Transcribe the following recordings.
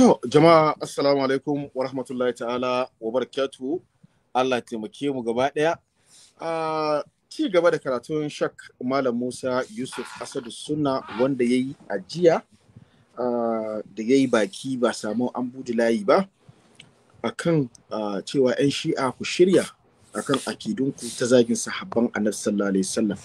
To, jama'a assalamu alaikum wa rahmatullahi ta'ala wa barakatuhu. Allah taimake mu gaba ɗaya. A ci gaba da karatun shak Malam Musa Yusuf Asadu Sunna wanda ya yi ajiya da ya yi baki ba samu an buɗe layi ba A kan cewa 'yan shi'a ku shirya a kan akidunku ta zagin sahabban annabi sallallahu alaihi wasallam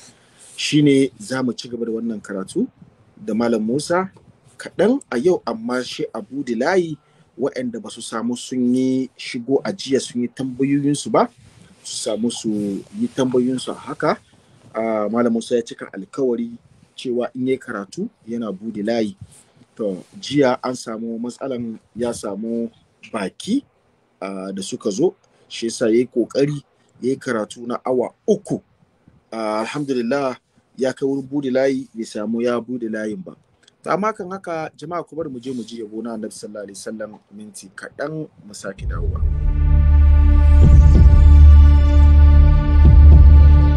shine za mu ci gaba da wannan karatu da Malam Musa kaɗan a yau amma shi abu da layi waɗanda ba su samu sun yi shigo a jiya sun yi tambayoyinsu ba su samu su yi tambayoyinsu a haka ah, malam musa ya cika alkawari cewa in yi karatu yana buɗe layi to jiya an samu matsalan ya samu baki ah, da suka zo shi yasa ya yi ƙoƙari ya yi karatu na awa uku ah, alhamdulillah ya kai wurin buɗe layi bai samu ya buɗe layin ba ta amma kan haka jama'a ku bar mu je mu ji yabo na annabi sallallahu alaihi wasallam minti kaɗan mu sake dawowa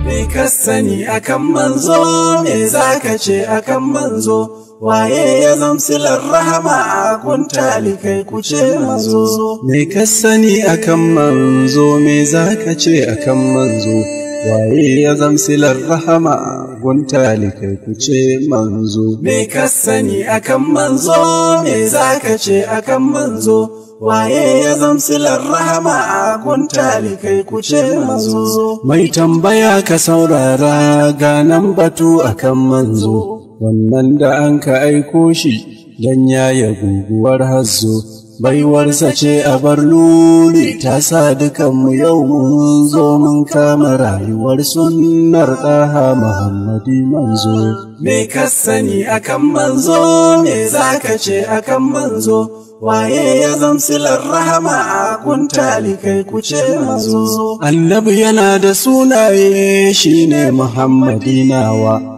Me ka sani akan manzo, me za ka ce akan manzo, waye ya zamsilar rahama a kuntali kai kuce manzo. Me ka sani akan manzo, me za ka ce akan manzo, waye ya zamsilar rahama gunta likai ku ce manzo me ka sani akan manzo me za ka ce akan manzo waye ya zamsilar rahama a gunta likai ku ce manzo mai tambaya ka saurara ganan batu akan manzo wannan da an ka aiko shi don yi guguwar hazzo baiwarsa ce a bar luli ta sa dukan mu yau mun zo mun kama rayuwar sunnar ɗaha muhammadi manzo me ka sani akan manzo me za ka ce akan manzo waye ya zamsilar rahama a kuntali kai kuce manzo annabi yana da sunaye shine muhammadi nawa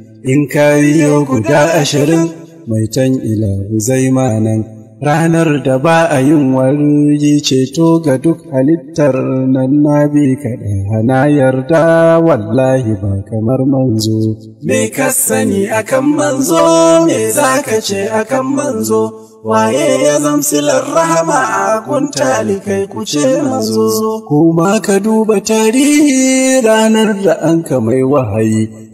in ka yi guda ashirin mai can ila zai manan ranar da ba a yin wari ceto ga duk halittar nan na bi kaɗai hana yarda wallahi ba kamar manzo me ka sani akan manzo me za ka ce akan manzo waye ya zamsilar rahama a kuntali kai kuce manzo kuma ka duba tarihi ranar da an mai wahayi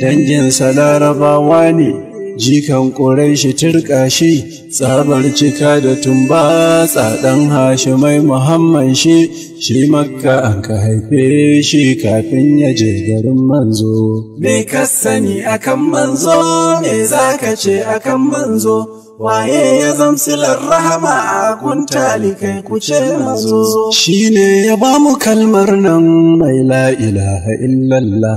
danginsa larabawa ne jikan shi turka shi tsabar cika da tumba tsadan mai muhamman shi shi makka an ka haife shi kafin ya je garin manzo me ka sani akan manzo me za ka ce akan manzo waye ya zamsilar rahama a kuntali kai kuce mazo shi ne ya ba mu kalmar nan mai la illallah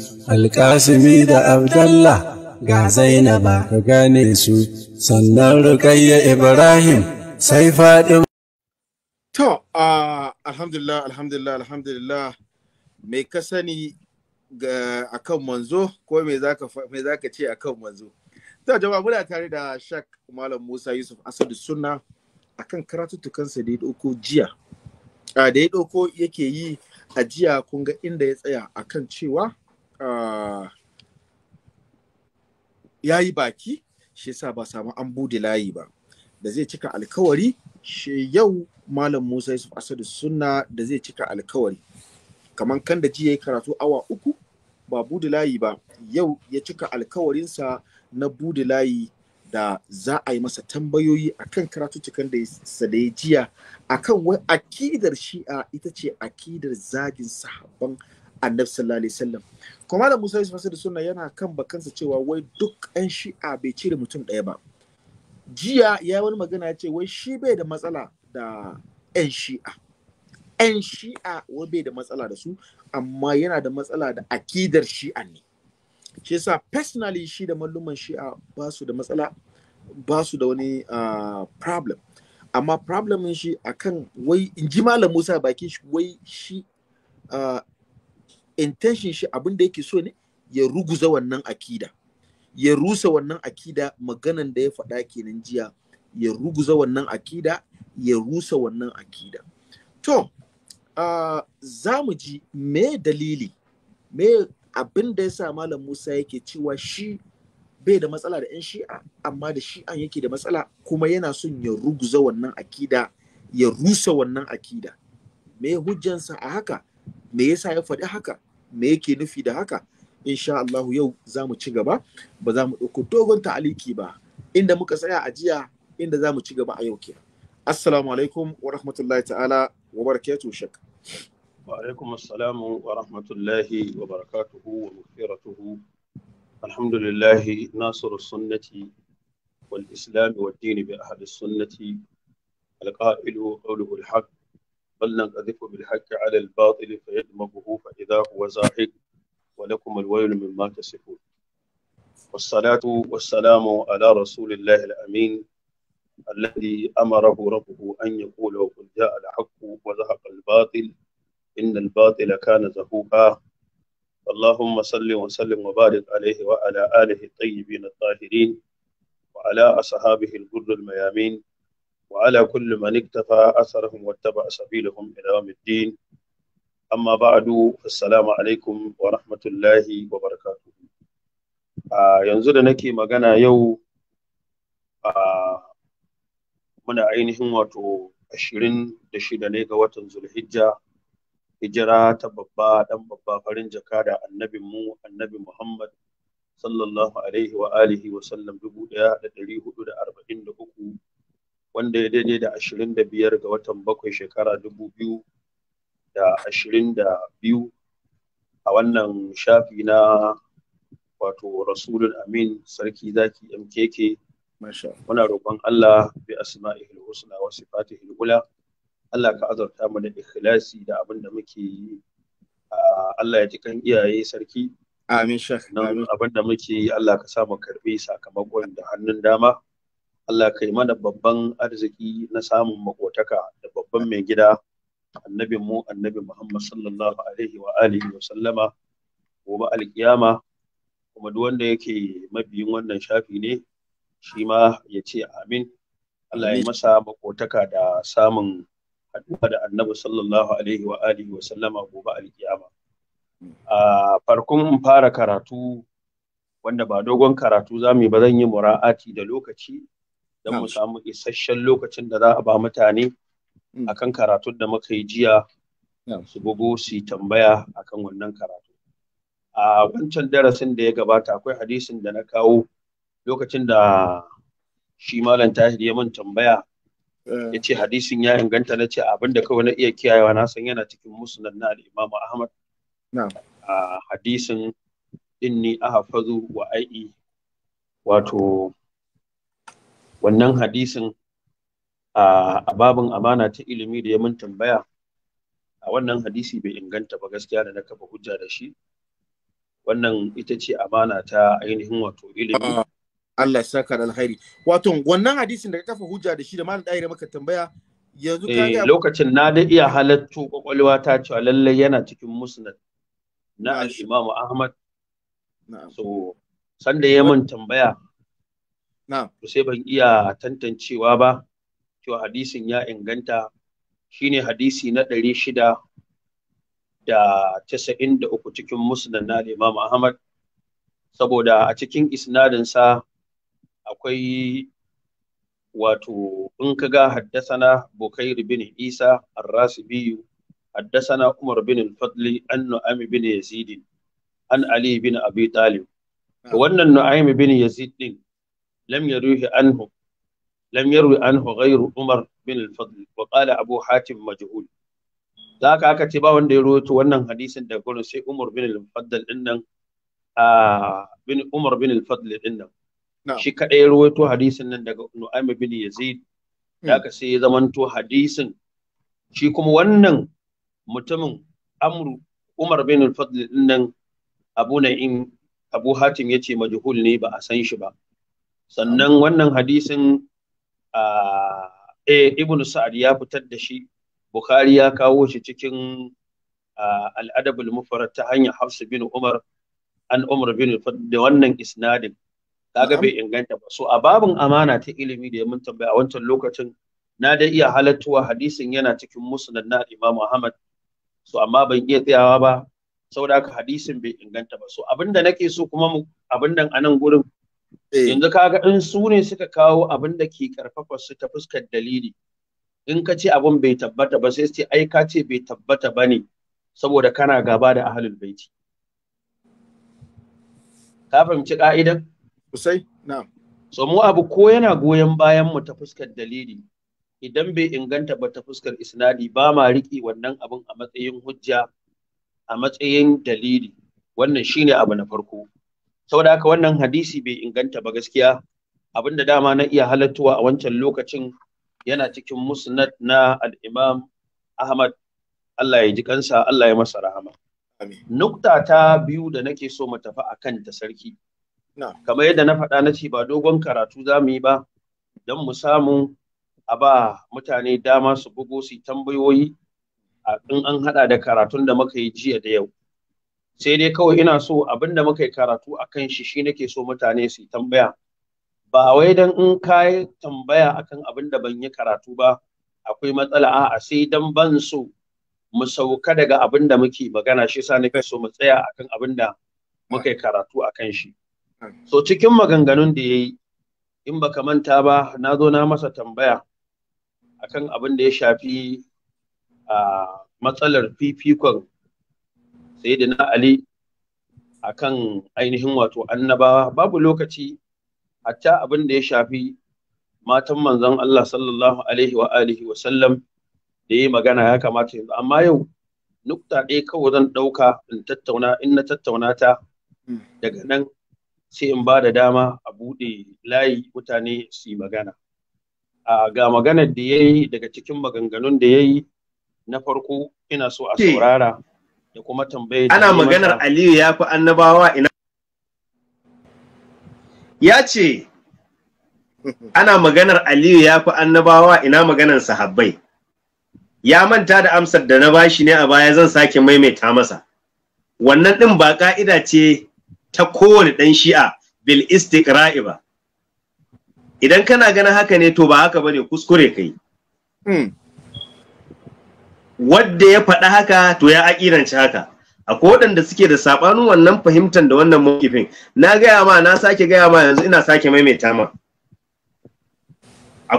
alƙasimi da abdallah ga zainaba ka gane su sannan rukayya ibrahim sai faɗin to alhamdulillah alhamdulillah alhamdulillah me ka sani a kan manzo ko me za ka ce a kan manzo to jama'a muna tare da shak malam musa yusuf asadu sunna akan sa da ya ɗauko jiya da ya ɗauko yake yi a jiya kun ga inda ya tsaya akan cewa Ah, ya yi baki shi yasa ba samu an bude layi ba da zai cika alkawari shi yau malam musa yusuf asadu suna da zai cika alkawari kamar kan da jiya ya karatu awa uku ba bude layi ba yau ya cika alkawarinsa na bude layi da za a yi masa tambayoyi akan cikin da ya jiya akan wai akidar shi'a ita ce akidar zagin sahabban annabi sallallahu alaihi wasallam kuma malam musa fasa da sunna yana kan bakansa cewa wai duk ɗan shi'a bai cire mutum ɗaya ba jiya ya wani magana ya ce wai shi bai da matsala da 'yan shi'a 'yan shi'a wai bai da matsala da su amma yana da matsala da akidar shi'a ne shi yasa personally shi da malluman shi'a ba su da matsala ba su da wani ah, problem amma problemin shi akan wai in ji malam musa bakin shi wai shi ah, intention shi abin da yake so ne ya ruguza wannan akida ya rusa wannan akida maganan da ya faɗa kenan jiya ya ruguza wannan akida ya rusa wannan akida to uh, za mu ji me dalili me abin da ya sa malam musa yake cewa shi bai da matsala da 'yan shi'a amma da shi'an yake da matsala kuma yana son ya ruguza wannan akida ya rusa wannan akida me hujjansa a haka me yasa ya faɗi haka me yake nufi da haka insha Allah yau za mu ci gaba ba za mu ɗauko dogon ta'aliki ba inda muka tsaya a jiya inda za mu ci gaba a yau ke assalamu alaikum wa rahmatullahi ta'ala wa barakatuhu shak wa alaikum assalamu wa rahmatullahi wa barakatuhu wa maghfiratuhu alhamdulillahi nasiru sunnati wal islam wa dini bi ahli sunnati القائل al الحق بل نقذف بالحق على الباطل فيدمغه فإذا هو زاهق ولكم الويل مما تصفون والصلاة والسلام على رسول الله الأمين الذي أمره ربه أن يقول قل جاء الحق وزهق الباطل إن الباطل كان زهوقا اللهم صل وسلم وبارك عليه وعلى آله الطيبين الطاهرين وعلى أصحابه الغر الميامين وعلى كل من اكتفى أثرهم واتبع سبيلهم إلى يوم الدين أما بعد السلام عليكم ورحمة الله وبركاته yanzu da nake magana yau muna ainihin wato ashirin da shida ne ga watan zulhijja hijira ta babba dan babba farin jaka da annabin mu annabi muhammad sallallahu alaihi wa alihi wa sallam dubu ɗaya da ɗari hudu da arba'in da uku wanda ya daidai da 25 ga watan bakwai shekara 2022 a wannan shafi na wato rasulun amin sarki zaki mkk muna roƙon Allah bi asma'ihil husna wa fata ula Allah ka azarta mu da ikhlasi da abin da muke yi Allah ya ji kan iyaye sarki amin shek abin da muke yi Allah ka sa mu karbi sakamakon da hannun dama Allah kai mana babban arziki na samun makotaka da babban mai gida annabin mu annabi Muhammad sallallahu alaihi wa alihi wa sallama gobe alkiyama kuma duk wanda yake mabiyin wannan shafi ne shi ma ya ce amin Allah ya masa makotaka da samun haɗuwa da annabi sallallahu alaihi wa alihi wa sallama gobe alkiyama a farkon fara karatu wanda ba dogon karatu zamu yi ba zan yi mura'ati da lokaci don mu samu isasshen lokacin da za a ba mutane mm. akan karatun da muka yi jiya su gogo su tambaya akan wannan karatu a wancan darasin da ya gabata akwai hadisin da na kawo lokacin da shi malam tahir ya mun tambaya eh. ya ce hadisin ya inganta na ce abin da kawai na iya kiyayewa na san yana cikin musulun na al'imamu ahmad a hadisin inni ahafazu wa aiki wato wannan hadisin a babin amana ta ilimi da ya mun tambaya a wannan hadisi bai inganta ba gaskiya da na kafa hujja da shi wannan ita ce amana ta ainihin wato ilimi ah, Allah ya saka da alkhairi wato wannan hadisin da ka kafa hujja da shi da malam daire maka tambaya yanzu ka eh, ga lokacin na da iya halattu kwakwalwa ta ce lallai yana cikin musnad na al-Imam Ahmad so sanda ya mun tambaya to sai ban iya tantancewa ba to hadisin ya inganta shine hadisi na ɗari shida cikin musnad na Imam Ahmad saboda a cikin isnadin sa akwai wato in ka ga haddasana Bukair bin Isa ar rasibi haddasana Umar bin fadli an Nu'aym bin Yazid an Ali bin Abi Talib wannan Nu'aym bin Yazid din لم يروه عنه لم يروي عنه غير عمر بن الفضل وقال ابو حاتم مجهول ذاك haka aka ce ba wanda ya rawaito wannan hadisin da gurin sai Umar bin al-Faddal din nan a bin Umar bin al-Faddal din nan shi kadai ya rawaito hadisin nan daga Nu'aym bin Yazid da sai ya zamanto hadisin shi kuma wannan mutumin Amru Umar bin al-Faddal din nan Abu Na'im Abu Hatim yace majhul ne ba a san shi ba sannan wannan hadisin eh ibnu sa'ad ya fitar da shi bukhari ya kawo shi cikin al mufrad ta hanyar hafs bin umar an umar bin da wannan isnadin kaga bai inganta ba so a babin amana ta ilimi da mun tambaya a wancan lokacin na da iya halattuwa hadisin yana cikin musnad na imam ahmad so amma ban iya tsayawa ba saboda haka hadisin bai inganta ba so abinda nake so kuma abin anan gurin Eh. yanzu kaga in su ne suka kawo abin da ke karfafa su ta fuskar dalili in ka ce abin bai tabbata ba sai ce ai ka ce bai tabbata ba ne saboda kana gaba da ahlul baiti ka fahimci ka'idan kusai na'am so mu abu ko yana goyon bayan mu ta fuskar dalili idan bai inganta ba ta fuskar isnadi ba ma riƙe wannan abin a matsayin hujja a matsayin dalili wannan shine abu na farko saboda haka wannan hadisi bai inganta ba gaskiya Abin da dama na iya halattuwa a wancan lokacin yana cikin musnad na al-imam ahmad Allah ya ji kansa Allah ya masa rahama nukta ta biyu da nake so mu tafi a kanta sarki kamar yadda na faɗa na ce ba dogon karatu za mu yi ba don mu samu a ba mutane dama su bugo su tambayoyi in an haɗa da karatun da muka yi jiya da yau sai dai kawai ina so abin da muka yi karatu a kan shi shi nake so mutane su tambaya ba wai dan in ka tambaya akan abin da ban yi karatu ba akwai matsala a sai dan ban so mu sauka daga abin da muke magana shi sa nake so mu tsaya akan abin da muka yi karatu akan shi so cikin maganganun da yayi in baka manta ba na zo na masa tambaya akan abin da ya shafi a ah, matsalar fifikon sayyidina ali akan ainihin wato annabawa babu lokaci hatta abin da ya shafi matan manzon Allah sallallahu alaihi wa alihi wa sallam da yi magana ya kamata yanzu amma yau nukta ɗaya kawai zan ɗauka in tattauna in na tattauna ta daga nan sai in ba da dama a buɗe layi mutane su yi magana a ga maganar da ya yi daga cikin maganganun da ya yi na farko ina so a saurara da kuma ana maganar aliyu ya fi annabawa ina ya ce ana maganar aliyu ya fi annabawa ina maganar sahabbai ya manta da amsar da na bashi ne a baya zan sake maimaita masa wannan ɗin ba ƙa'ida ce ta kowane ɗan shi'a bil istiqra'i ba idan kana ganin haka ne to ba haka bane kuskure kai wadda ya faɗa haka to ya aƙirance haka ko waɗanda suke da saɓanin wannan fahimtar da wannan mawkifin na gaya ma na sake gaya ma yanzu ina sake maimaita ma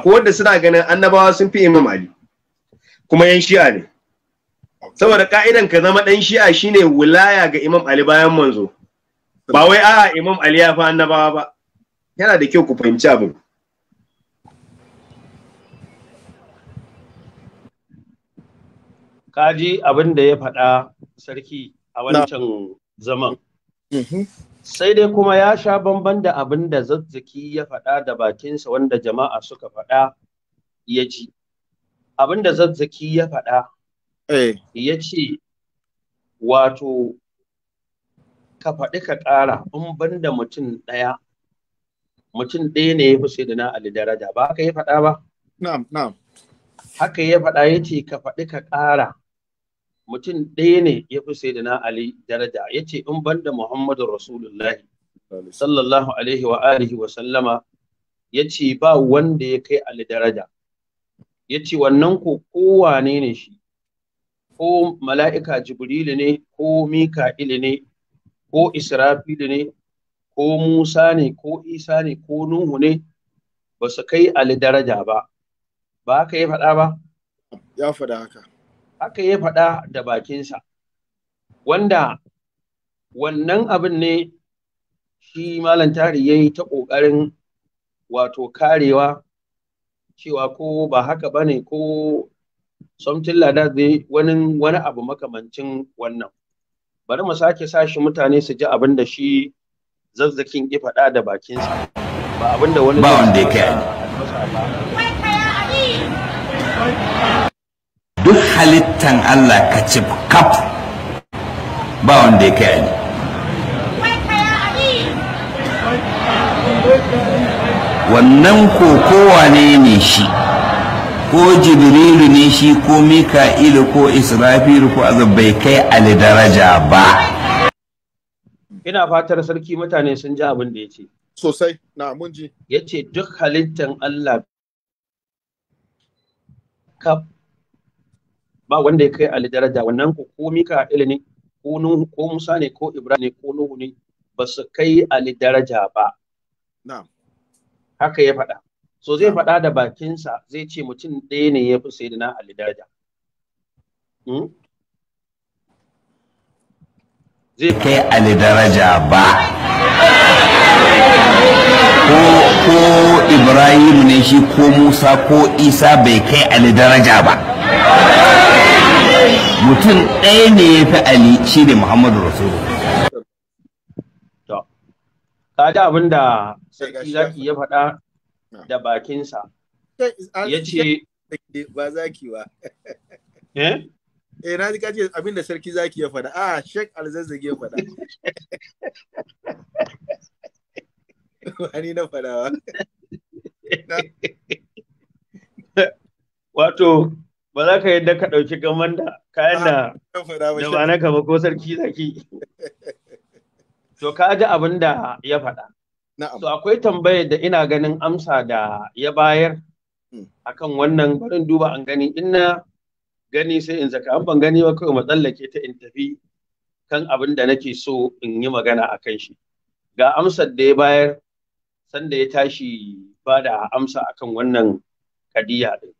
ko wadda suna ganin annabawa sun fi imam ali kuma yan shi'a ne saboda ka'idan ka zama ɗan shi'a shine wilaya ga imam ali bayan manzo ba wai a'a imam ali ya fi annabawa ba yana da kyau ku fahimci abin kaji abin da ya faɗa sarki a wancan zaman mhm. sai dai kuma ya sha bamban da abin da zazzaki ya faɗa da bakinsa wanda jama'a suka faɗa ya ji abin da zazzaki ya faɗa eh. ya ce wato ka faɗi ka ƙara in da mutum ɗaya mutum ɗaya ne ya fi sai da na Ali daraja ba haka ya faɗa ba? Na'am, na'am. Haka ya faɗa ya ce ka faɗi ka ƙara mutum ɗaya ne ya fi sai na Ali daraja ya ce in ban da Muhammadu Rasulullah sallallahu alaihi wa alihi wa sallama ya ce ba wanda ya kai Ali daraja ya ce wannan ko kowa ne ne shi ko mala'ika Jibrilu ne ko mikail ne ko israfil ne ko Musa ne ko Isa ne ko Nuhu ne ba su kai Ali daraja ba ba ka yi faɗa ba ya faɗa haka haka ya faɗa da bakinsa wanda wannan abin ne shi malam tari ya ta ƙoƙarin wato karewa cewa ko ba haka ba ne ko something like that dai wani wani abu makamancin wannan bari mu sake sa shi mutane su ji abin da shi zazzakin ya faɗa da bakinsa ba abin da wani ba wanda ya kai duk halittan Allah ka ci kaf ba wanda ya kai ali wannan kowa ne ne shi ko jibrilu ne shi ko mika'ilu ko israfilu ko bai kai ali daraja ba ina fatar sarki mutane sun ji abin da ya ce sosai na mun ji ya ce duk halittan allah ba wanda ya kai ali daraja wannan ku ko mika'il ne ko nuhu ko musa ne ko ibrahim ne ko nuhu ne ba su kai ali daraja ba na'am haka ya faɗa so zai faɗa da bakinsa zai ce mutum ɗaya ne ya fi a ali daraja hmm? zai kai ali daraja ba ko ibrahim ne shi ko musa ko isa bai kai ali daraja ba mutum ɗaya ne ya fi ali shi ne muhammadu rasulu ka ji abin da sarki zaki ya faɗa da bakinsa ya ce ba zaki ba eh eh na ji ka abin da sarki zaki ya faɗa Ah, Sheik alzazzage ya faɗa wani na faɗawa wato ba za ka yadda ka ɗauki gaman da kayan da ah, da ba na ba ko sarki zaki to ka ji abin da ya faɗa to akwai tambayar da ina ganin amsa da ya bayar hmm. akan wannan barin duba an gani ina gani sai in zaka an ban gani ba kawai matsallake ta in tafi kan abin da nake so in yi magana a kan shi ga amsar da ya bayar sanda ya tashi ba da amsa akan wannan kadiya din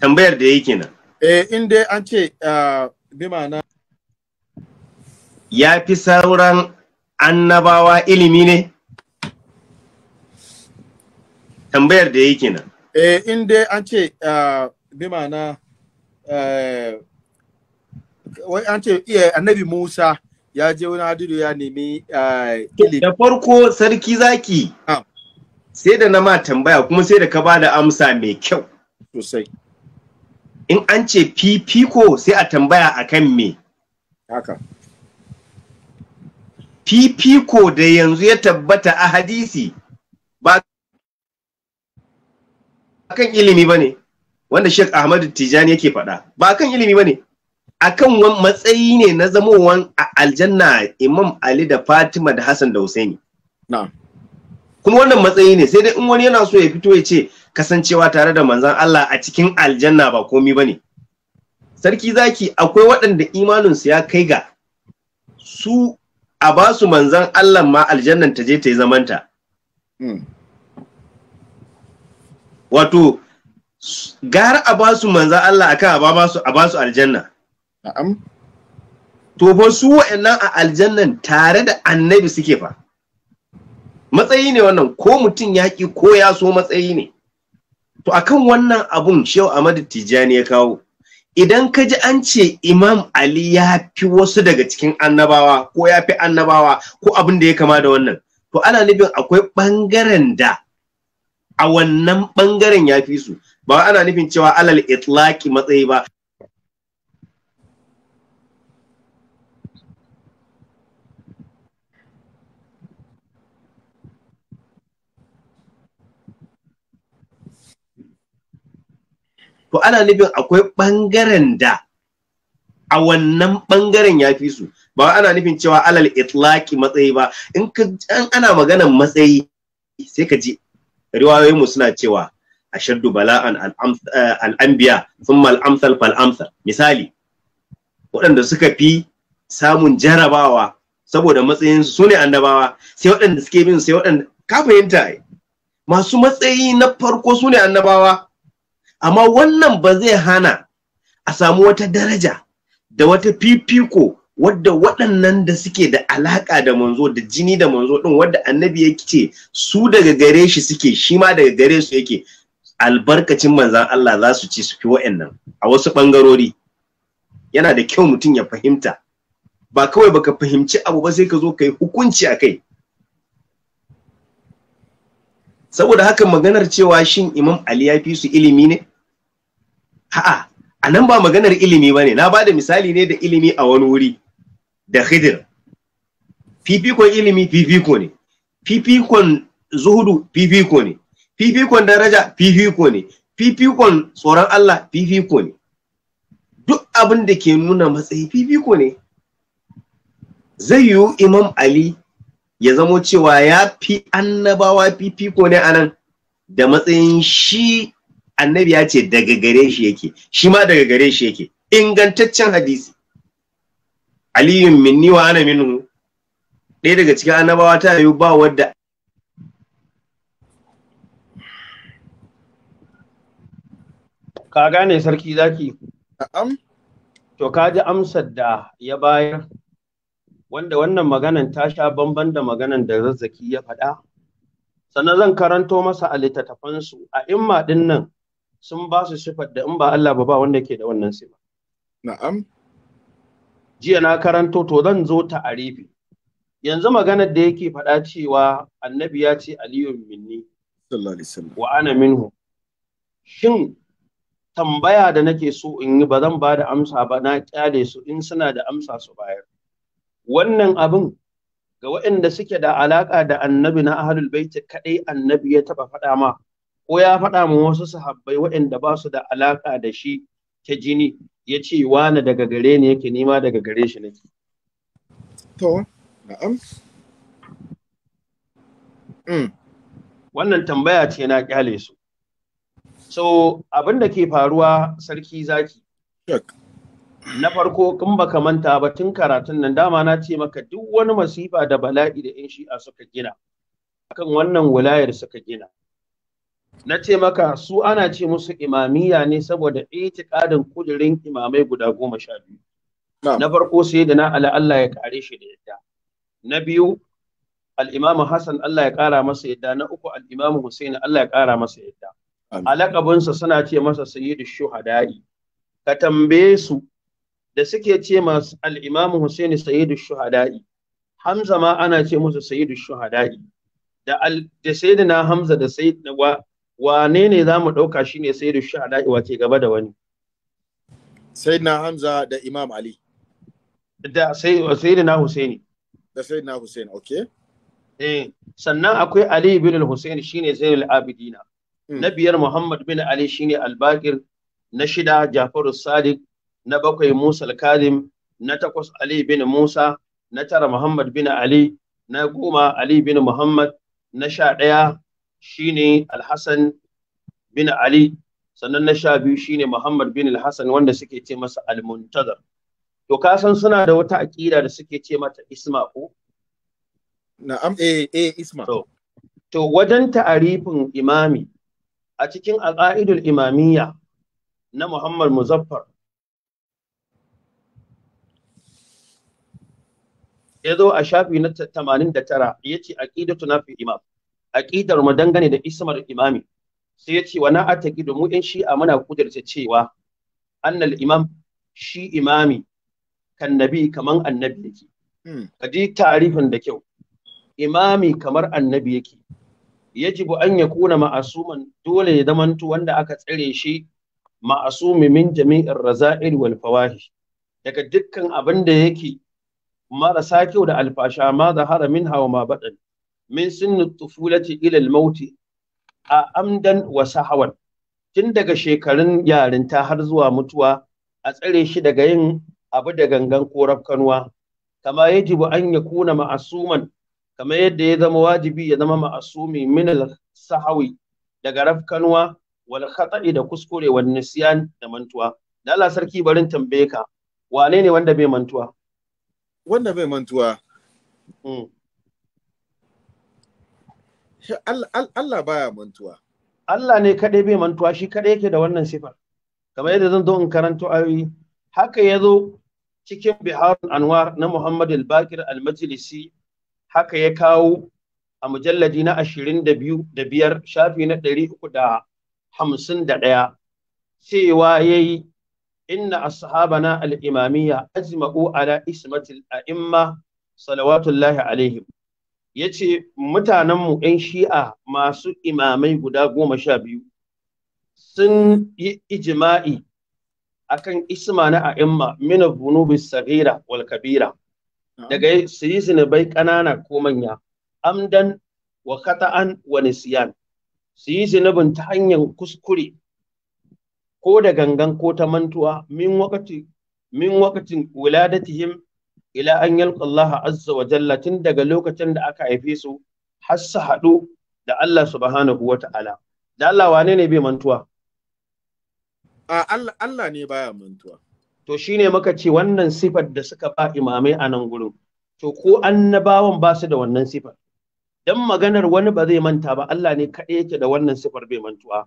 tambayar da yake nan. eh inda an ce bi ma'ana ya fi sauran annabawa ilimi ne tambayar da yake nan. eh inda an ce bi ma'ana wai an ce iya annabi Musa ya je wani hadiru ya nemi ilimi da farko sarki zaki ah. sai da na ma tambaya kuma sai da ka ba da amsa mai kyau sosai in an ce fifiko sai a tambaya akan me haka fifiko da yanzu ya tabbata a hadisi ba kan ilimi ba ne wanda Sheikh Ahmadu Tijani yake faɗa ba kan ilimi ba ne akan wani matsayi ne na zamowan a aljanna Imam Ali da Fatima da Hassan da Husaini kuma wannan matsayi ne sai dai in wani yana so ya fito ya ce kasancewa tare da manzan Allah a cikin aljanna ba komi ba ne. Sarki zaki akwai waɗanda imaninsu ya kai ga su a ba su manzan Allah ma aljannan ta je ta yi zamanta. Hmm. Wato, gara a ba su manzan Allah akan a ba su aljanna. Na'am. To, ba su wa'annan a aljannan tare da annabi suke fa. Matsayi ne wannan ko mutum ya ko ya so matsayi ne. to akan wannan abun shehu amadu Tijjani ya kawo idan ka ji an ce Imam Ali ya fi wasu daga cikin annabawa ko ya fi annabawa ko abin da ya kama da wannan to ana nufin akwai ɓangaren da a wannan ɓangaren ya fi su ba ana nufin cewa alal itlaki matsayi ba to ana nufin akwai ɓangaren da a wannan ɓangaren ya fi su ba ana nufin cewa alal itlaki matsayi ba in ka ana maganan matsayi sai ka ji riwayoyinmu suna cewa ashaddu bala'an al'ambiya eh, sun mal'amsal fal'amsal misali waɗanda suka fi samun jarabawa saboda matsayinsu su ne annabawa sai waɗanda suke bin sai waɗanda ka fahimta masu matsayi na farko su ne annabawa amma wannan ba zai hana a samu wata daraja da wata fifiko wadda waɗannan da suke da alaƙa da manzo da jini da manzo ɗin wadda annabi ya ce su daga gare shi suke shi ma daga gare su yake albarkacin manzan Allah za su ci su fi a wasu ɓangarori yana da kyau mutum ya fahimta ba kawai baka fahimci abu ba sai ka zo ka yi hukunci a kai saboda haka maganar cewa shin imam ali ya fi su ilimi ne A'a, a nan ba maganar ilimi ba ne, na ba da misali ne da ilimi a wani wuri, da hidir. Fifikon ilimi fifiko ne, fifikon zuhudu fifiko ne, fifikon daraja fifiko ne, fifikon tsoron Allah fifiko ne. Duk abin da ke nuna matsayi fifiko ne. Zai yiwu Imam Ali ya zamo cewa ya fi annabawa fifiko ne a nan da matsayin shi annabi ya ce daga gare shi yake shi ma daga gare shi yake ingantaccen hadisi Aliyu, minni wa ana minhu ɗaya daga cikin annabawa ta yi ba wadda ka gane sarki zaki na'am to ka ji amsar da ya bayar wanda wannan maganan ta sha bamban da maganan da zazzaki ya faɗa sannan zan karanto masa a littattafansu a imma ɗin nan sun ba su sifar da in ba Allah ba ba wanda ke da wannan sifa na'am jiya na karanto to zan zo ta arifi yanzu maganar da yake faɗa cewa annabi ya ce aliyun minni wa ana minhu shin tambaya da nake so in yi ba zan ba da amsa ba na kyale su in suna da amsa su bayar wannan abin ga waɗanda suke da alaƙa da annabi na ahlul baiti kaɗai annabi ya taɓa faɗa ma ko ya faɗa ma wasu sahabbai waɗanda ba su da alaƙa da shi ta jini ya ce wani daga gare ne yake nema daga gare shi nake. To, na'am. Mm. Wannan tambaya ce na kyale su. So, abin da ke faruwa sarki zaki. Na farko, kun baka manta ba tun karatun nan dama na ce maka duk wani masifa da bala'i da 'yan shi'a suka gina. Akan wannan wilayar suka gina. na ce maka su ana ce musu imamiya ne saboda itikadin kudirin imamai guda goma sha biyu na farko sai da na ala Allah ya kare shi da yadda na biyu al Hassan Allah ya kara masa yadda na uku al-imamu Hussein Allah ya kara masa yadda alaqabinsa suna ce masa sayyidu shuhada'i ka tambaye su da suke ce masu al-imamu Hussein sayyidu shuhada'i Hamza ma ana ce musu sayyidu shuhada'i da da sayyidina Hamza da sayyidina wane ne za mu ɗauka shi ne sai da da'i wace gaba da wani sai na hamza da imam ali da sai da na husaini da sai na husaini ok eh sannan akwai ali bin husaini shine zainul abidina hmm. na biyar muhammad bin ali shine albakir na shida jafaru sadiq na bakwai musa al-kadim na takwas ali bin musa na tara muhammad bin ali na goma ali bin muhammad na sha ɗaya shine Alhassan bin Ali sannan na sha biyu shine Muhammad bin Hassan, wanda suke ce masa Al-Muntazar to ka san suna da wata aƙida da suke ce mata Isma ko na'am eh eh Isma to to wajen ta'arifin imami a cikin al'aidul imamiyya na Muhammad Muzaffar ya zo a shafi na 89 ya ce aqidatu na fi imam aqidar mu dangane da ismar imami sai ya ce wa na ataqidu mu in shi'a muna kudirce cewa annal imam shi imami kan nabi kaman annabi yake hmm. ka ji da kyau imami kamar annabi yake yajibu an ya kuna ma'asuman dole ya zamanto wanda aka tsare shi ma'asumi min jami'in raza'il wal fawahi daga dukkan abinda da yake marasa kyau da alfasha ma zahara min hawa ma baɗani. min sinni tufulati ilal mauti a amdan wa sahawan tun daga shekarun yarinta har zuwa mutuwa a tsare shi daga yin abu da gangan ko rafkanuwa kama bu an ya kuna ma'asuman kama yadda ya zama wajibi ya zama ma'asumi min sahawi daga rafkanuwa wal khata'i da kuskure wal nisyan da mantuwa da Allah sarki barin tambaye ka wane ne wanda bai mantuwa wanda bai mantuwa mm. Allah baya mantuwa. Allah ne kaɗai bai mantuwa shi kaɗai yake da wannan sifar. Kamar yadda zan zo in karanto ayoyi, haka ya zo cikin biharun anwar na Muhammad al-Bakir al-Majlisi haka ya kawo a mujalladi na ashirin da biyu da biyar shafi na ɗari uku da hamsin da ɗaya cewa ya yi inna ashaba na al’imamiyya ajma'u ala ismatil a'imma salawatullahi alaihim ya ce mutanenmu 'yan shi'a masu imamai guda goma sha biyu sun yi ijima'i kan isma na a'imma mina bunubis sagira wal kabira daga su yi zunubai ƙanana ko manya amdan wa kata'an wa nisiyan su yi zunubin ta hanyar kuskure ko da gangan ko ta mantuwa min wakati min wakatin wuladatihim ila an yalqa Allah azza wa jalla tun daga lokacin da aka haife su har su haɗu da Allah subhanahu wa ta'ala da Allah wane ne bai mantuwa a Allah Allah ne baya mantuwa to shine muka ce wannan sifar da suka ba imamai a nan gurin to ko annabawan ba su da wannan sifar dan maganar wani ba zai manta ba Allah ne kaɗai yake da wannan sifar bai mantuwa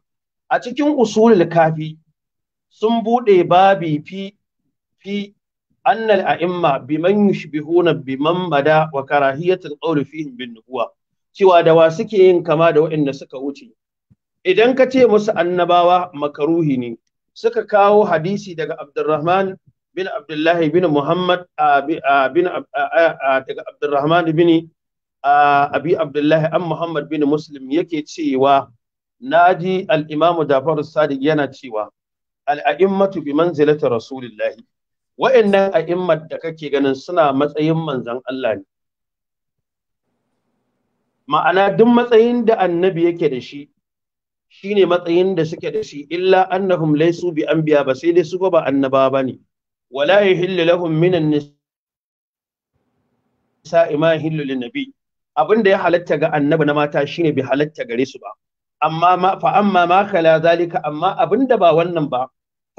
a cikin usulul kafi sun buɗe babi fi fi أن الأئمة بمن يشبهون بمن بدا وكراهية القول فيهم بالنبوة cewa da wa suke yin kama da waɗanda suka wuce idan ka ce musu annabawa makaruhi ne suka kawo hadisi daga Abdurrahman bin Abdullahi bin Muhammad bin Abdullahi an Muhammad bin Muslim yake cewa naji al-Imam Jafaru Sadiq yana cewa al-a'immatu bi manzilati Rasulillahi wa'annan a'immar da kake ganin suna matsayin manzon Allah ne ma'ana duk matsayin da annabi yake da shi shine matsayin da suke da shi illa annahum laysu bi anbiya ba sai dai su ba annaba bane wala yahillu lahum minan nisa'i ma hillu lin nabi abin da ya halatta ga annabi na mata shine bi halatta gare su ba amma ma fa amma ma kala zalika amma abin da ba wannan ba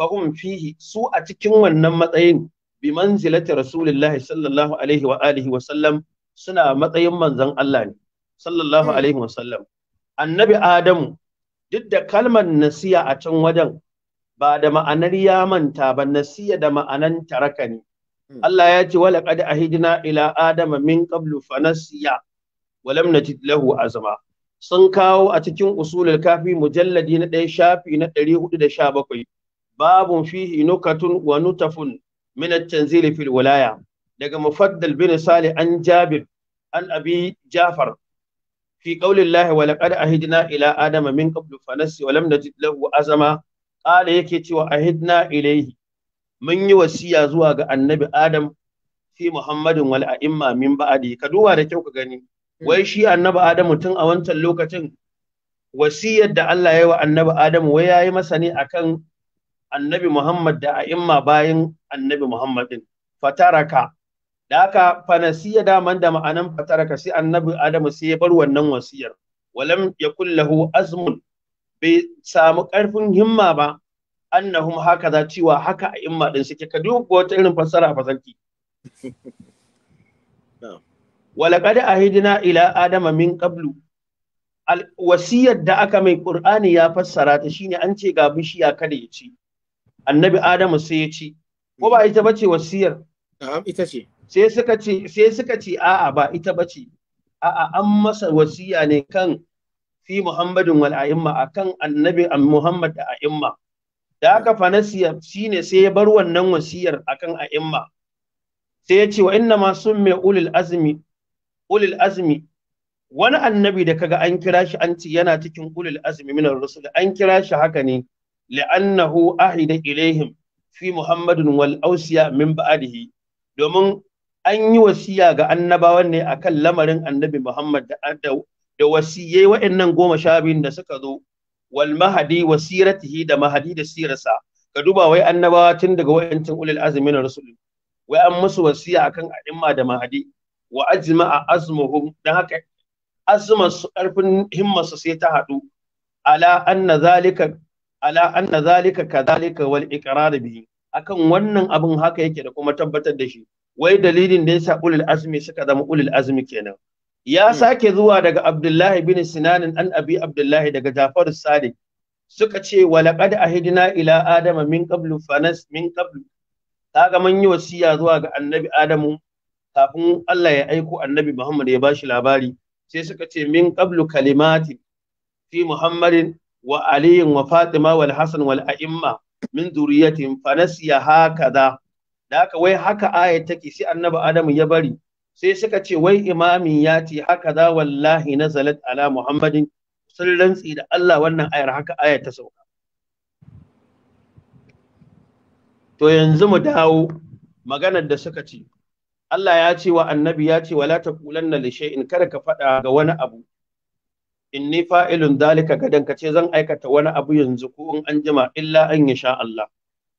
fahum fihi su a cikin wannan matsayin bi manzilati rasulillahi sallallahu alaihi wa alihi wa sallam suna matsayin manzon Allah ne sallallahu hmm. alaihi wa sallam annabi adamu duk da kalmar nasiya a can wajen ba da ma'anar ya manta ba nasiya da ma'anan taraka ne hmm. Allah ya ce wala qad ahidna ila adama min qablu fa nasiya wa lam najid lahu azma sun kawo a cikin usulul kafi mujalladi na ɗaya shafi na ɗari da sha bakwai babu fi inukatun wa nutafun min al-tanzil fi daga mufaddal bin salih an jabir al-abi jafar fi qawli allah wa laqad ahidna adama min qablu fa nasi wa lam najid lahu azama qala yake cewa ahidna ilayhi mun yi wasiya zuwa ga annabi adam fi muhammadin wal a'imma min ba'adi ka duwa da kyau ka gani hmm. wai shi annabi adam tun a wancan lokacin wasiyar da allah ya yi wa annabi Adamu wai ya yi masani akan annabi Muhammad da a'imma bayan annabi Muhammadin fataraka da haka fanasiya daman da ma'anan fataraka sai annabi Adamu sai ya bar wannan wasiyar walam yakul lahu azmun bai samu karfin himma ba annahum haka za cewa haka a imma din suke ka duba wata irin fassara a fasarki. ولقد أهدنا ila Adama min قبل wasiyar da aka mai ƙur'ani ya fassara ta shine an ce ga bishiya kada ya ci annabi Adamu sai ya ci ko ba ita bace wasiyar na'am ita ce sai suka ce sai suka ce a'a ba ita bace a'a an masa wasiya ne kan fi Muhammadin wal a'imma akan annabi Muhammad da a'imma da aka fanasiya shine sai ya bar wannan wasiyar akan a'imma sai ya ce wa inna ma summi ulil azmi ulil azmi wani annabi da kaga an kira shi an ci yana cikin ulil azmi minar rusul an kira shi haka ne li'annahu ahida ilaihim fi muhammadun wal ausiya min ba'dihi domin an yi wasiya ga annabawan ne akan lamarin annabi muhammad da da wasiyai wa'annan goma sha biyun da suka zo wal mahadi wasiratihi da mahadi da sirarsa ka duba wai annabawa tun daga wa'ancin ulul azmi na rusul wai an musu wasiya akan a'imma da mahadi wa ajma'a azmuhum dan haka azma su karfin himma su sai ta hadu ala anna zalika ala anna zalika kadhalika wal iqrar bihi akan wannan abun haka yake da kuma tabbatar da shi wai dalilin da yasa ulul azmi suka zama ulul azmi kenan ya hmm. sake zuwa daga Abdullahi bin Sinan an abi Abdullahi daga Jafar Sadiq suka ce wa laqad ahidna ila adama min qablu fanas min qablu kaga mun yi wasiya zuwa ga annabi Adamu kafin Allah ya aiko annabi Muhammad ya bashi labari sai suka ce min qablu Kalimati, fi Muhammadin wa aliyin wa fatima wal hasan wal a'imma min zuriyatin fa nasiya hakaza da aka wai haka aya take sai annabi Adamu ya bari sai suka ce wai imamin ya ce hakaza wallahi na nazalat ala muhammadin sun rantsi da Allah wannan ayar haka aya ta to yanzu mu dawo maganar da suka ce Allah ya ce wa annabi ya ce wala taqulanna li shay'in kada ka faɗa ga wani abu ni fa'ilun dalika gadon ka ce zan aikata wani abu yanzu ko in an jima illa an ya sha Allah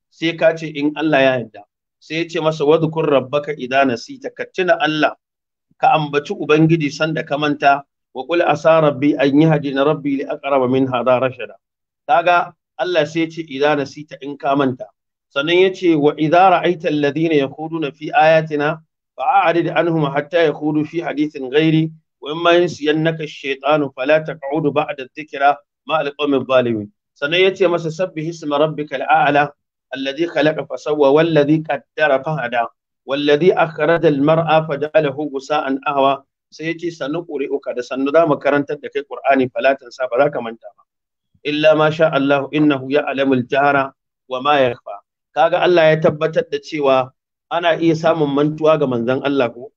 sai ka ce in Allah ya yarda sai ya ce masa wadhkur rabbaka idza nasita ka tuna Allah ka ambaci ubangiji sanda ka manta wa asa rabbi an na rabbi li aqraba min hada rashada kaga Allah sai ya ce idza nasita in ka manta sannan ya ce wa idza ra'aita alladhina yakhuduna fi ayatina fa'arid anhum hatta yakhudu fi hadithin ghairi wa in ma yansiyannaka ash-shaytanu fala taq'udu ba'da adh-dhikra ma al-qawmi adh yace masa sabbih isma rabbikal a'la alladhi khalaqa fa sawwa walladhi qaddara fa hada walladhi akhraja al-mar'a faja'alahu gusa'an ahwa sai yace sannu quri'uka da sannu za mu karantar da kai qur'ani falatan sa ba za ka manta ba illa ma sha Allah innahu ya'lamu al-jahra wa ma yakhfa kaga Allah ya tabbatar da cewa ana iya samun mantuwa ga manzon Allah ko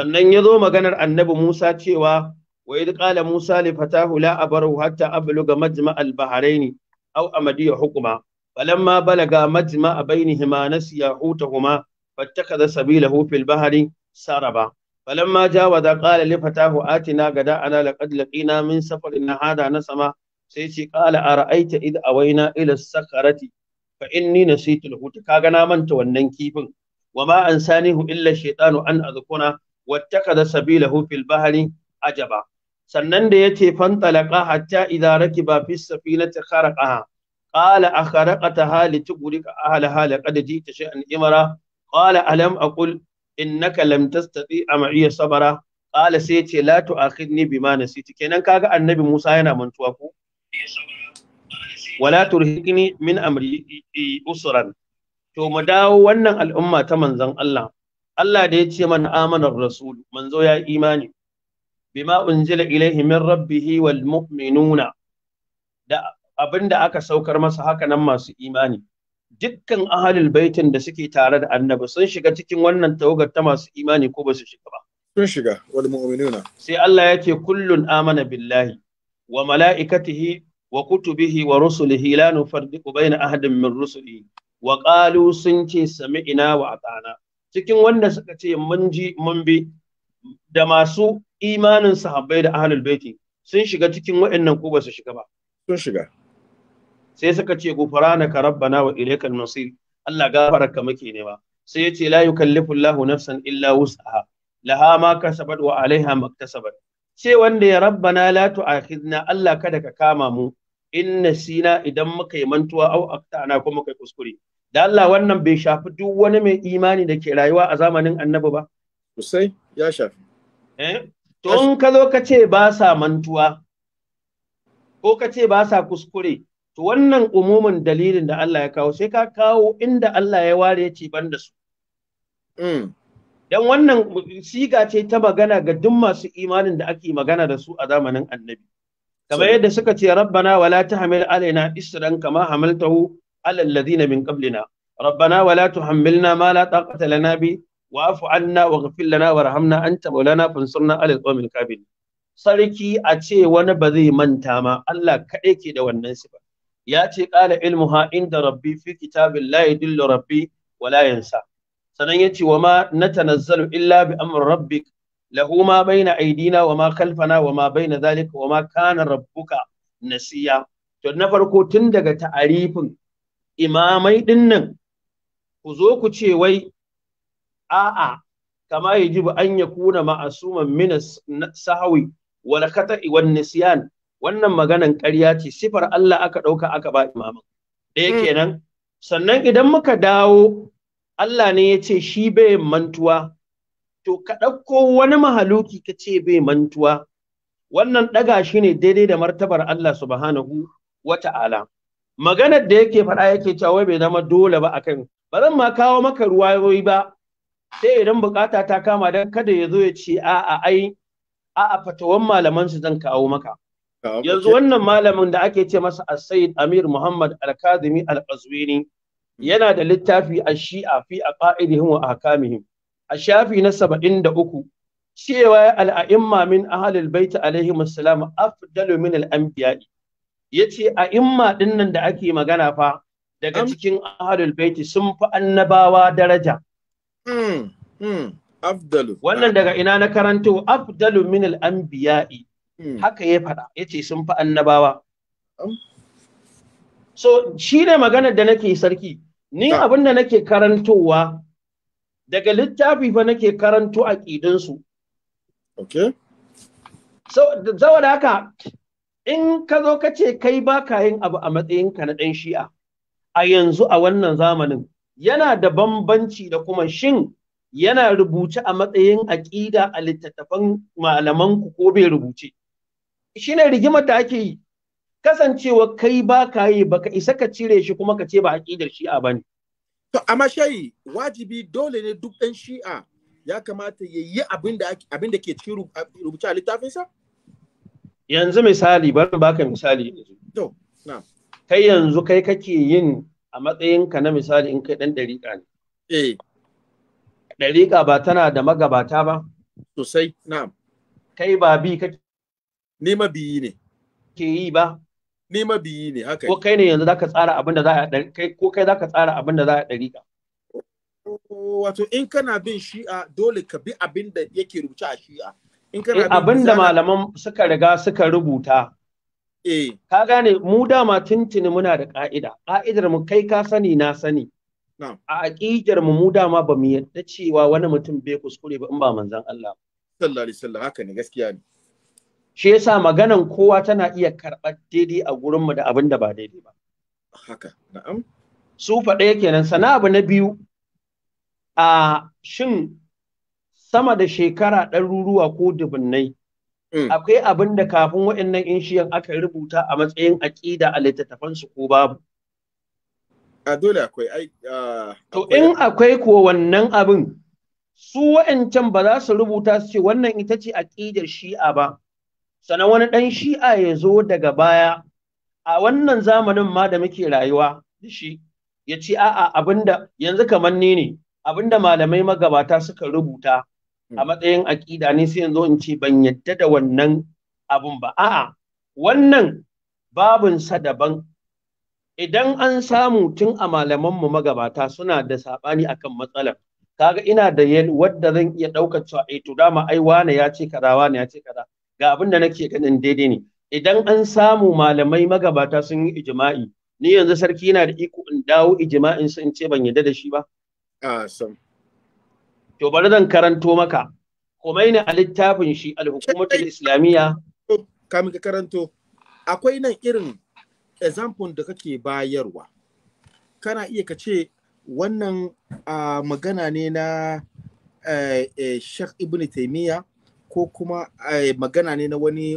sannan ya zo maganar annabi Musa cewa wa ƙala Musa li fatahu la abaru hatta abluga majma al bahrayn aw amadiya hukuma ma balaga majma bainihima nasiya hutahuma fattakhadha sabilahu fil bahri saraba ma jawaza qala li fatahu atina gada ana laqad laqina min na hada na sama sai ce qala ara'aita id awayna ila sakharati fa inni nasitu al hut kaga na manta wannan kifin wa ma ansanihu illa shaytanu an adkuna wattakaza sabilahu fil bahri ajaba sannan da yace fantalaqa hatta idza rakiba fis safinati kharaqaha qala akharaqataha litughriqa ahlaha laqad jita shay'an imara qala alam aqul innaka lam tastati'a ma'iya sabara qala sai yace la tu'akhidni bima nasitu kenan kaga annabi Musa yana mantuwa ko wala turhiqni min amri usran to mu dawo wannan al'umma ta manzon Allah Allah da ya ce man amanar rasul manzo ya imani bima unzila ilaihi min rabbih wal mu'minuna da abinda aka saukar masa haka nan masu imani dukkan ahalul baitin da suke tare da annabi sun shiga cikin wannan tawagar ta masu imani ko ba su shiga ba sun shiga wal mu'minuna sai Allah ya ce kullun amana billahi wa mala'ikatihi wa kutubihi wa rusulihi la nufarriqu baina ahadin min rusulihi wa qalu sun ce sami'ina wa ata'na cikin wanda suka ce mun ji mun bi da masu imanin sahabbai da ahlul baiti sun shiga cikin waɗannan ko ba su shiga ba sun shiga sai suka ce gufranaka rabbana wa ilaikal masir Allah gafaraka muke ne ba sai ya yace la yukallifu Allahu nafsan illa wus'aha laha ma kasabat wa alaiha maktasabat ce wanda ya rabbana la tu'akhidna Allah kada ka kama mu in nasina idan muka yi mantuwa au aktana ko muka yi kuskure da Allah wannan bai shafi duk wani mai imani da ke rayuwa a zamanin annabi ba Sai ya shafi eh? to in ka zo ka ce ba sa mantuwa ko ka ce ba sa kuskure to wannan umumin dalilin da Allah ya kawo sai ka kawo inda Allah ya ware ya ce ban da su mm. dan wannan siga ce ta magana ga duk masu imanin da ake magana da su a zamanin annabi kamar yadda suka ce rabbana wala tahmil alaina isran kama hamaltahu على الذين من قبلنا ربنا ولا تحملنا ما لا طاقة لنا به واعف عنا واغفر لنا وارحمنا أنت مولانا فانصرنا على القوم الكافرين sarki a ce wani ba zai manta ma Allah kaɗai ke da wannan sifa ya ce ƙala ha inda rabbi fi kitabin la yadillu rabbi wa la yansa sanan ya ce wa ma natanazzalu illa bi amr lahu ma baina aidina wa ma khalfana wa ma baina zalika wa ma kana rabbuka nasiya to na farko tun daga ta'arifin imamai dinnan ku zo ku ce wai a'a kama yajibu an ya kuna ma'asuman min sahawi wal khata'i wan nisyan wannan maganan ƙarya ce sifar Allah aka ɗauka aka ba imaman yake hmm. nan sannan idan muka dawo Allah ne ya ce shi bai mantuwa to ka ɗauko wani mahaluki ka ce bai mantuwa wannan ɗaga shi ne daidai da martabar Allah subhanahu wa ta'ala maganar da yake faɗa yake cewa wai bai zama dole ba akan ba zan ma kawo maka ruwayoyi ba sai idan bukata ta kama dan kada ya zo ya ce a'a ai a'a fatawan malaman su zan kawo maka yanzu wannan malamin da ake ce masa a sayyid amir muhammad al kazimi al-qazwini yana da littafi a shi'a fi a ƙa'idihim wa ahkamihim a shafi na saba'in da uku cewa al'a'imma min ahalil baiti alaihi musulam afdalu min al'anbiya'i ya ce a imma ɗin nan da ake magana fa daga cikin ahalul baiti sun fi annabawa daraja. Hmm, hmm, afdalu. Wannan daga ina na karanto afdalu min al hmm. Haka ya faɗa ya ce sun fi annabawa. So shi ne maganar da nake sarki, ni abin da nake karantowa daga littafi fa nake karanto ƙidinsu. Okay. So, da haka in ka zo ka ce kai ba ka yin abu a matsayin ka na ɗan shi'a a yanzu a wannan zamanin yana da bambanci da kuma shin yana rubuce a matsayin aƙida a littattafan malamanku ko bai rubuce shine rigimar da ake yi kasancewa kai ba ka yi baka isa ka cire shi kuma ka ce ba aƙidar shi'a ba ne. To amma shayi wajibi dole ne duk ɗan shi'a ya kamata ya yi abin da ke cikin rubuce a littafinsa? yanzu misali bari baka misali yanzu to na'am kai yanzu kai kake yin a matsayinka na misali in kai dan ɗariƙa ne eh dariƙa ba tana da magabata ba sosai na'am kai ba bi kake ni mabiyi ne ke yi ba ni mabiyi ne haka ko kai ne yanzu zaka tsara abin da za a kai ko kai zaka tsara abin da za a ɗariƙa? wato in kana bin shi'a dole ka bi abin da yake rubuce a shi'a Eh, abin da malaman suka riga suka rubuta eh. ka gane mu dama tuntuni muna da ƙa'ida ƙa'idar mu kai ka sani na sani a aƙidar mu mu dama ba mu yadda cewa wani mutum bai kuskure ba in ba manzon Allah sallallahu alaihi wasallam haka ne gaskiya ne shi yasa maganan kowa tana iya karɓar daidai a gurin mu da abin da ba daidai ba haka na'am su faɗa kenan sana abu na biyu a shin sama da shekara ɗaruruwa ko dubunnai mm. akwai abin da kafin waɗannan inshiyan aka rubuta a matsayin aƙida a littattafansu ko babu. A dole akwai To in akwai ko wannan abin su wa'ancan ba za su rubuta su ce wannan ita ce aƙidar shi'a ba. Sannan wani ɗan shi'a ya zo daga baya a wannan zamanin ma da muke rayuwa da shi ya ce a'a abinda yanzu kamar ni ne abinda malamai magabata suka rubuta a matsayin aƙida ne sai yanzu in ce ban yadda da wannan abun ba a'a wannan sa daban idan an samu tun a malamanmu magabata suna da saɓani akan matsalar kaga ina da wadda zan iya ɗaukar cewa eh to dama ai wane ya ce kaza wane ya ce kaza ga abin da nake ganin daidai ne idan an samu malamai magabata sun yi ijma'i ni yanzu sarki yana da iko in dawo ijma'in sun ce ban yadda da shi ba awesome. Ah, to bari zan karanto maka Khomeini a littafin shi al-hukumatul islamiyya kamin ka karanto akwai nan irin example da kake bayarwa kana iya ka ce wannan uh, magana ne na Sheikh Ibn Taymiyyah ko kuma magana ne na wani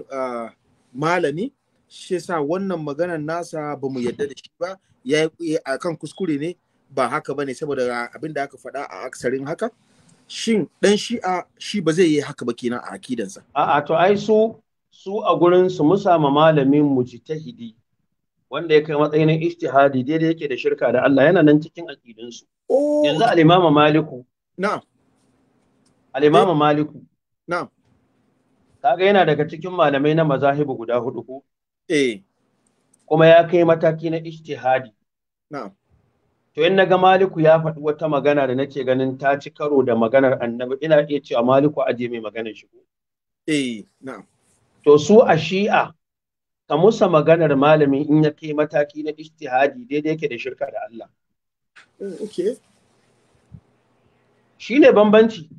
malami shi sa wannan maganar nasa ba mu yarda da shi ba ya yi kan kuskure ne ba haka ba ne saboda abin da aka faɗa a aksarin haka shin ɗan shi'a shi ba zai yi haka ba kenan a akidansa a'a to ai su su a gurin su musama malamin mujtahidi wanda ya kai matsayin ijtihadi daidai yake da shirka da Allah yana nan cikin aqidinsu oh. yanzu al maliku na'am al-imamu eh. maliku na'am kaga yana daga cikin malamai na mazahibu guda hudu ko eh kuma ya kai mataki na ijtihadi na'am to in naga maliku ya faɗi wata magana da nake ganin ta ci karo da maganar annabi ina iya cewa maliku aje mai maganar shi eh na'am to su a shi'a ka musa maganar malami in ya kai mataki na ijtihadi daidai yake da shirka da Allah eh, okay shine bambanci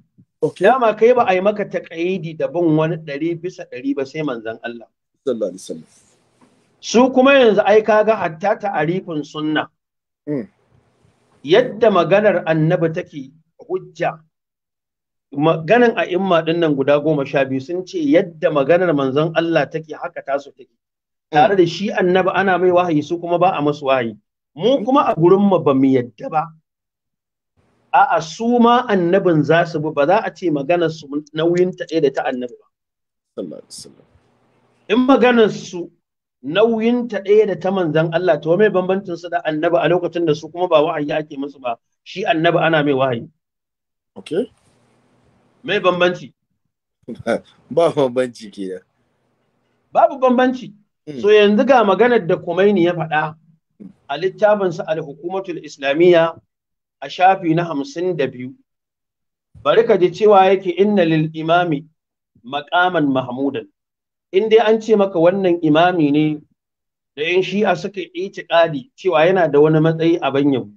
okay dama kai ba a yi maka takaidi da bin wani ɗari bisa ɗari ba sai manzan Allah sallallahu alaihi wasallam su kuma yanzu ai kaga hatta ta'arifin sunna mm. yadda maganar annabi take hujja maganan a imma din nan guda goma sha biyu sun ce yadda maganar manzon Allah take haka tasu take tare da shi annabi ana mai wahayi su kuma ba a masu wahayi mu kuma a gurin mu ba mu yadda ba 'a su ma annabin za su ba za a ce maganar su nauyin ta da ta annabi ba in maganar su nauyin ta ɗaya da ta manzan Allah to mai bambancin su da annabi a lokacin da su kuma ba wahayi ake musu ba shi annabi ana mai wahayi okay mai bambanci ba bambanci ke babu bambanci hmm. so yanzu ga maganar da Khomeini ya faɗa a littafin sa al-hukumatul islamiyya a shafi na hamsin da biyu bari ka ji cewa yake inna lil imami maqaman mahmudan in dai an ce maka wannan imami ne da yan shi'a suka yi ƙadi cewa yana da wani matsayi a banyan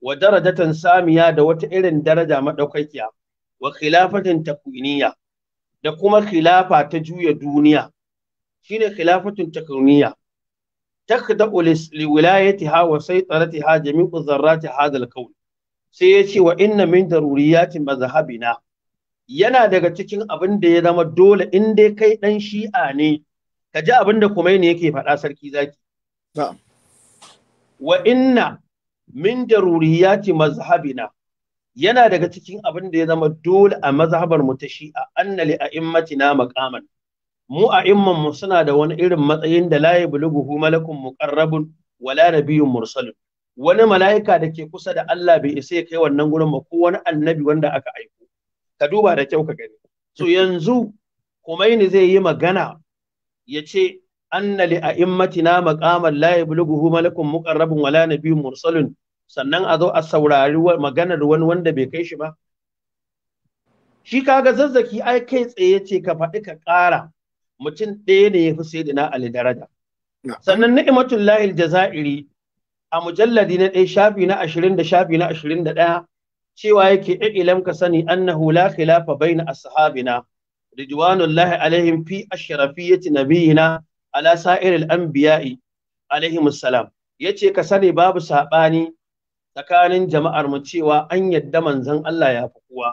wa darajatan samiya da wata irin daraja maɗaukakiya wa khilafatin takwiniya da kuma khilafa ta juya duniya shine khilafatun takwiniya تخدع لولايتها وسيطرتها جميع ذرات هذا الكون سيأتي وإن من ضروريات مذهبنا yana daga cikin abin da ya zama dole in dai kai ɗan shi'a ne ka ji abin da ne yake faɗa sarki zaki wa inna min daruriyati mazhabina yana daga cikin abin da ya zama dole a mazhabar mu ta shi'a anna li a'immatina maqaman mu a'imman mu suna da wani irin matsayin da la yablughu malakun muqarrabun wala nabiyyun mursalun wani mala'ika da ke kusa da Allah bai isa ya kai wannan gurin ba ko wani annabi wanda aka aiko ka duba hmm. da kyau ka gani so yanzu Khomeini zai yi magana ya ce anna li a'immatina maqaman la yablughuhu malakun muqarrabun wala nabiyyun mursalun sannan a zo a saurari maganar wani wanda bai kai shi ba shi kaga zazzaki ai kai tsaye ce ka faɗi ka ƙara mutum ɗaya ne ya fi sayyidina ali daraja sannan ni'matullahi aljazairi a mujalladi na ɗaya shafi na ashirin da shafi na ashirin da ɗaya cewa yake ilam ka sani annahu la khilafa baina ashabina ridwanullahi alaihim fi ashrafiyati nabiyina ala sa'iril anbiya'i alaihim assalam yace ka sani babu sabani tsakanin jama'ar mu cewa an yadda manzon Allah ya fi kowa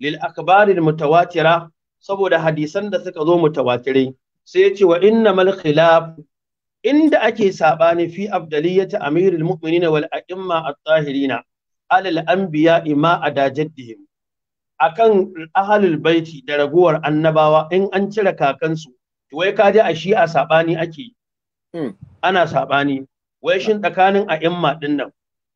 lil akbaril mutawatira saboda hadisan da suka zo mutawatirai sai yace wa innamal khilaf inda ake sabani fi abdaliyati amirul mu'minin wal a'imma at-tahirina alal anbiya ima ada jaddihim akan ahalul baiti da raguwar annabawa in an cire kakansu wai ka ji a shi a sabani ake hmm. ana sabani wai shin tsakanin a imma din nan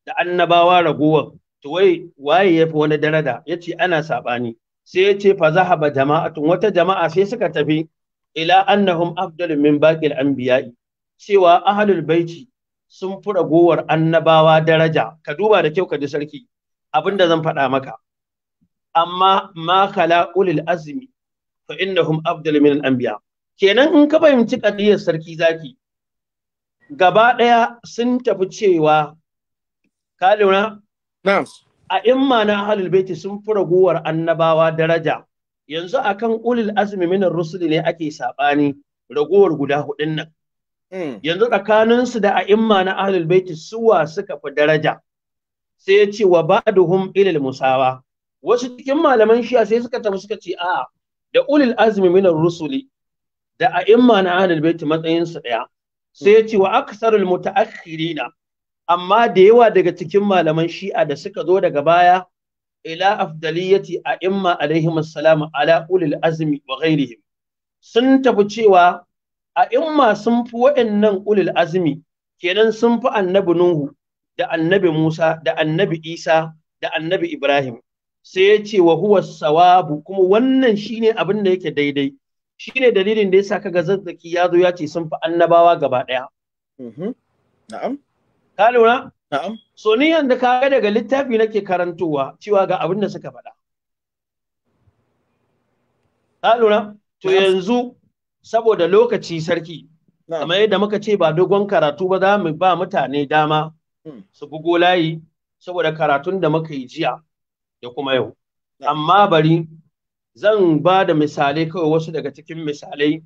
da annabawa raguwar to wai waye yafi wani darada yace ana sabani sai yace fa zahaba jama'atun wata jama'a sai suka tafi ila annahum afdalu min baqil anbiya'i cewa ahlul baiti sun fi ragowar annabawa daraja ka duba da kyau ka ji sarki abin da zan faɗa maka amma ma kala ulil azmi fa innahum abdul min al anbiya kenan in ka fahimci ƙaddiyar sarki zaki gaba ɗaya sun tafi cewa ka lura a imma na ahlul baiti sun fi ragowar annabawa daraja yanzu akan ulil azmi min ar ne ake saɓani ragowar guda hudun nan Mm. yanzu tsakaninsu da a'imma na ahlul baiti suwa suka fi daraja sai ya ce wa ba'duhum ilal musawa wasu cikin malaman shi'a sai suka tafi suka ce a da ulil azmi minar rusuli da a'imma na ahlul baiti matsayin su daya sai ya ce wa aksarul mutaakhirina amma da yawa daga cikin malaman shi'a da suka zo daga baya ila afdaliyati a'imma alaihim assalam ala ulil azmi wa ghairihim sun tafi cewa a imma sun fi waɗannan ulil azmi kenan sun fi annabi Nuhu da annabi Musa da annabi Isa da annabi Ibrahim sai ya ce wa huwa sawabu kuma wannan shine abin da yake daidai shine dalilin da yasa kaga zazzaki ya zo ya ce sun fi annabawa gaba ɗaya mhm. na'am ka lura na'am so ni yanda kaga daga littafi nake karantowa cewa ga abin da suka faɗa ka lura to yanzu saboda lokaci sarki kamar yadda muka ce ba dogon karatu ba za mu ba mutane dama hmm. su bugo layi saboda karatun da muka yi jiya da kuma yau amma bari zan ba da misalai kawai wasu daga cikin misalai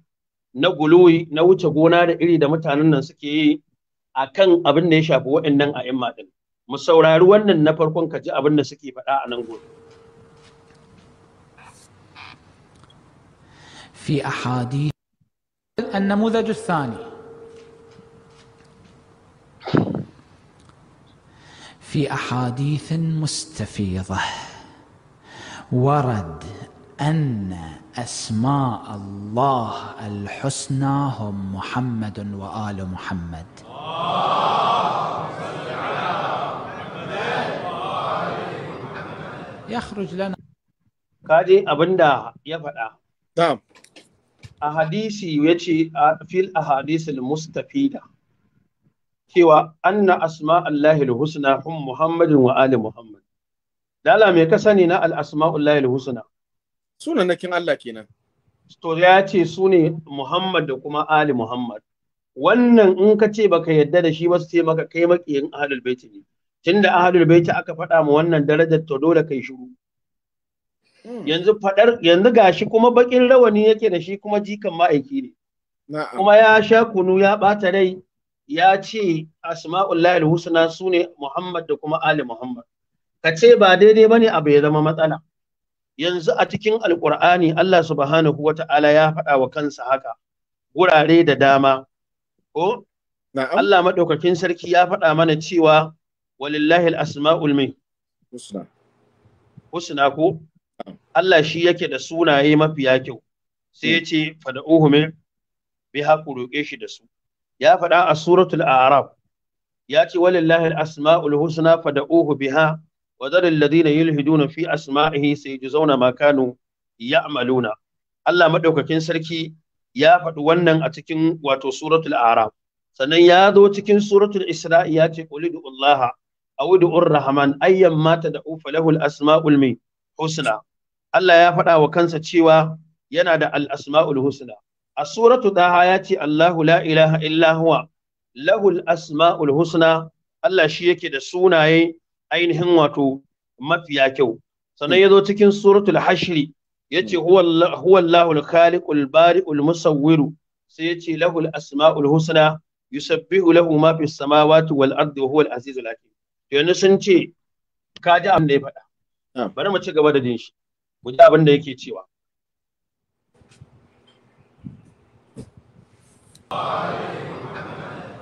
na guloyi na wuce gona da iri da mutanen nan suke yi a kan abin da ya shafi waɗannan a'imma ɗin mu saurari wannan na farkon ka ji abin da suke faɗa a nan gobe في أحاديث النموذج الثاني في احاديث مستفيضه ورد ان اسماء الله الحسنى هم محمد وال محمد يخرج لنا kaji abinda ya نعم a hadisi ya ce a fil ahadisul mustafida cewa anna asma Allah husna hum Muhammadin wa ali Muhammad. Lala me ka sani na al asma'ullahi husna? na kin Allah kenan. To ya ce su ne Muhammad da kuma ali Muhammad. Wannan in ka ce baka yadda da shi ba su ce maka kai maƙiyin ahlul baiti ne. Tunda ahlul baiti aka faɗa mu wannan darajar to dole kai shiru. Hmm. yanzu fadar yanzu gashi kuma bakin rawani yake da shi kuma jikan ma'aiki ne kuma ya sha kunu ya bata rai ya ce asma'ullahi husna sune Muhammad da kuma Ali Muhammad ka ce ba daidai bane abu ya zama matsala yanzu a cikin alqur'ani Allah subhanahu Ta'ala ya faɗa wa kansa haka gurare da dama ko Allah madaukakin sarki ya faɗa mana cewa walillahi al-asma'ul husna husna ko Allah shi yake da sunaye mafiya kyau sai ya ce fada'uhu min bi haku roƙe shi da su ya faɗa a suratul a'raf ya ce walillahi al-asma'ul husna fada'uhu biha wa dhalil ladina yulhiduna fi asma'ihi sayajzauna ma kanu ya'maluna Allah madaukakin sarki ya faɗi wannan a cikin wato suratul a'raf sannan ya zo cikin suratul isra'i ya ce qulidu allaha aw rahman ayyamma tad'u falahu al-asma'ul min husna Allah ya faɗa wa kansa cewa yana da alasmaul husna a suratu ɗaha ya ce Allahu la ilaha illa huwa lahul asma'ul husna Allah shi yake da sunaye ainihin wato mafiya kyau sannan ya zo cikin suratul hashri ya ce huwa Allahul khaliqul bari'ul musawwiru sai ya ce lahul asma'ul husna yusabbihu lahu ma fi samawati wal ardi wa huwal azizul hakim to yanzu sun ce ka ji abin da ya faɗa bari mu ci gaba da jin shi mu ji abin da yake cewa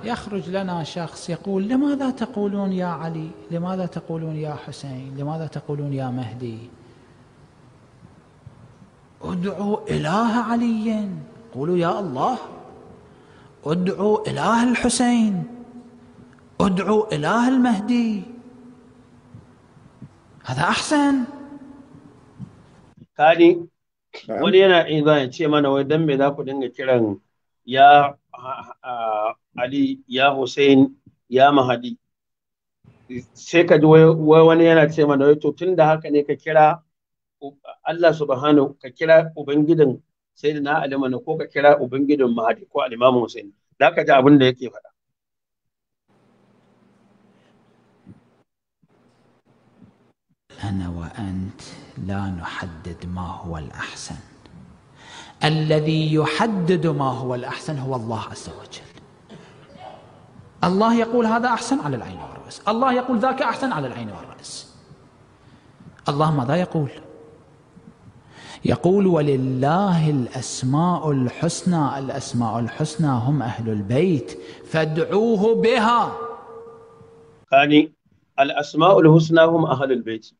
يخرج لنا شخص يقول لماذا تقولون يا علي لماذا تقولون يا حسين لماذا تقولون يا مهدي ادعوا إله علي قولوا يا الله ادعوا إله الحسين ادعوا إله المهدي هذا أحسن كاني wani yana iza ya ce mana wai dan me za ku dinga kiran ya Ali ya Hussein ya Mahadi sai ka ji wai wani yana ce mana wai to tun da haka ne ka kira Allah subhanahu ka kira ubangidan sai sayyidina Ali mana ko ka kira ubangidan Mahadi ko Alimamu imam Hussein da ka ji abin da yake faɗa انا وانت لا نحدد ما هو الاحسن الذي يحدد ما هو الاحسن هو الله عز وجل الله يقول هذا احسن على العين والراس الله يقول ذاك احسن على العين والراس الله ماذا يقول يقول ولله الاسماء الحسنى الاسماء الحسنى هم اهل البيت فادعوه بها يعني الاسماء الحسنى هم اهل البيت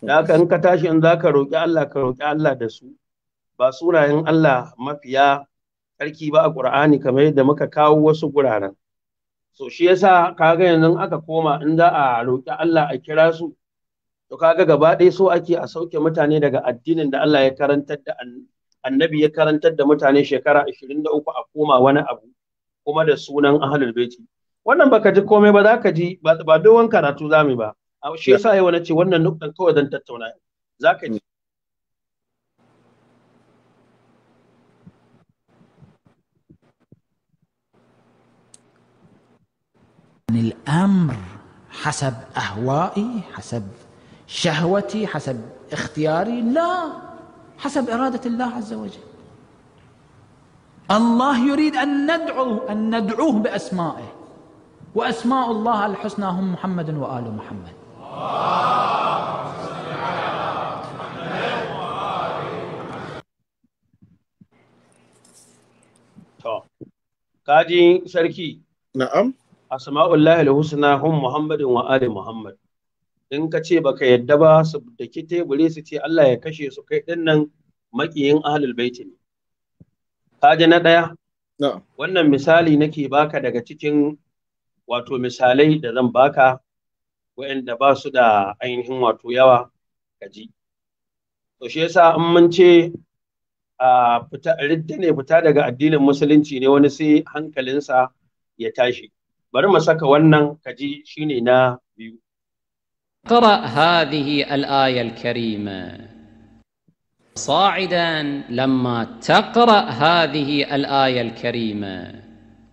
da haka in ka tashi in za ka roƙi Allah ka roƙi Allah da su ba sunayen Allah mafiya tsarki ba a Ƙur'ani kamar yadda muka kawo wasu guraren so shi yasa kaga yanzu aka koma in za a roƙi Allah a kira su to kaga gaba ɗaya so ake a sauke mutane daga addinin da Allah ya karantar da annabi ya karantar da mutane shekara 23 a koma wani abu kuma da sunan ahlul baiti wannan baka ji komai ba za ka ji ba dogon karatu zamu ba أو شيء yau na ce الامر حسب اهوائي حسب شهوتي حسب اختياري لا حسب اراده الله عز وجل الله يريد ان ندعوه ان ندعوه باسمائه واسماء الله الحسنى هم محمد وال محمد Kaji sarki. Na'am. Asma'ullahi al-husna hum Muhammadin wa ali Muhammad. In ka ce baka yadda ba su da ki teburi su ce Allah ya kashe su kai din nan makiyin ahlul baiti ne. Kaji na ɗaya. Wannan misali nake baka daga cikin wato misalai da zan baka wa'anda ba su da ainihin wato yawa kaji to shi yasa in mun ce a fita ridda ne fita daga addinin musulunci ne wani sai hankalinsa ya tashi bari mu saka wannan kaji shine na biyu qara hadhihi al-aya al-karima صاعدا لما تقرأ هذه الآية الكريمة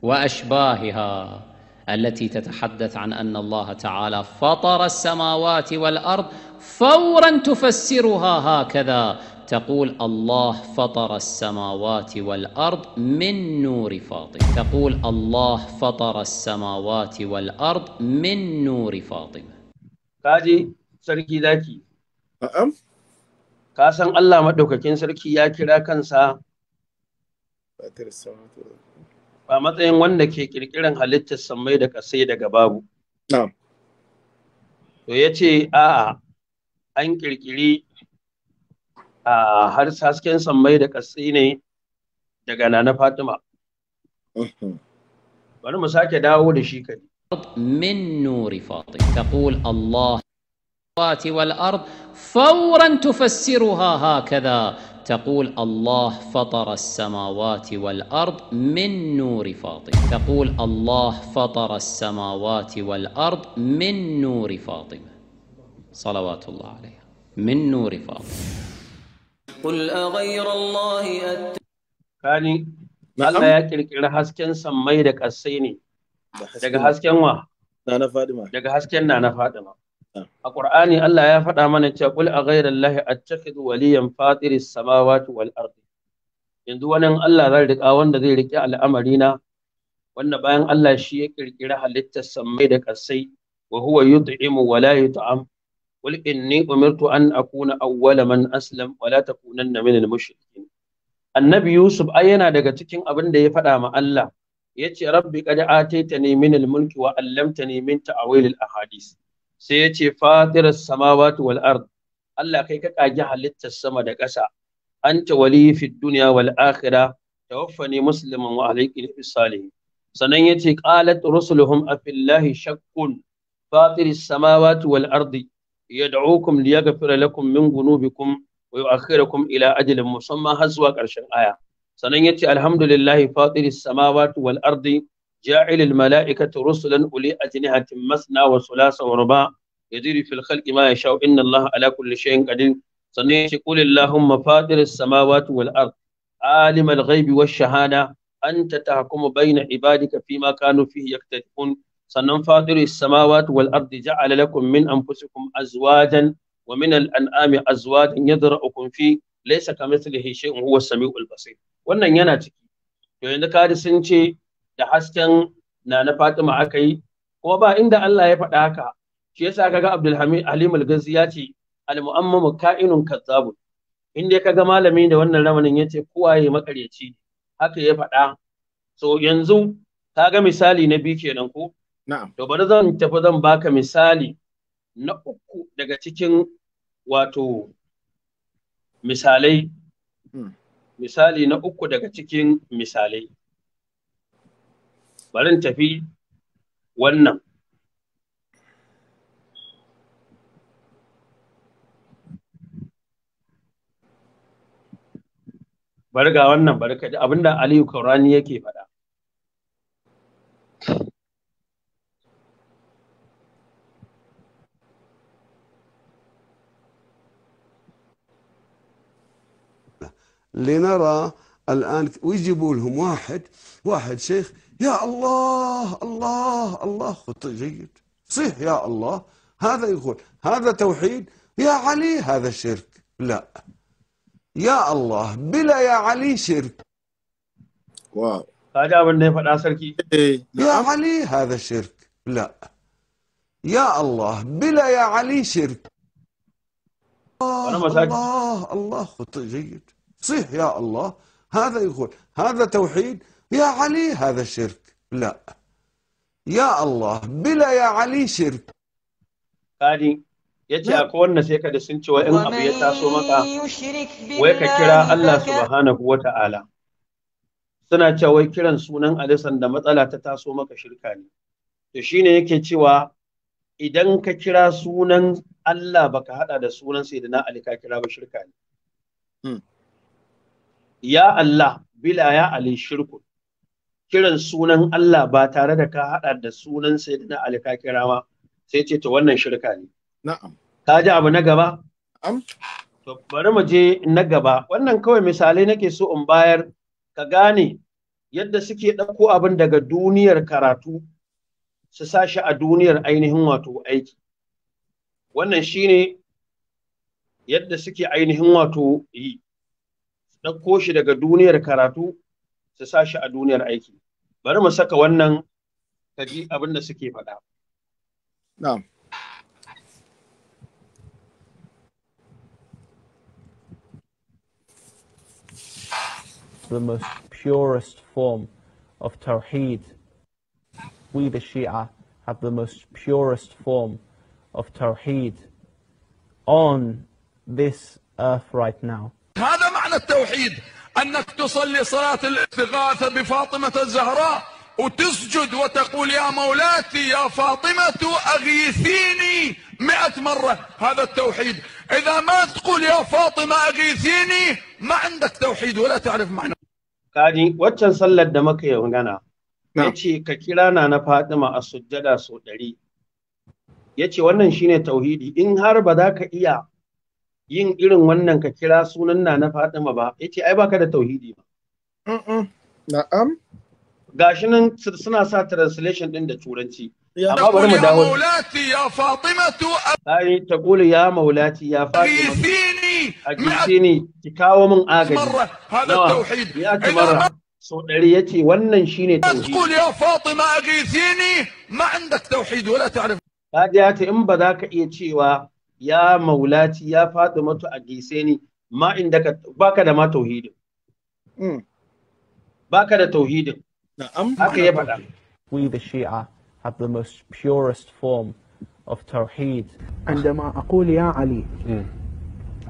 وأشباهها التي تتحدث عن أن الله تعالى فطر السماوات والأرض فورا تفسرها هكذا تقول الله فطر السماوات والأرض من نور فاطم تقول الله فطر السماوات والأرض من نور فاطم سركي ذاكي أم na'am الله san كين سركي sarki ya kira فاتر السماوات والأرض ba matsayin wanda ke kirkiran halittar mai da kasai daga babu. na'am To yace a a an kirkiri a har sasken san mai da kasai ne daga nana Fatima. Bari mu sake dawo da shi kai. من نور فاطمة تقول allah والأرض فورا تفسرها هكذا تقول الله فطر السماوات والأرض من نور فاطمة تقول الله فطر السماوات والأرض من نور فاطمة صلوات الله عليها من نور فاطمة قل أغير الله أت... يعني ما نعم. لا يكلك إلا sammai سميرك السيني ne daga hasken wa? Nana Fadima. Daga hasken Nana a ƙur'ani Allah ya faɗa mana cewa kul a ghayra allahi attakhidhu waliyan fatiris samawati wal ardi yanzu wani Allah zan riƙa wanda zai riƙe al'amarina wanda bayan Allah shi ya ƙirƙiri halittar sammai da kasai wa huwa yut'imu wa la yut'am qul inni umirtu an akuna awwala man aslam wa la takunanna minal mushrikin annabi yusuf ai yana daga cikin abin da ya faɗa ma Allah yace rabbi qad ataitani minal mulki wa allamtani min ta'awilil ahadith sai ya ce fatiras samawati wal ard Allah kai ka kagi halittar sama da ƙasa anta wali fi dunya wal akhirah tawaffani musliman wa alayki bis salih sannan yace qalat rusuluhum afillahi shakkun fatiris samawati wal ard yad'ukum liyaghfira lakum min dhunubikum wa yu'akhirakum ila ajalin musamma har zuwa karshen aya sanan yace alhamdulillahi fatiris samawati wal ard جاعل الملائكة رسلا أولي أجنحة مثنى وثلاث ورباع يدير في الخلق ما يشاء إن الله على كل شيء قدير صنيع قل اللهم فاطر السماوات والأرض عالم الغيب والشهادة أنت تحكم بين عبادك فيما كانوا فيه يختلفون sannan fadiru samawati wal ardi ja'ala lakum min anfusikum azwajan wa min al an'ami azwajan yadra'ukum fi laysa kamithlihi shay'un huwa as-sami'ul basir wannan yana ciki to yanzu kadi sun ce da hasken na na Fatima aka yi kuma ba inda Allah ya faɗa haka shi yasa kaga Abdul Hamid Halim Al-Ghazi ya ce al-mu'ammamu ka'inun kazzabun inda kaga malami da wannan ramanin ya kowa ya makaryaci haka ya faɗa so yanzu ga misali na biyu kenan ko na'am to bari zan tafi zan baka misali na uku daga cikin wato misalai hmm. misali na uku daga cikin misalai bari in tafi wannan bari ga wannan bari ka ji abinda Aliyu Kaurani yake faɗa لنرى الآن ويجيبوا لهم واحد واحد شيخ يا الله الله الله خط جيد صيح يا الله هذا يقول هذا توحيد يا علي هذا شرك لا يا الله بلا يا علي شرك واو إيه. يا نعم. علي هذا شرك لا يا الله بلا يا علي شرك الله الله الله خط جيد صيح يا الله هذا يقول هذا توحيد يا علي هذا شرك لا يا الله بلا يا علي شرك قالي ya ce akwai wannan sai ka da sun wa in abu ya taso maka wai ka kira Allah subhanahu wa ta'ala suna cewa wai kiran sunan alisan da matsala ta taso maka shirka ne to shine yake cewa idan ka kira sunan Allah baka hada da sunan sai da na ali ka kira ba shirka ne ya Allah bila ya ali shirku kiran sunan Allah ba tare da ka haɗa da sunan sayyidina Ali ka kira ma sai ce to wannan shirka ne na'am ka ji abu na gaba na'am to bari mu je na gaba wannan kawai misalai nake so in bayar ka gane yadda suke ɗauko abin daga duniyar karatu su sa shi a duniyar ainihin wato aiki wannan shine yadda suke ainihin wato yi ɗauko shi daga duniyar karatu su sa shi a duniyar aiki bari mu saka wannan kaji abin da suke faɗa na'am the most purest form of Tawheed. We, the Shia, have the most purest form of Tawheed on this earth right now. هذا معنى التوحيد انك تصلي صلاة الاستغاثة بفاطمة الزهراء وتسجد وتقول يا مولاتي يا فاطمة اغيثيني مئة مرة هذا التوحيد اذا ما تقول يا فاطمة اغيثيني ما عندك توحيد ولا تعرف معنى قادي واتن صلى الدمك يا ونانا نعم. يتي ka kira السجدة na يتي a sujjada توحيدي ɗari yace wannan shine yin irin wannan ka kira sunan na na Fatima ba Ya ce, ai baka da tauhidi ba na'am gashi nan suna sa translation ɗin da turanci amma bari mu dawo ai ta kula ya maulati ya Fatima ne, ki kawo min agaji nawa ya kamar so ya ce wannan ne tauhidi kul ya Fatima agitini ma عندك توحيد ولا ya ce in ba za ka iya cewa ya maulati ya faɗi matu a gise ni ma inda ka baka da ma tauhidin baka da tauhidin haka ya faɗa we the Shia have the most purest form of tawhid عندما أقول يا علي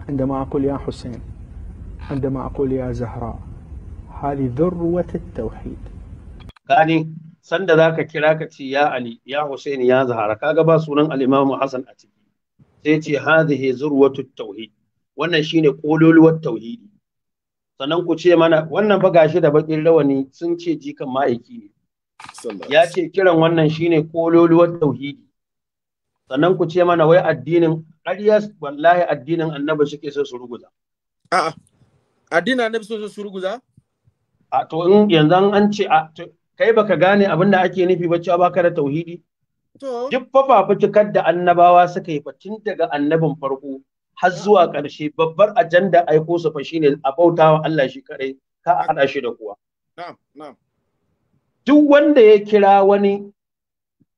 عندما أقول يا حسين عندما أقول يا زهراء هذه ذروة التوحيد يعني sanda za ka kira ka ce ya Ali, ya Hussein, ya Zahara, kaga ba sunan al'imamu Hassan a ciki. sai ce hadhihi zurwatu tauhid wannan shine kololuwar tauhidi sannan ku ce mana wannan fa gashi da bakin rawani sun ce jikan ma'aiki ne ya ce kiran wannan shine kololuwar tauhidi sannan ku ce mana wai addinin ƙarya wallahi addinin annabi ke so su ruguza a'a addinin annabi so su ruguza a to in yanzu an ce a kai baka gane abin da ake nufi ba cewa baka da tauhidi Duk fa cikar da annabawa suka yi tun daga annabin farko har zuwa ƙarshe babbar ajanda aiko su fa shine a wa Allah shi kadai ka a haɗa shi da kuwa. Duk wanda ya kira wani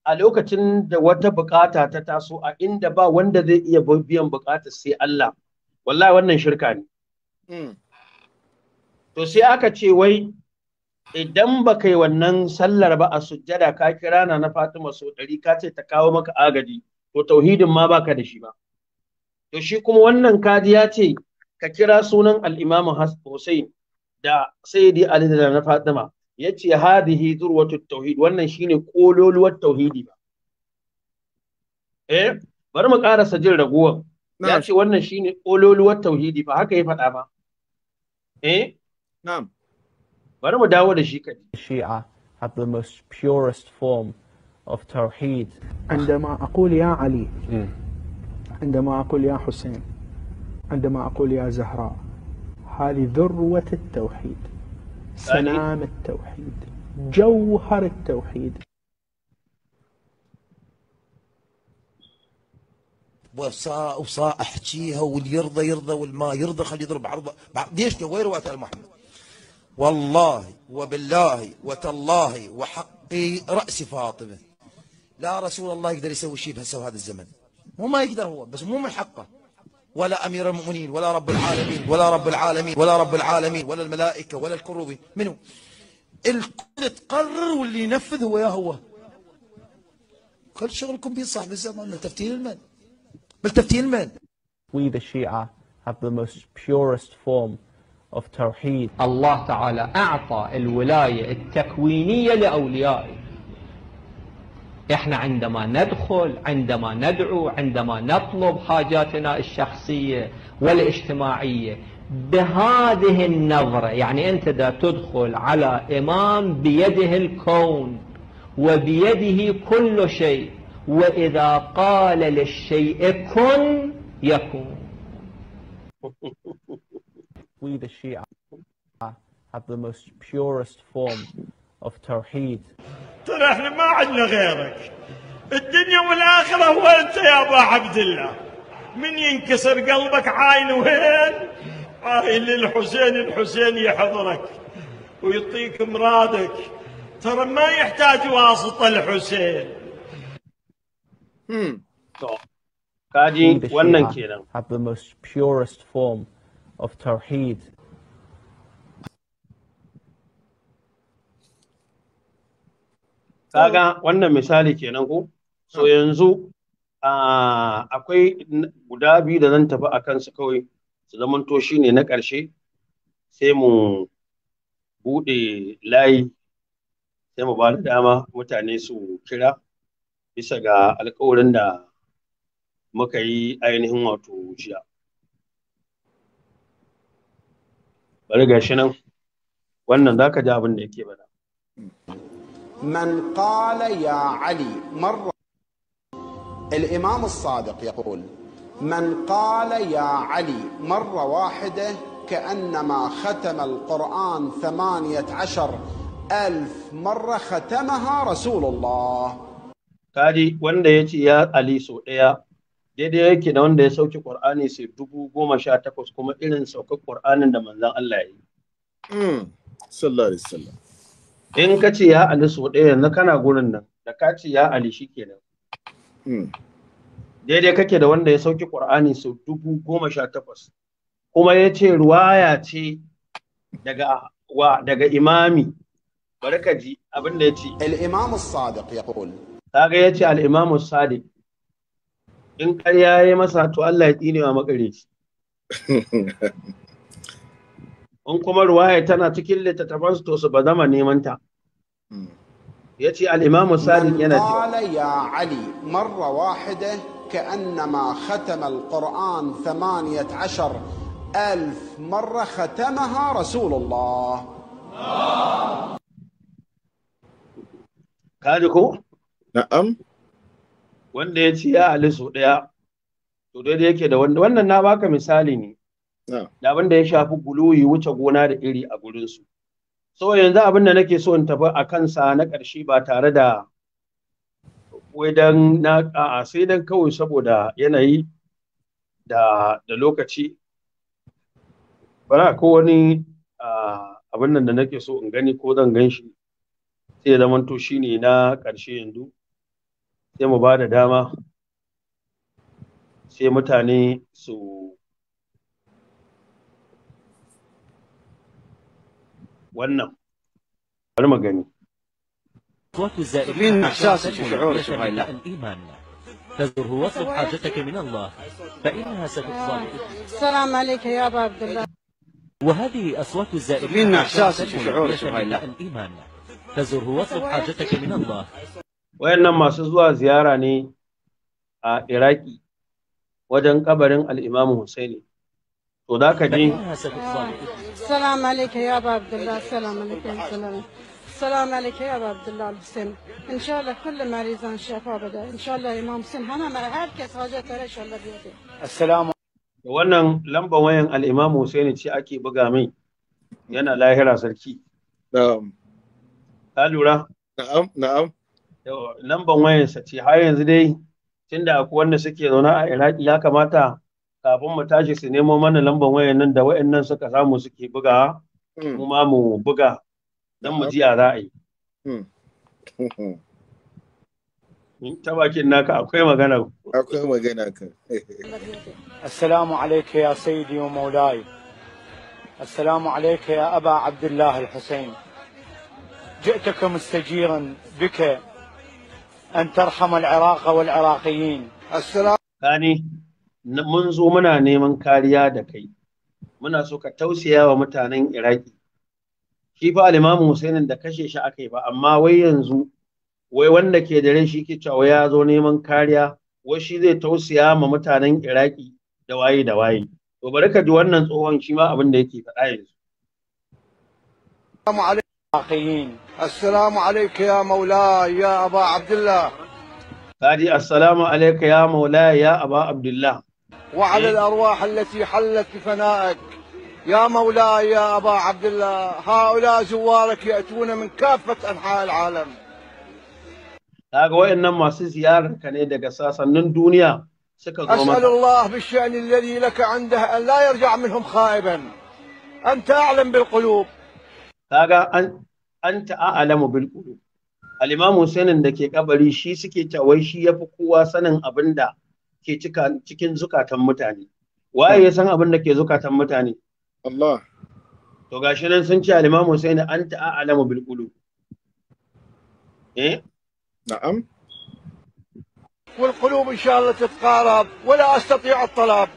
a lokacin da wata bukata ta taso a inda ba wanda zai iya biyan bukatar sai Allah wallahi wannan shirka ne. Mm. To sai aka ce wai idan ba kai wannan sallar ba a sujjada ka kira na na Fatima so ɗari ka ce ta kawo maka agaji to tauhidin ma baka da shi ba to shi kuma wannan kadi ya ce ka kira sunan al-Imam Hussein da Sayyidi Ali da na Fatima yace hadihi zurwatu tauhid wannan shine kololuwar tauhidi ba eh bari mu karasa jin raguwar ya wannan shine kololuwar tauhidi ba haka ya faɗa ba eh na'am bari mu dawo da shi kai shi'a have the most purest form of tawheed عندما أقول يا علي عندما أقول يا حسين عندما أقول يا زهراء هذه ذروة التوحيد سنام التوحيد جوهر التوحيد وصا وصا احكيها واللي يرضى يرضى والما يرضى خلي يضرب عرضه ليش وين روايه محمد والله وبالله وتالله وحق رأس فاطمة لا رسول الله يقدر يسوي شيء بهسه هذا الزمن مو ما يقدر هو بس مو من حقه ولا أمير المؤمنين ولا رب العالمين ولا رب العالمين ولا رب العالمين ولا الملائكة ولا الكروبين منو الكل تقرر واللي ينفذ هو يا هو كل شغلكم بين صاحب الزمن من تفتيل المن من تفتيل المال We the Shia have the most purest form of Tawheed. الله تعالى أعطى الولاية التكوينية لأوليائه احنا عندما ندخل عندما ندعو عندما نطلب حاجاتنا الشخصية والاجتماعية بهذه النظرة يعني أنت دا تدخل على إمام بيده الكون وبيده كل شيء وإذا قال للشيء كن يكون we the Shia have the most purest form of Tawheed. ترى احنا ما عندنا غيرك الدنيا والآخرة هو أنت يا أبا عبد الله من ينكسر قلبك عاين وهين؟ عاين للحسين الحسين يحضرك ويعطيك مرادك ترى ما يحتاج واسطة الحسين هم kaji wannan كذا. have the most purest form of Tawheed. Kaga wannan misali kenan ko? So yanzu akwai guda biyu da zan tafi a kansu kawai su zamanto shi ne na ƙarshe sai mu buɗe layi sai mu ba da dama mutane su kira bisa ga alkawarin da muka yi ainihin wato jiya. من قال يا علي مرة الإمام الصادق يقول من قال يا علي مرة واحدة كأنما ختم القرآن ثمانية عشر ألف مرة ختمها رسول الله كادي وندي يا علي سوء daidai yake da wanda ya sauke ƙur'ani sai dubu goma sha takwas kuma irin saukar ƙur'anin da manzan Allah ya yi. Hmm, sallallahu alaihi wasallam. In ka ce ya Ali sau ɗaya yanzu kana gurin nan da ka ce ya Ali shi kenan. Hmm. Daidai kake da wanda ya sauke ƙur'ani sau dubu goma sha takwas kuma ya ce ruwaya ce daga wa daga imami bari ka ji abin da ya ce. Al-Imam Sadiq ya ga ya ce al-Imam Sadiq in ƙarya ya masa to Allah ya tsine wa makareci in kuma ruwaya tana cikin littattafan to su ba zama neman ta hmm. ya ce al'imamu sadiq yana cewa ya ali marra wahida كأنما ختم القرآن ثمانية عشر ألف مرة ختمها رسول الله كادكو نعم wanda ya ci ya ali sau ɗaya to daidai yake da wanda wannan na baka misali ne da abin da ya shafi guluyi wuce gona da iri a gurinsu so yanzu abin da nake so in tafi a kansa na karshe ba tare da wadan na a'a sai dan kawai saboda yanayi da da lokaci bara ko wani abin nan da nake so in gani ko zan gan shi sai zamanto shine na ƙarshe yanzu sai mu bada dama sai mutane su wannan bari mu gani حاجتك من الله فإنها السلام عليك يا أبا عبد الله وهذه أصوات الزائرين من إحساس الشعور الإيمان فزره واطلب حاجتك من الله wayannan masu zuwa ziyara ne a iraki wajen kabarin al-Imam husaini to da ka je Assalamu alaikum ya ba Abdullah assalamu alaikum السلام عليك يا ابو عبد الله الحسين ان شاء الله كل ما ريزان شافه بدا ان شاء الله امام حسين انا مع حاجه ترى ان شاء الله بيوتي السلام wannan lamba wayan al-Imam Hussein ce ake buga mai yana lahira sarki na'am ka lura na'am na'am lamban wayansa ce har yanzu dai tunda akwai wanda suke zaune a iraki ya kamata kafin mu tashi su nemo mana lamban wayan nan da wayannan suka samu suke buga hmm. mu ma mu buga don mu ji a ra'ayi hmm. ta bakin naka akwai magana akwai magana ka assalamu alayka ya sayyidi wa maulai assalamu alayka ya aba abdullah al-husayn جئتك مستجيرا بك أن ترحم العراق والعراقيين Muna ثاني منذ منا نيمن كاريا دكي muna so ka tausaya wa mutanen Iraki shi fa al-Imam da kashe shi akai ba amma wai yanzu wai wanda ke da rai shi ke cewa ya zo neman kariya wai shi zai tausaya ma mutanen Iraki da waye da waye to bari ka ji wannan tsohon shi ma abin da yake faɗa yanzu السلام عليك يا مولاي يا أبا عبد الله هذه السلام عليك يا مولاي يا أبا عبد الله وعلى الأرواح التي حلت بفنائك يا مولاي يا أبا عبد الله هؤلاء زوارك يأتون من كافة أنحاء العالم أسأل الله بالشأن الذي لك عنده أن لا يرجع منهم خائبا أنت أعلم بالقلوب أنت أعلم بالقلوب الإمام حسين عندك قبل شيء سكت ويشي يبكوا سنن أبندا كيتك تكن زكاة متعني وأي نعم. سنة أبندا كي زكاة متعني الله تقاشنا سنتي الإمام حسين أنت أعلم بالقلوب إيه نعم والقلوب إن شاء الله تتقارب ولا أستطيع الطلب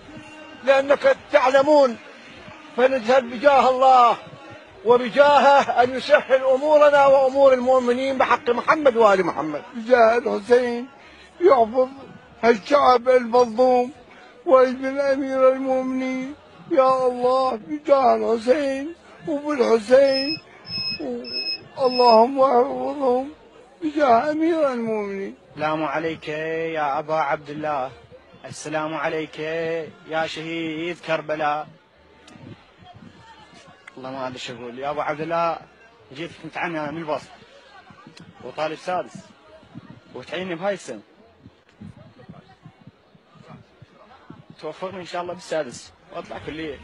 لأنك تعلمون فنذهب بجاه الله وبجاهه أن يسهل أمورنا وأمور المؤمنين بحق محمد وآل محمد بجاه الحسين يحفظ هالشعب المظلوم وابن أمير المؤمنين يا الله بجاه الحسين وبالحسين اللهم احفظهم بجاه أمير المؤمنين السلام عليك يا أبا عبد الله السلام عليك يا شهيد كربلاء والله ما ادري شو اقول يا ابو عبد الله جيت كنت عنها من الباص وطالب سادس وتعيني بهاي السنه توفقني ان شاء الله بالسادس واطلع كليه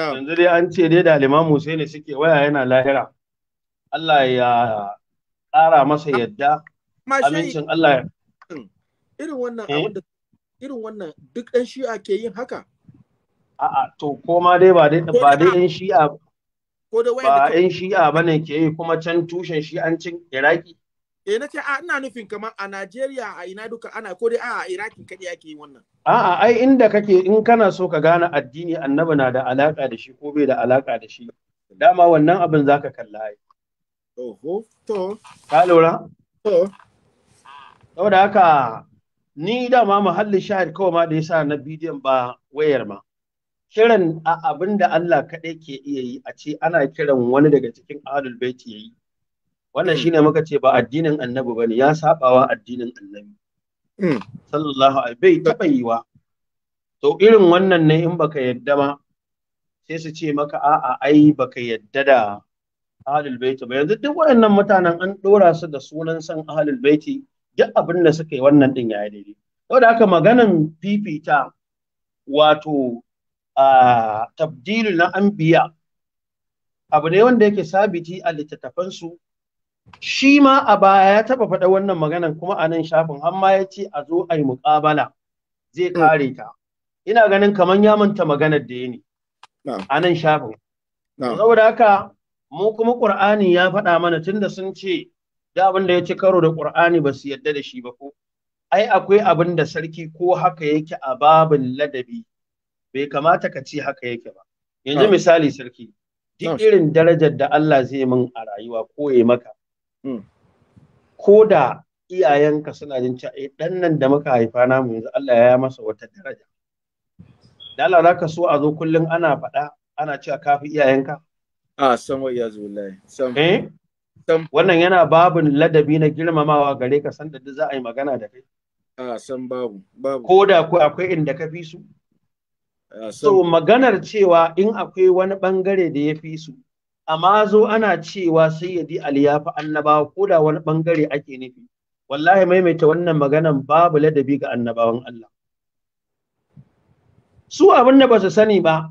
yanzu dai an ce dai da Imam ne suke waya yana lahira Allah ya ƙara masa yadda amincin Allah ya irin wannan eh? irin wannan duk ɗan shi'a ke yin haka a'a to koma dai ba dai ba dai ɗan shi'a ba ɗan shi'a bane ke yi kuma can tushen shi'ancin Iraki eh nace a ah, ina nufin kamar a Najeriya a ina duka ana ko dai a Iraki kadai ake yi wannan a'a ai inda kake in kana so ka gane addini annabi na da alaka da shi ko bai da alaka da shi dama wannan abin zaka kalla ai oho to ka lura to saboda haka ni dama muhallin shahid kawai ma da yasa na bidiyon ba wayar ma kiran a abin da Allah kaɗai ke iya yi a ce ana kiran wani daga cikin ahlul baiti yayi wannan shine muka ce ba addinin annabi bane ya sabawa addinin annabi hmm. sallallahu alaihi bai taba wa. to irin wannan ne in baka yadda ma sai su ce maka a'a ai baka yadda da ahlul baiti ba yanzu duk waɗannan mutanen an dora su da sunan san ahlul baiti duk abin da suka yi wannan din ya daidai saboda haka maganan fifita wato a tabdilu na anbiya abu ne wanda yake sabiti a littattafansu shi ma a baya ya taɓa faɗa wannan maganan kuma a nan shafin amma ya ce a zo a yi muƙabala zai mm. kare ta ina ganin kamar ya manta maganar da ya ne a nan shafin saboda haka mu kuma ƙur'ani ya faɗa mana tunda sun ce da abin da ya ci karo da ƙur'ani ba su yadda da shi ba ko ai akwai abin da sarki ko haka yake a babin ladabi bai kamata ka ce haka yake ba yanzu misali sarki duk irin darajar da Allah zai mun a rayuwa ko ya maka Mm. ko da iyayenka suna jin cewa eh dan nan da muka haifa namu yanzu Allah ya masa wata daraja da Allah zaka so a zo kullun ana faɗa ana cewa kafi iyayenka a san wa iyazu billahi san eh wannan yana babun ladabi na girmamawa gare ka san da duk za a yi magana da kai a san babu babu ko da ko akwai inda ka fi su so maganar cewa in akwai wani bangare da ya fi su amma zo ana cewa sayyidi ali ya fi annabawa ko da wani bangare ake nufi wallahi maimaita wannan maganan babu ladabi ga annabawan Allah su abin da ba su sani ba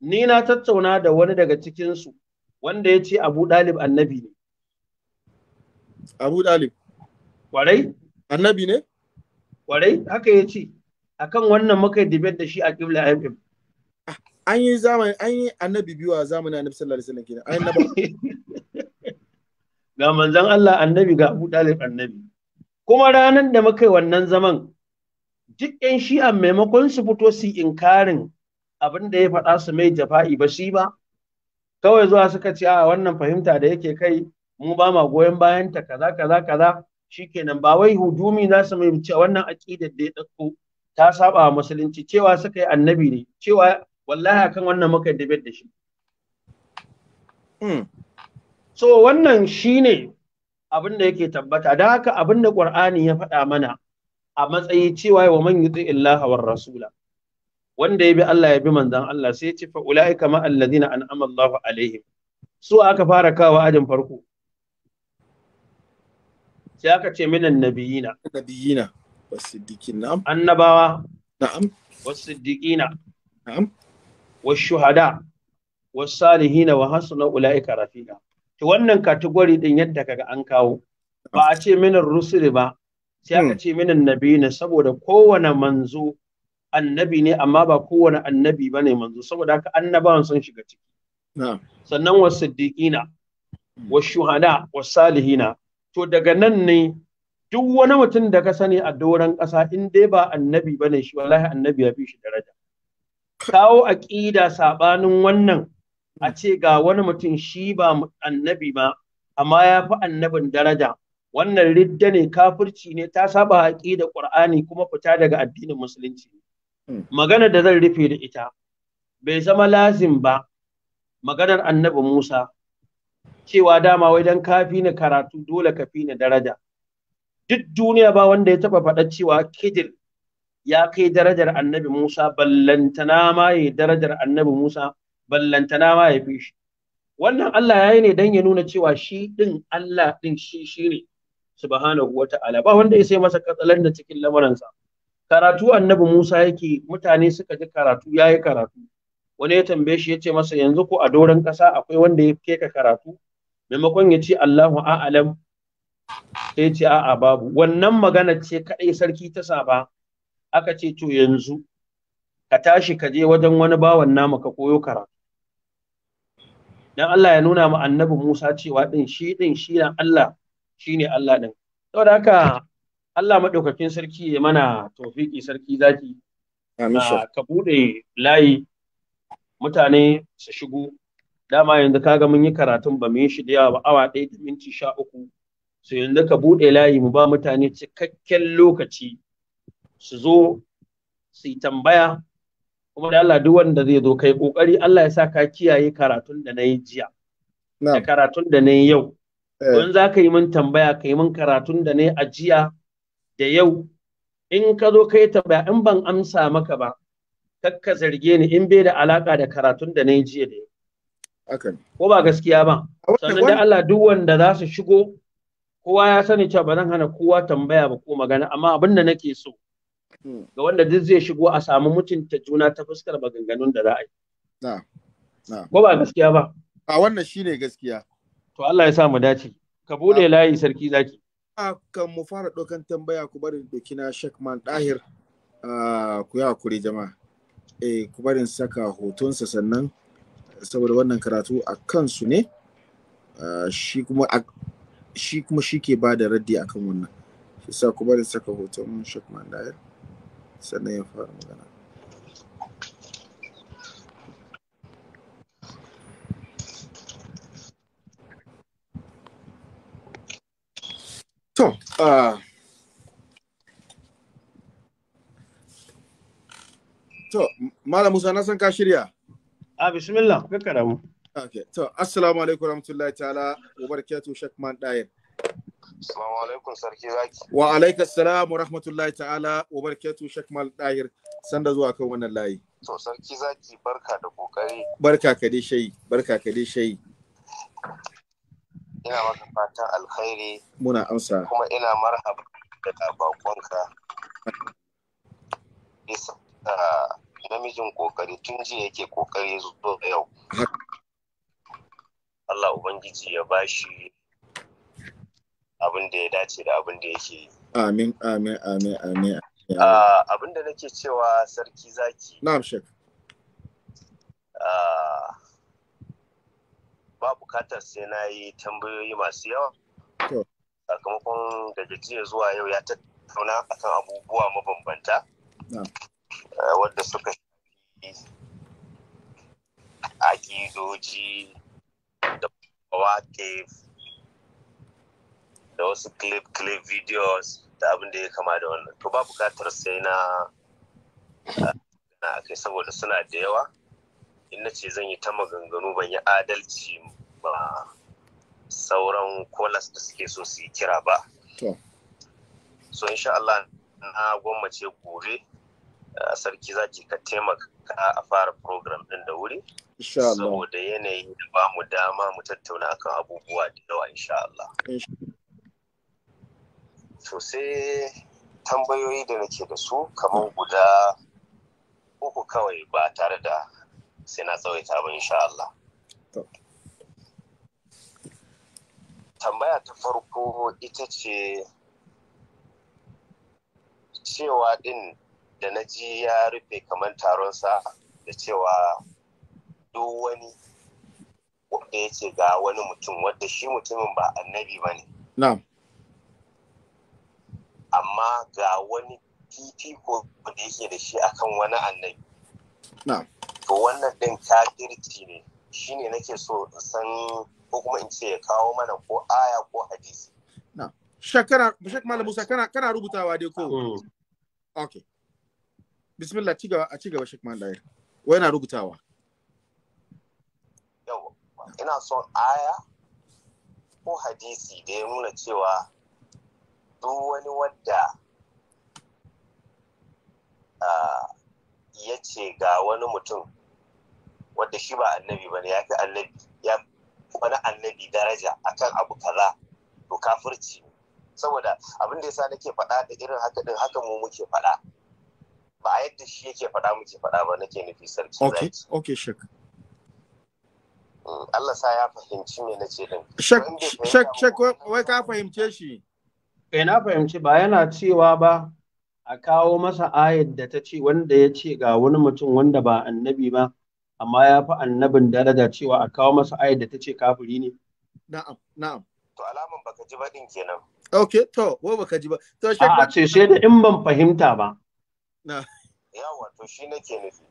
ni na tattauna da wani daga cikin su wanda ya ce Abu Dalib annabi ne Abu Dalib kwarai annabi ne kwarai haka ya ce akan wannan muka debate da shi a Qibla MM an yi zamani an yi annabi biyu a zamanin annabi sallallahu alaihi wasallam kenan annabi ga manzon Allah annabi ga Abu Talib annabi kuma ranar da muka yi wannan zaman duk ƴan shi'a maimakon su fito su inkarin abin da ya faɗa su mai jafa'i ba shi ba kawai zuwa suka ce a wannan fahimta da yake kai mu ba ma goyon bayan ta kaza kaza kaza shikenan ba wai Hudumi na su mai wannan aqidar da ya dauko ta saba musulunci cewa suka yi annabi ne cewa wallahi akan wannan muka debate da shi hmm. so wannan shine abin da yake tabbata da haka abin da qur'ani ya faɗa mana a matsayi cewa wa man yuti illaha war rasula wanda ya bi Allah ya bi manzon Allah sai ya ce fa ulaika ma alladhina an'ama Allahu alaihim su aka fara kawo ajin farko sai aka ce minan nabiyina nabiyina wasiddiqin annabawa na'am wasiddiqina na'am والشهداء والصالحين وحسن أولئك رفيقا to wannan kategori din yadda kaga an kawo ba a ce min rusuli ba sai aka hmm. ce min annabi ne saboda kowane manzo annabi ne amma ba kowane annabi ba ne manzo saboda haka annabawan sun shiga ciki sannan wa siddiqina hmm. wa shuhada wa salihina to daga nan ne duk wani mutum da ka sani a doron ƙasa in dai ba annabi ba shi wallahi annabi ya fi shi daraja kawo aƙida saɓanin wannan a ce ga wani mutum shi ba annabi ba amma ya fi annabin daraja wannan ridda ne kafirci ne ta saba aƙida ƙur'ani kuma fita daga addinin musulunci hmm. magana da zan rufe da ita bai zama lazim ba maganar annabi Musa cewa dama wai dan kafi na karatu dole kafi na daraja duk duniya ba wanda ya taɓa faɗa cewa kidil ya kai darajar annabi Musa ballantana ma ya darajar annabi Musa ballantana ma ya fi shi wannan Allah ya yi ne don ya nuna cewa shi ɗin Allah ɗin shi shi ne subhanahu wa ta'ala ba wanda ya sai masa katsalan da cikin lamuransa. karatu annabi Musa yake mutane suka ji karatu ya yi karatu wani ya tambaye shi ya ce masa yanzu ko a doron ƙasa akwai wanda ya ke ka karatu maimakon ya ce Allahu a'alam sai ce a'a babu wannan magana ce kaɗai sarki ta saba aka ce to yanzu ka tashi ka je wajen wani bawan namu ka koyo karatu dan Allah ya nuna mu annabi Musa cewa din shi din shi na Allah shine Allah din saboda haka Allah madaukakin sarki ya mana tofiki sarki zaki amin ah, ka bude layi mutane su shigo dama yanzu kaga mun yi karatun ba mu yi shi da yawa ba awa ɗaya da minti sha uku so yanzu ka bude layi mu ba mutane cikakken lokaci su zo su yi tambaya kuma da Allah duk wanda zai zo kai kokari Allah ya sa ka kiyaye karatun da na yi jiya da karatun da na yi yau don eh. za ka yi min tambaya ka yi min karatun da na yi a jiya da yau in ka zo ka yi tambaya in ban amsa maka ba kakka zarge ni in bai da alaka da karatun da na yi jiya da yau ko ba gaskiya ba sannan da Allah duk wanda za su shigo kowa ya sani cewa ba zan hana kowa tambaya ba ko magana amma abin da nake so ga wanda duk zai shigo a samu mutunta juna ta fuskar maganganun da za a yi. Ko ba gaskiya ba? A wannan shine gaskiya. To Allah ya sa mu dace. Ka bude layi sarki zaki. A kan mu fara ɗaukan tambaya ku barin doki na Shekman Dahir ku yi hakuri jama'a. Eh ku barin saka hotonsa sannan saboda wannan karatu a kansu ne shi kuma shi kuma shi ke ba da raddi akan wannan. Shi sa ku barin saka hoton Shekman Dahir. sannan ya fara magana uh, to malam musa na san ka shirya a bismillah ka karamu. okay to assalamu alaikum warahmatullahi ta'ala wa barakatuh shakman dair Assalamu alaikum sarki zaki. Wa alaika salam wa rahmatullahi ta'ala wa barakatu Sheikh Mal Dahir sanda zuwa kan wannan layi. To sarki zaki barka da kokari. Barka ka dai shayi, barka ka dai shayi. Ina maka fatan alkhairi. Muna amsa. Kuma ina marhaba da bakonka. Bisa namijin kokari tun jiya yake kokari zuwa yau. Allah Ubangiji ya bashi abin da ya dace da abin da yake yi. Amin, amin, amin, amin. Ah, abin da nake cewa sarki zaki. Na shek. Ah, ba bukatar sai na yi tambayoyi masu yawa. Sakamakon daga jiya zuwa yau ya tattauna akan abubuwa mabambanta. Ah, Wadda suka akidoji da waƙe da wasu clip clip videos da abin da ya kama da wannan to ba bukatar sai na na kai saboda suna da yawa in na ce zan yi ta maganganu ban yi adalci ba sauran kolas da suke so su yi kira ba so insha Allah na gwammace gobe eh, sarki za ki ka taimaka a fara program din da wuri saboda yanayi da ba mu dama mu tattauna akan abubuwa da yawa insha Allah to tambayoyi da nake da su kamar hmm. guda uku kawai ba tare da sai na tsawaita ba insha Allah. Tambaya ta farko ita ce cewa din da na ji ya rufe kamar taron sa, da cewa duk wani wanda ya ce ga wani mutum wadda shi mutumin ba annabi ba ne. amma ga wani fifiko da yake da shi akan wani annabi to wannan ɗin kafirci ne shine nake so in san ko kuma in ce ya kawo mana ko aya ko hadisi shakara shak malam Musa kana kana rubutawa dai ko mm. okay bismillah ci gaba a ci gaba shak malam dai wai na rubutawa Yau, ina son aya ko hadisi da ya nuna cewa duk wani wanda ya ce ga wani mutum wanda shi ba annabi ba ne ya fi annabi ya wani annabi daraja akan abu kaza to kafirci ne saboda abin da yasa nake faɗa da irin haka din haka mu muke faɗa ba yadda shi yake faɗa muke faɗa ba nake nufi sarki okay okay shek mm, Allah sa ya fahimci me nace din shek shek shek wai ka fahimce shi kai eh, na fahimci ba yana cewa ba a kawo masa ayat da ta ce wanda ya ce ga wani mutum wanda ba annabi ba amma ya fi annabin daraja cewa a kawo masa ayat da ta ce kafiri ne na'am na'am to alamun baka ji ba kenan Ok, to wo baka ji ba to shi a ce sai da in ban fahimta ba na yawa to shi nake nufi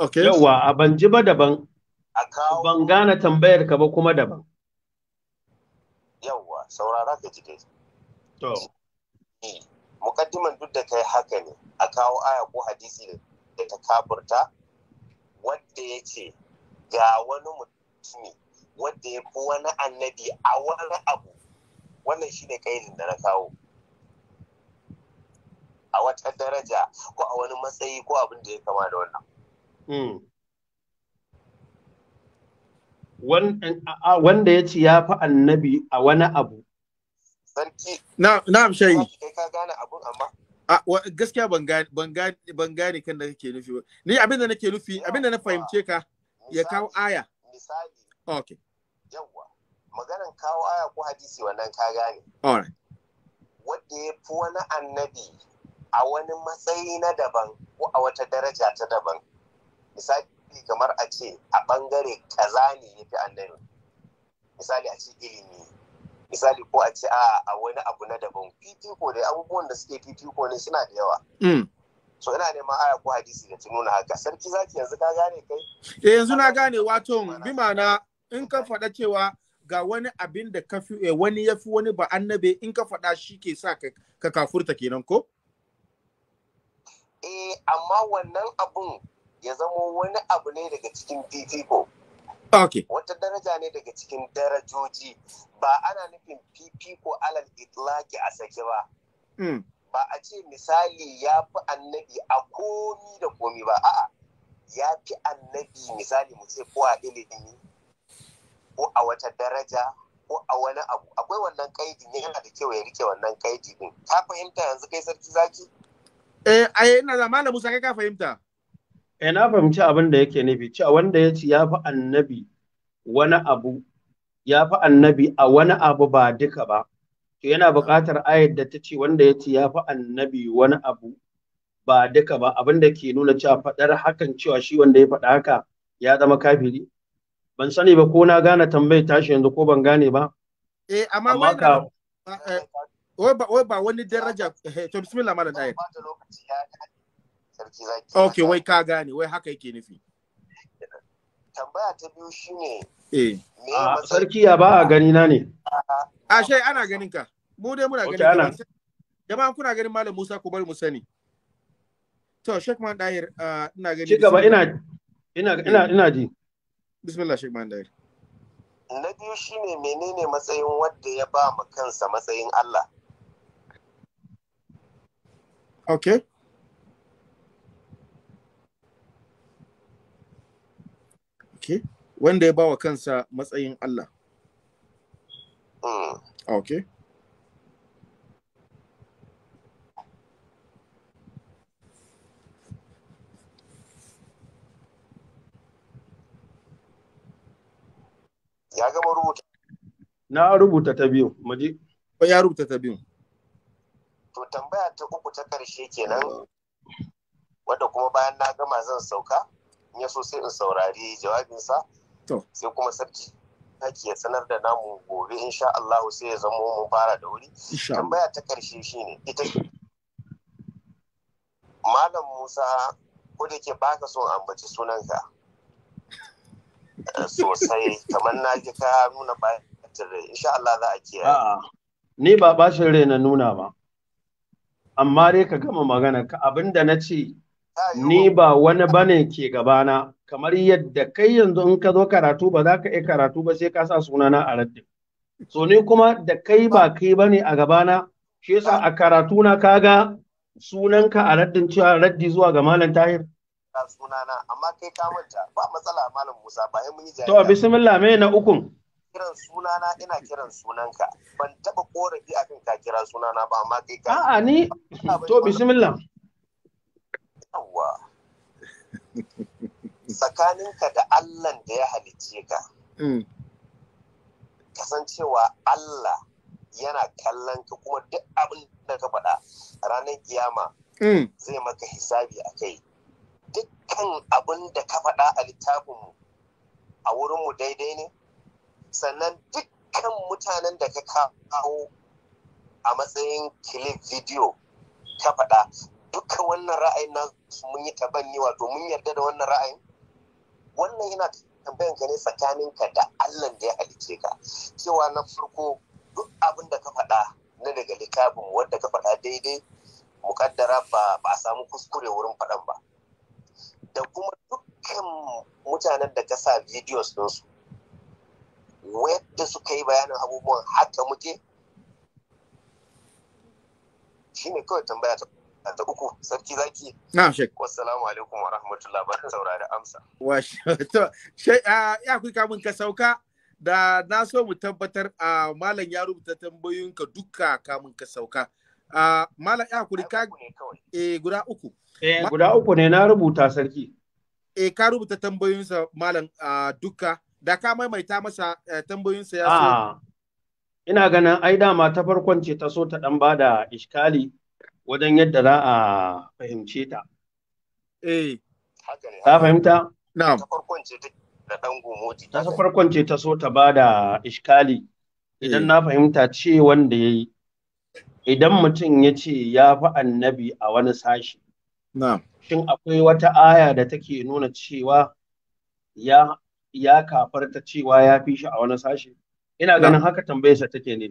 Ok. yawa a ban ji ba daban a kawo ban gane tambayar ka ba kuma daban yawa saurara ka ji dai Eh, mukaddiman duk da kai haka ne a kawo aya ko hadisi da ta kafurta wadda ya ce ga wani mutum wadda ya fi wani annabi a wani abu wannan shine kaidin da na kawo a wata daraja ko a wani matsayi ko abin da ya kama da wannan hmm. wanda ya ce ya fi annabi a wani abu sarki na na shayi kai ka gane abun amma gaskiya ban gane kan da kake nufi ba ni abinda nake nufi abinda na fahimce ka ya kawo aya misali okay yawa maganan kawo aya ko hadisi wannan ka gane alright wanda ya fi wani annabi a wani matsayi na daban ko a wata daraja ta daban misali kamar a ce a bangare kaza ne ya fi annabi misali a ce ilimi misali ko a ce a wani abu na daban fifiko dai abubuwan da suke fifiko ne suna da yawa mm. so ina neman aya ko hadisi da ta nuna haka sarki zaki yanzu ka gane kai eh yanzu na gane wato bi ma'ana in ka faɗa cewa ga wani abin da ka fi eh, wani ya fi wani ba annabe in ka faɗa shi ke sa ka kafurta kenan ko eh amma wannan abun ya zamo wani abu ne daga cikin fifiko Okay. Wata daraja ne daga cikin darajoji ba ana nufin fifiko alal itlaki a sake ba. Hmm. Ba a ce misali ya fi annabi a komi da komi ba, a'a ya fi annabi misali mu ce ko a ilimi ko a wata daraja ko a wani abu akwai wannan kaidi ne yana da kyau ya rike wannan kaidi ɗin. ka fahimta yanzu kai sarki zaki eh ai ina da Musa kai ka fahimta eh na fahimci abin da yake nufi cewa wanda ya ci ya fi annabi wani abu ya fi annabi a wani abu ba duka ba to yana buƙatar ayar da ta ce wanda ya ci ya fi annabi wani abu ba duka ba abin da ke nuna cewa faɗar hakan cewa shi wanda ya faɗa haka ya zama kafiri ban sani ba ko na gane tambayar tashi yanzu ko ban gane ba eh amma ka eh, wai ba wani daraja eh, to bismillah malam ayar sarki zaki okay wai ka gane wai haka yake nufi tambaya ta biyu shine eh ah, sarki ya ba a gani na ne a shai ana ganin ka mu dai muna ganin ka jama'a kuna ganin malam Musa ku bar mu sani to Sheikh Man Dahir ah, ina ganin gaba ina ina ina ina ji bismillah Sheikh Man Dahir na biyu shine menene matsayin wanda ya ba mu kansa matsayin Allah okay Okay. Wanda ya bawa kansa matsayin Allah. Hmm. Ah. Okay. ya gama rubuta na rubuta ta biyu maji ko ya rubuta ta biyu to tambaya ta uku ta karshe kenan ah. wanda kuma bayan na gama zan sauka ya so sai in saurari jawabinsa sai kuma sarki haki ya sanar da namu gobe insha Allah sai ya zama mu fara da wuri tambaya ta karshe shine ita malam Musa ko da ke baka son ambaci sunanka eh, sosai kamar na ji ka nuna bacin rai insha Allah za a kiyaye ni ba bashin rai na nuna ba amma dai ka gama magana ka abinda na ce ni ba wani bane ke gabana kamar yadda kai yanzu in ka zo karatu ba za ka yi karatu ba sai ka sa sunana a raddin so ni kuma da kai ba kai bane a gabana shi yasa a karatu na kaga sunanka a raddin cewa raddi zuwa ga malam tahir na sunana amma kai ka manta ba matsala malam musa bayan mun yi jami'a to bismillah me na ukun kiran sunana ina kiran sunanka ban taba korafi akan ka kira sunana ba amma kai ka a'a ni to bismillah yawwa tsakaninka da allan da ya halicce ka mm. kasancewa allah yana kallon ka kuma duk abin da ka faɗa ranar kiyama mm. zai maka hisabi a kai dukkan abin da ka faɗa a littafinmu a wurinmu daidai ne sannan dukkan mutanen da ka kawo a matsayin kilif bidiyo ka faɗa dukkan wannan ra'ayin na mun yi tabanni wato mun yarda da wannan ra'ayin wannan yana tambayan ka ne tsakaninka da Allah da ya halice ka cewa na farko duk abin da ka faɗa na daga likabin wanda ka faɗa daidai mukaddara ba ba a samu kuskure wurin faɗan ba da kuma dukkan mutanen da ka sa videos ɗinsu wadda suka yi bayanin abubuwan haka muke shine kawai tambaya ta A ta uku sarki zaki Na shek wassalamu alaikum wa rahmatullahi wa saurari amsa wa to shek ya kuyi kamun ka sauka da na so mu tabbatar a malam ya rubuta tambayoyin ka duka kamun ka sauka a malam ya kuri ka eh guda uku eh guda uku ne na rubuta sarki eh ka rubuta tambayoyin sa malam duka da ka maimaita masa eh, tambayoyin sa ya so ah, ina ganin ai dama ta farkon ce ta so ta dan bada iskali wajen yadda za a fahimce ta. Eh. Ta fahimta? Na'am. Ta farkon ce da ɗan gomoti. Ta farkon ce ta so ta ba da iskali. Idan eh. na fahimta ce wanda ya yi. Idan mutum ya ce ya fi annabi a wani sashi. Na'am. Shin akwai wata aya da take nuna cewa ya ya kafarta cewa ya fi shi a wani sashi? Ina ganin haka tambayarsa take ne.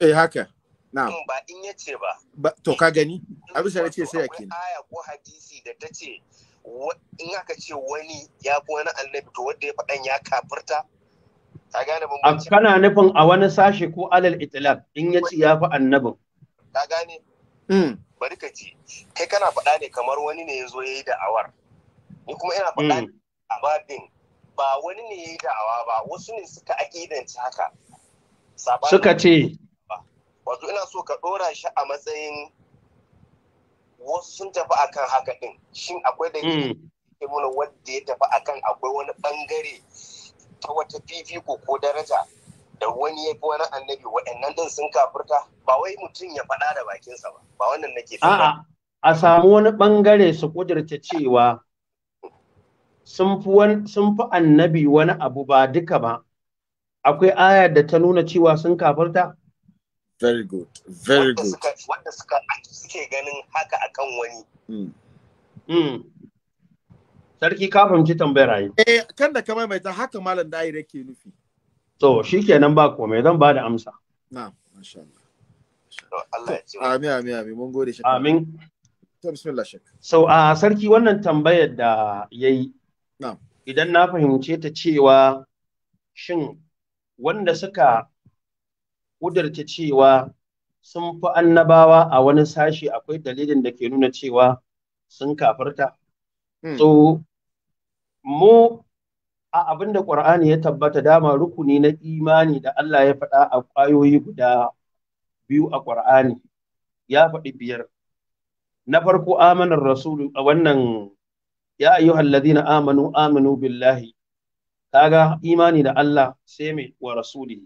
Eh haka. Na'am. ba in yace ce ba. To ka gani? Abin sai ce sai yake. Aya ko hadisi da tace in aka ce wani ya ko wani annabi to wanda ya faɗan ya kafirta. Ka gane bambanci. Kana nufin a wani sashe ko alal itlaq in yace ya fa annabin. Ka gane? Mm. Bari ka ji. Kai kana faɗa ne kamar wani ne yazo yayi ya yi da'awar. Ni kuma ina faɗa hmm. a babin ba wani ne yayi yi da'awa ba wasu ne suka aƙidanci haka. Suka ce wato ina so ka ɗora shi a matsayin wasu sun tafi akan haka ɗin shin akwai hmm. da ke wani wanda ya tafi akan akwai wani ɓangare ta wata fifiko ko daraja da wani ya fi wani annabi waɗannan ɗin sun kafurta ba wai mutum ya faɗa da bakinsa ba ba wannan nake a'a a samu wani ɓangare su kudurta cewa sun fi annabi wani abu ba duka ba akwai aya da ta nuna cewa sun kafurta very good very good wanda suka suke ganin haka akan wani hmm. Hmm. sarki ka fahimci tambayar ayi eh kan da kamar mai ta haka malam da ayi yake nufi to shikenan ba ko mai zan ba da amsa na'am masha Allah Allah ya ci amin amin amin mun gode shi amin to bismillah shek so a sarki wannan tambayar da yayi na'am idan na fahimce ta cewa shin wanda suka ƙudurta cewa sun fi annabawa a wani sashi akwai dalilin da ke nuna cewa sun kafarta. Hmm. So, mu a abin da ƙur'ani ya tabbata dama rukuni na imani da Allah ya faɗa a ƙwayoyi guda biyu a ƙur'ani ya faɗi biyar. Na farko amanar rasulu a wannan ya ladina amanu aminu billahi kaga imani da Allah sai mai wa rasuli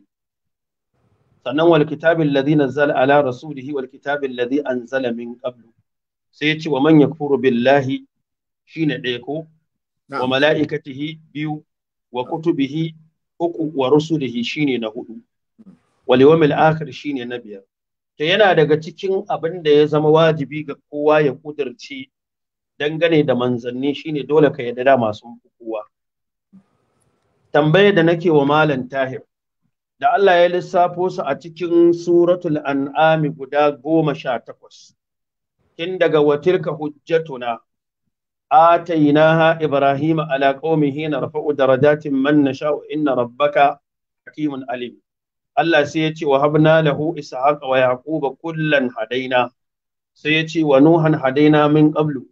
sannan wal kitabin ladhi nazzala ala rasulihi wal kitabin ladhi anzala min qablu sai ya ce wa man yakfuru billahi shine ɗaya ko wa mala'ikatihi biyu wa kutubihi uku wa rusulihi shine na hudu wal yawmil akhir shine na biyar to yana daga cikin abin da ya zama wajibi ga kowa ya kudirci dangane da manzanni shine dole ka yarda da masu kowa tambayar da nake wa malam tahir da Allah ya lissafo su a cikin suratul an'ami guda goma sha takwas. Kin daga watilka hujjatuna atainaha Ibrahim ala qaumihi narfa'u darajatin man nasha'u inna rabbaka hakimun alim. Allah sai ya ce wa habna lahu ishaqa wa yaquba kullan hadaina sai ya ce wa nuhan hadaina min qablu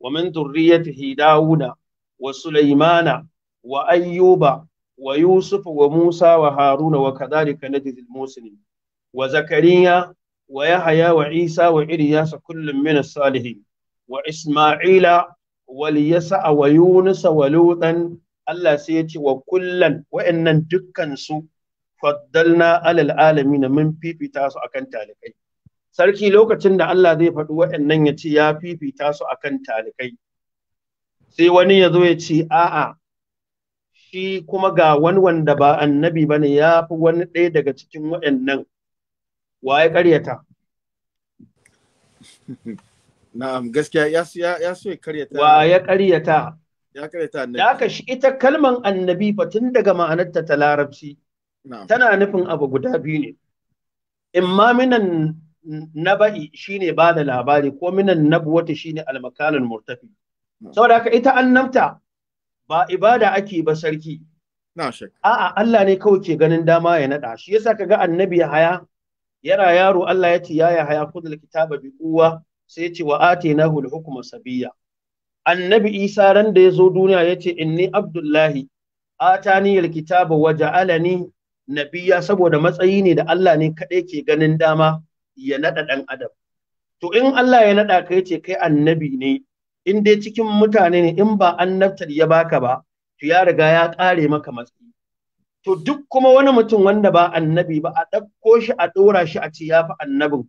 wa min dhurriyyatihi dauna wa sulaimana wa ayyuba wa Yusuf wa Musa wa Haruna wa kadhalika najzi al-muslimin wa Zakariya wa Yahaya wa Isa wa Ilyas kullum min as-salihin wa Isma'ila wa Yasa wa Yunus wa Lutan Allah sai ya ce wa kullan wa'annan dukkan su faddalna alal alamin mun fifita su akan talikai sarki lokacin da Allah zai faɗi wa'annan ya ce ya fifita su akan talikai sai wani ya zo ya ce a'a shi kuma ga wani wanda ba annabi ba ne ya fi wani ɗaya daga cikin waɗannan wa ya ƙaryata. Na'am gaskiya ya so ya ƙaryata. Wa ya ƙaryata. Ya ƙaryata annabi. Da aka shi ita kalman annabi fa tun daga ma'anarta ta larabci. Tana nufin abu guda biyu ne. Imma minan naba'i shine ba da labari ko minan nabuwata shine almakalin murtafi. Saboda haka ita annabta ba ibada ake ba sarki a'a Allah ne kawai ke ganin dama ya naɗa shi yasa ga annabi haya yana yaro Allah ya ce ya ya haya kudul kitaba bi uwa sai ya ce wa atainahu al-hukma sabiyya annabi Isa ran da ya zo duniya ya ce inni abdullahi atani al-kitaba wa ja'alani nabiya saboda matsayi ne da Allah ne kaɗai ke ganin dama ya naɗa ɗan adam to in Allah ya naɗa kai ce kai annabi ne in dai cikin mutane ne in ba annabtar ya baka ba to ya riga ya ƙare maka matsayi to duk kuma wani mutum wanda ba annabi ba a ɗauko shi a ɗora shi a ce ya fi annabin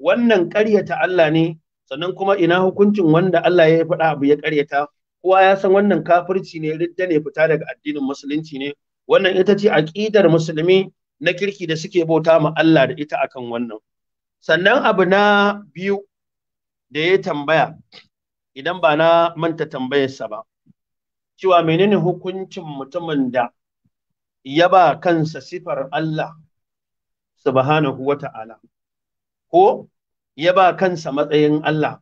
wannan ƙaryata Allah ne sannan kuma ina hukuncin wanda Allah ya faɗa abu ya ƙaryata kowa ya san wannan kafirci ne ridda ne fita daga addinin musulunci ne wannan ita ce aƙidar musulmi na kirki da suke bauta ma Allah da ita akan wannan sannan abu na biyu da ya tambaya idan ba na manta tambayarsa ba cewa menene hukuncin mutumin da ya ba kansa sifar Allah subhanahu wa ta'ala ko ya ba kansa matsayin Allah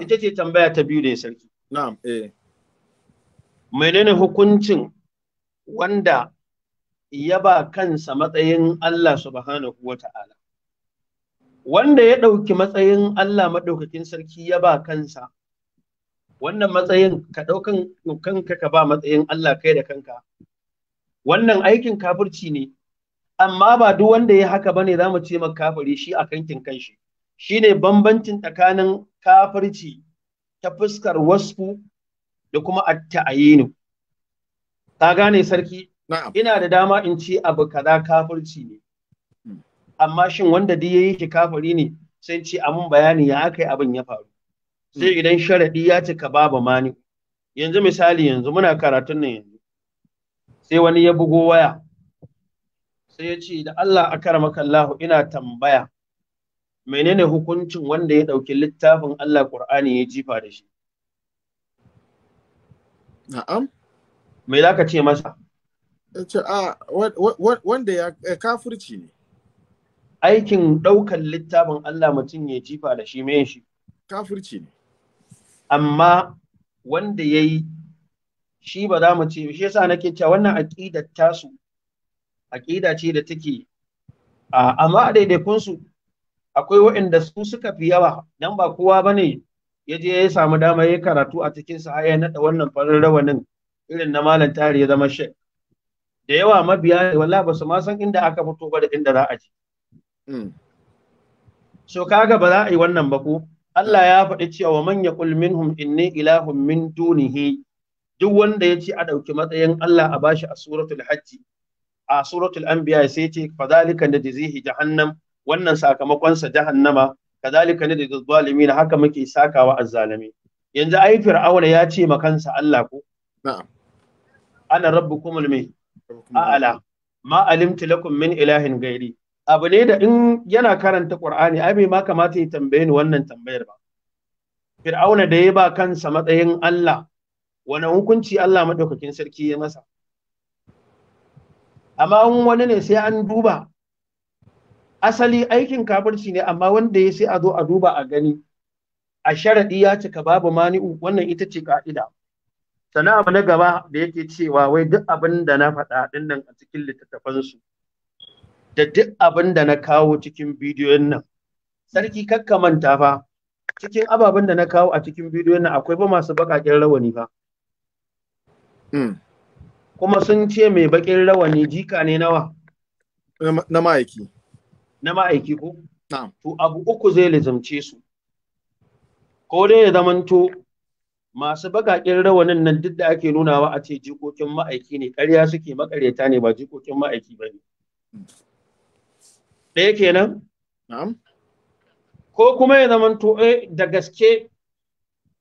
ita ce tambaya ta biyu da ya sarki na'am eh menene hukuncin wanda ya ba kansa matsayin Allah subhanahu wa ta'ala wanda ya ɗauki matsayin Allah maɗaukakin sarki ya ba kansa wannan matsayin ka ɗaukan kanka ka ba matsayin Allah kai da kanka wannan aikin kafirci ne amma ba duk wanda ya haka bane za mu ce maka kafiri shi a kankin kanshi shine bambancin tsakanin kafirci ta fuskar wasfu da kuma atta ayinu. ka gane sarki ina da dama in ce abu kaza kafirci ne hmm. amma shin wanda duk yayi shi kafiri ne sai ce amun bayani ya kai abin ya faru sai idan sharaɗi ya cika babu mani yanzu misali yanzu muna karatun nan yanzu sai wani ya bugo waya sai ya ce da Allah a karamaka Allah ina tambaya menene hukuncin wanda ya ɗauki littafin Allah ƙur'ani ya jifa da shi na'am me za ka ce masa wanda ya kafurci ne aikin ɗaukan littafin Allah mutum ya jifa da shi me shi Kafurci ne amma wanda ya yi shi ba za mu ce shi yasa nake cewa wannan aƙidar tasu aƙida ce da take amma a daidaikunsu akwai waɗanda su suka fi yawa dan ba kowa ba ne ya je ya samu dama ya karatu a cikin sa ya naɗa wannan farin rawanin irin na malam tari ya zama shek da yawa mabiya ne wallah ba su ma san inda aka fito ba da inda za a je hmm. so kaga ba za a yi wannan ba ko Allah ya faɗi cewa man yaqul minhum inni ilahun min dunihi duk wanda ya ce a ɗauki matsayin Allah a bashi a suratul hajji a suratul anbiya sai ce fadhalika najzihi jahannam wannan sakamakon sa jahannama kadhalika najzil zalimin haka muke sakawa azzalimi yanzu ai fir'auna ya ce ma kansa Allah ko na'am ana rabbukumul mai a'ala ma alimtu lakum min ilahin gairi abu ne da in yana karanta ƙur'ani, ai bai ma kamata ya tambaye ni wannan tambayar ba Fir'auna da ya ba kansa matsayin Allah wani hukunci Allah madaukakin sarki ya masa amma in wani ne sai an duba asali aikin kafirci ne amma wanda ya sai a zo a duba a gani a sharaɗi ya cika babu mani'u wannan ita ce ka'ida Sana'a na gaba da yake cewa wai duk abin da na faɗa ɗin a cikin littattafansu da duk abin da na kawo cikin bidiyon nan sarki kakka manta fa cikin ababen da na kawo a cikin bidiyon nan akwai ba masu baƙaƙen rawani fa hmm. kuma sun ce mai baƙin rawani jika ne nawa na ma'aiki na ma'aiki ko to abu uku zai lizamce su ko dai ya zamanto masu baƙaƙen rawanin nan duk da ake nunawa a ce jikokin ma'aiki ne ƙarya suke maƙaryata ne ba jikokin ma'aiki ba ne hmm. ɗaya kenan ko kuma ya zamanto eh da gaske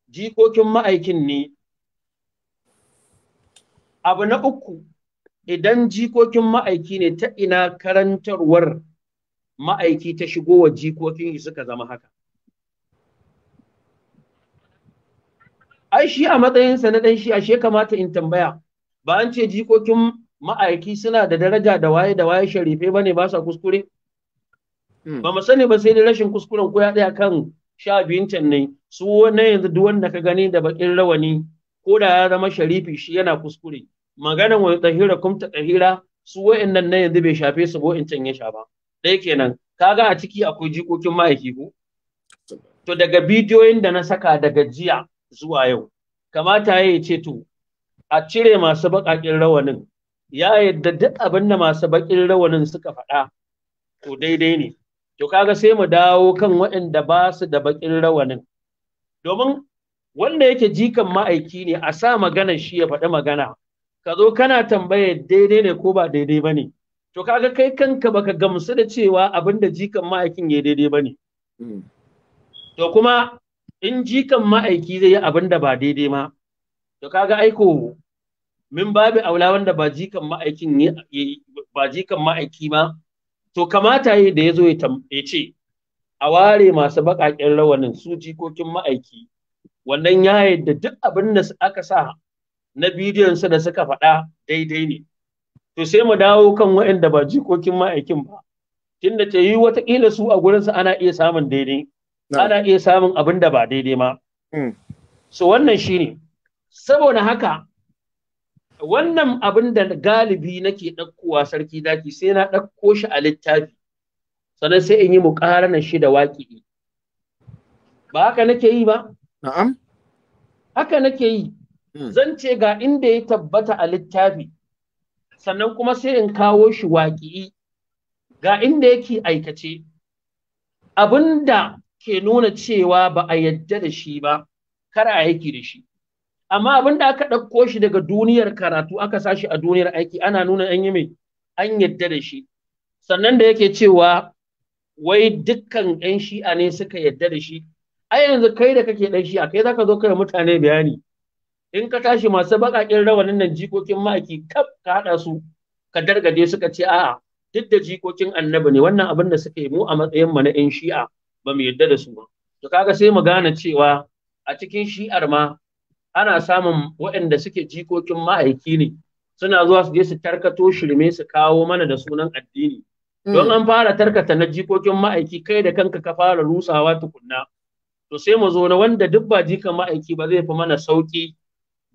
jikokin ma'aikin ne abu na uku idan jikokin ma'aiki ne ta ina karantarwar ma'aiki ta shigo wa jikokin shi suka zama haka. Ai shi a matsayinsa na ɗan shi ashe kamata in tambaya ba an ce jikokin ma'aiki suna da daraja da waye da waye sharife ba ne ba sa kuskure? Hmm. ba mu sani ba sai da rashin kuskuren ko ya ɗaya kan sha biyun can ne su na yanzu duk wanda ka gani da bakin rawani ko da ya zama sharifi shi yana kuskure maganan wani tahira kum ta tahira su wa'annan na yanzu bai shafe su in can ya shafa ɗaya kenan kaga a ciki akwai jikokin ma'aiki ko to daga bidiyoyin da na saka daga jiya zuwa yau kamata ya ce to a cire masu baƙaƙin rawanin ya yadda duk abin da masu baƙin rawanin suka faɗa to daidai ne to kaga sai mu dawo kan waɗanda ba su da bakin rawanin domin wanda yake jikan ma'aiki ne a sa maganar shi ya faɗi magana ka zo kana tambaya daidai ne ko ba daidai ba ne to kaga kai kanka baka gamsu da cewa abin da jikan ma'aikin ya daidai ba ne hmm. to kuma in jikan ma'aiki zai yi abin da ba daidai ma to kaga aiko min babu aula wanda ba jikan ma'aikin ba jikan ma'aiki ma to kamata yi da ya zo ya ce a ware masu baƙaƙen rawanin su jikokin ma'aiki wannan ya yadda duk abin da aka sa na bidiyon su da suka faɗa daidai ne to sai mu dawo kan waɗanda ba jikokin ma'aikin ba tunda ta yi watakila su a gurinsu ana iya samun daidai ana iya samun abin da ba daidai ma hmm. so wannan shine saboda haka wannan abin da galibi nake ɗaukowa sarki daki sai na ɗauko shi a littafi sannan sai in yi muƙaranar shi da waƙi ba haka nake yi ba na'am haka nake yi hmm. zan ce ga inda ya tabbata a littafi sannan kuma sai in kawo shi waƙi ga inda yake aikace abin da ke nuna cewa ba a yadda da shi ba kar a yaki da shi amma abin da aka ɗauko shi daga duniyar karatu aka sashi a duniyar aiki ana nuna an yi mai an yadda da shi sannan da yake cewa wai dukkan ɗan shi'a ne suka yadda da shi a yanzu kai da kake ɗan shi'a kai zaka zo kai mutane bayani in ka tashi masu baƙaƙen rawanin nan jikokin ma'aiki kaf ka haɗa su ka dargade suka ce a'a duk da jikokin annabi ne wannan abin da suka yi mu a matsayin mu na ƴan shi'a ba mu yadda da su ba to kaga sai mu gane cewa a cikin shi'ar ma ana samun waɗanda suke jikokin ma'aiki ne suna zuwa su je su tarkato shirme su kawo mana da sunan addini hmm. don an fara tarkata na jikokin ma'aiki kai da kanka ka fara rusawa tukunna to sai mu zo na wanda duk ba jikan ma'aiki ba zai fi mana sauki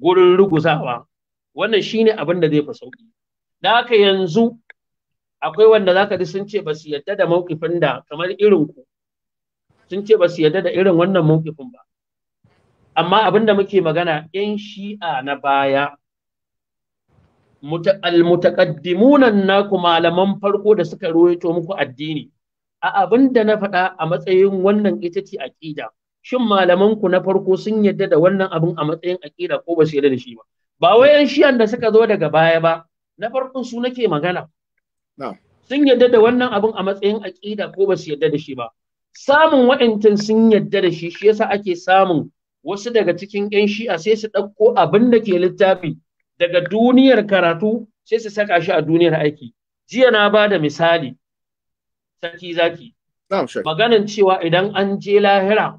gurin ruguzawa wannan shine abin da zai fi sauki da haka yanzu akwai wanda zaka ji sun ce ba su yadda da mawkifin da kamar irin ku sun ce ba su yadda da irin wannan mawkifin ba amma abin da muke magana ‘yan shi'a na baya almutaqaddimunan naku malaman farko da suka ruwaito muku addini a abin da na faɗa a matsayin wannan ita ce aƙida shin malaman ku na farko sun yadda da wannan abin a matsayin aƙida ko ba su yadda da shi ba ba wai ‘yan shi'an da suka zo daga baya ba na farkon su nake magana sun yadda da wannan abin a matsayin aƙida ko ba su yadda da shi ba samun wa'intan sun yadda da shi shi yasa ake samun wasu daga cikin 'yan shi'a sai su ɗauko abin da ke littafi daga duniyar karatu sai su saka shi a duniyar aiki jiya na ba da misali sarki zaki maganan cewa idan an je lahira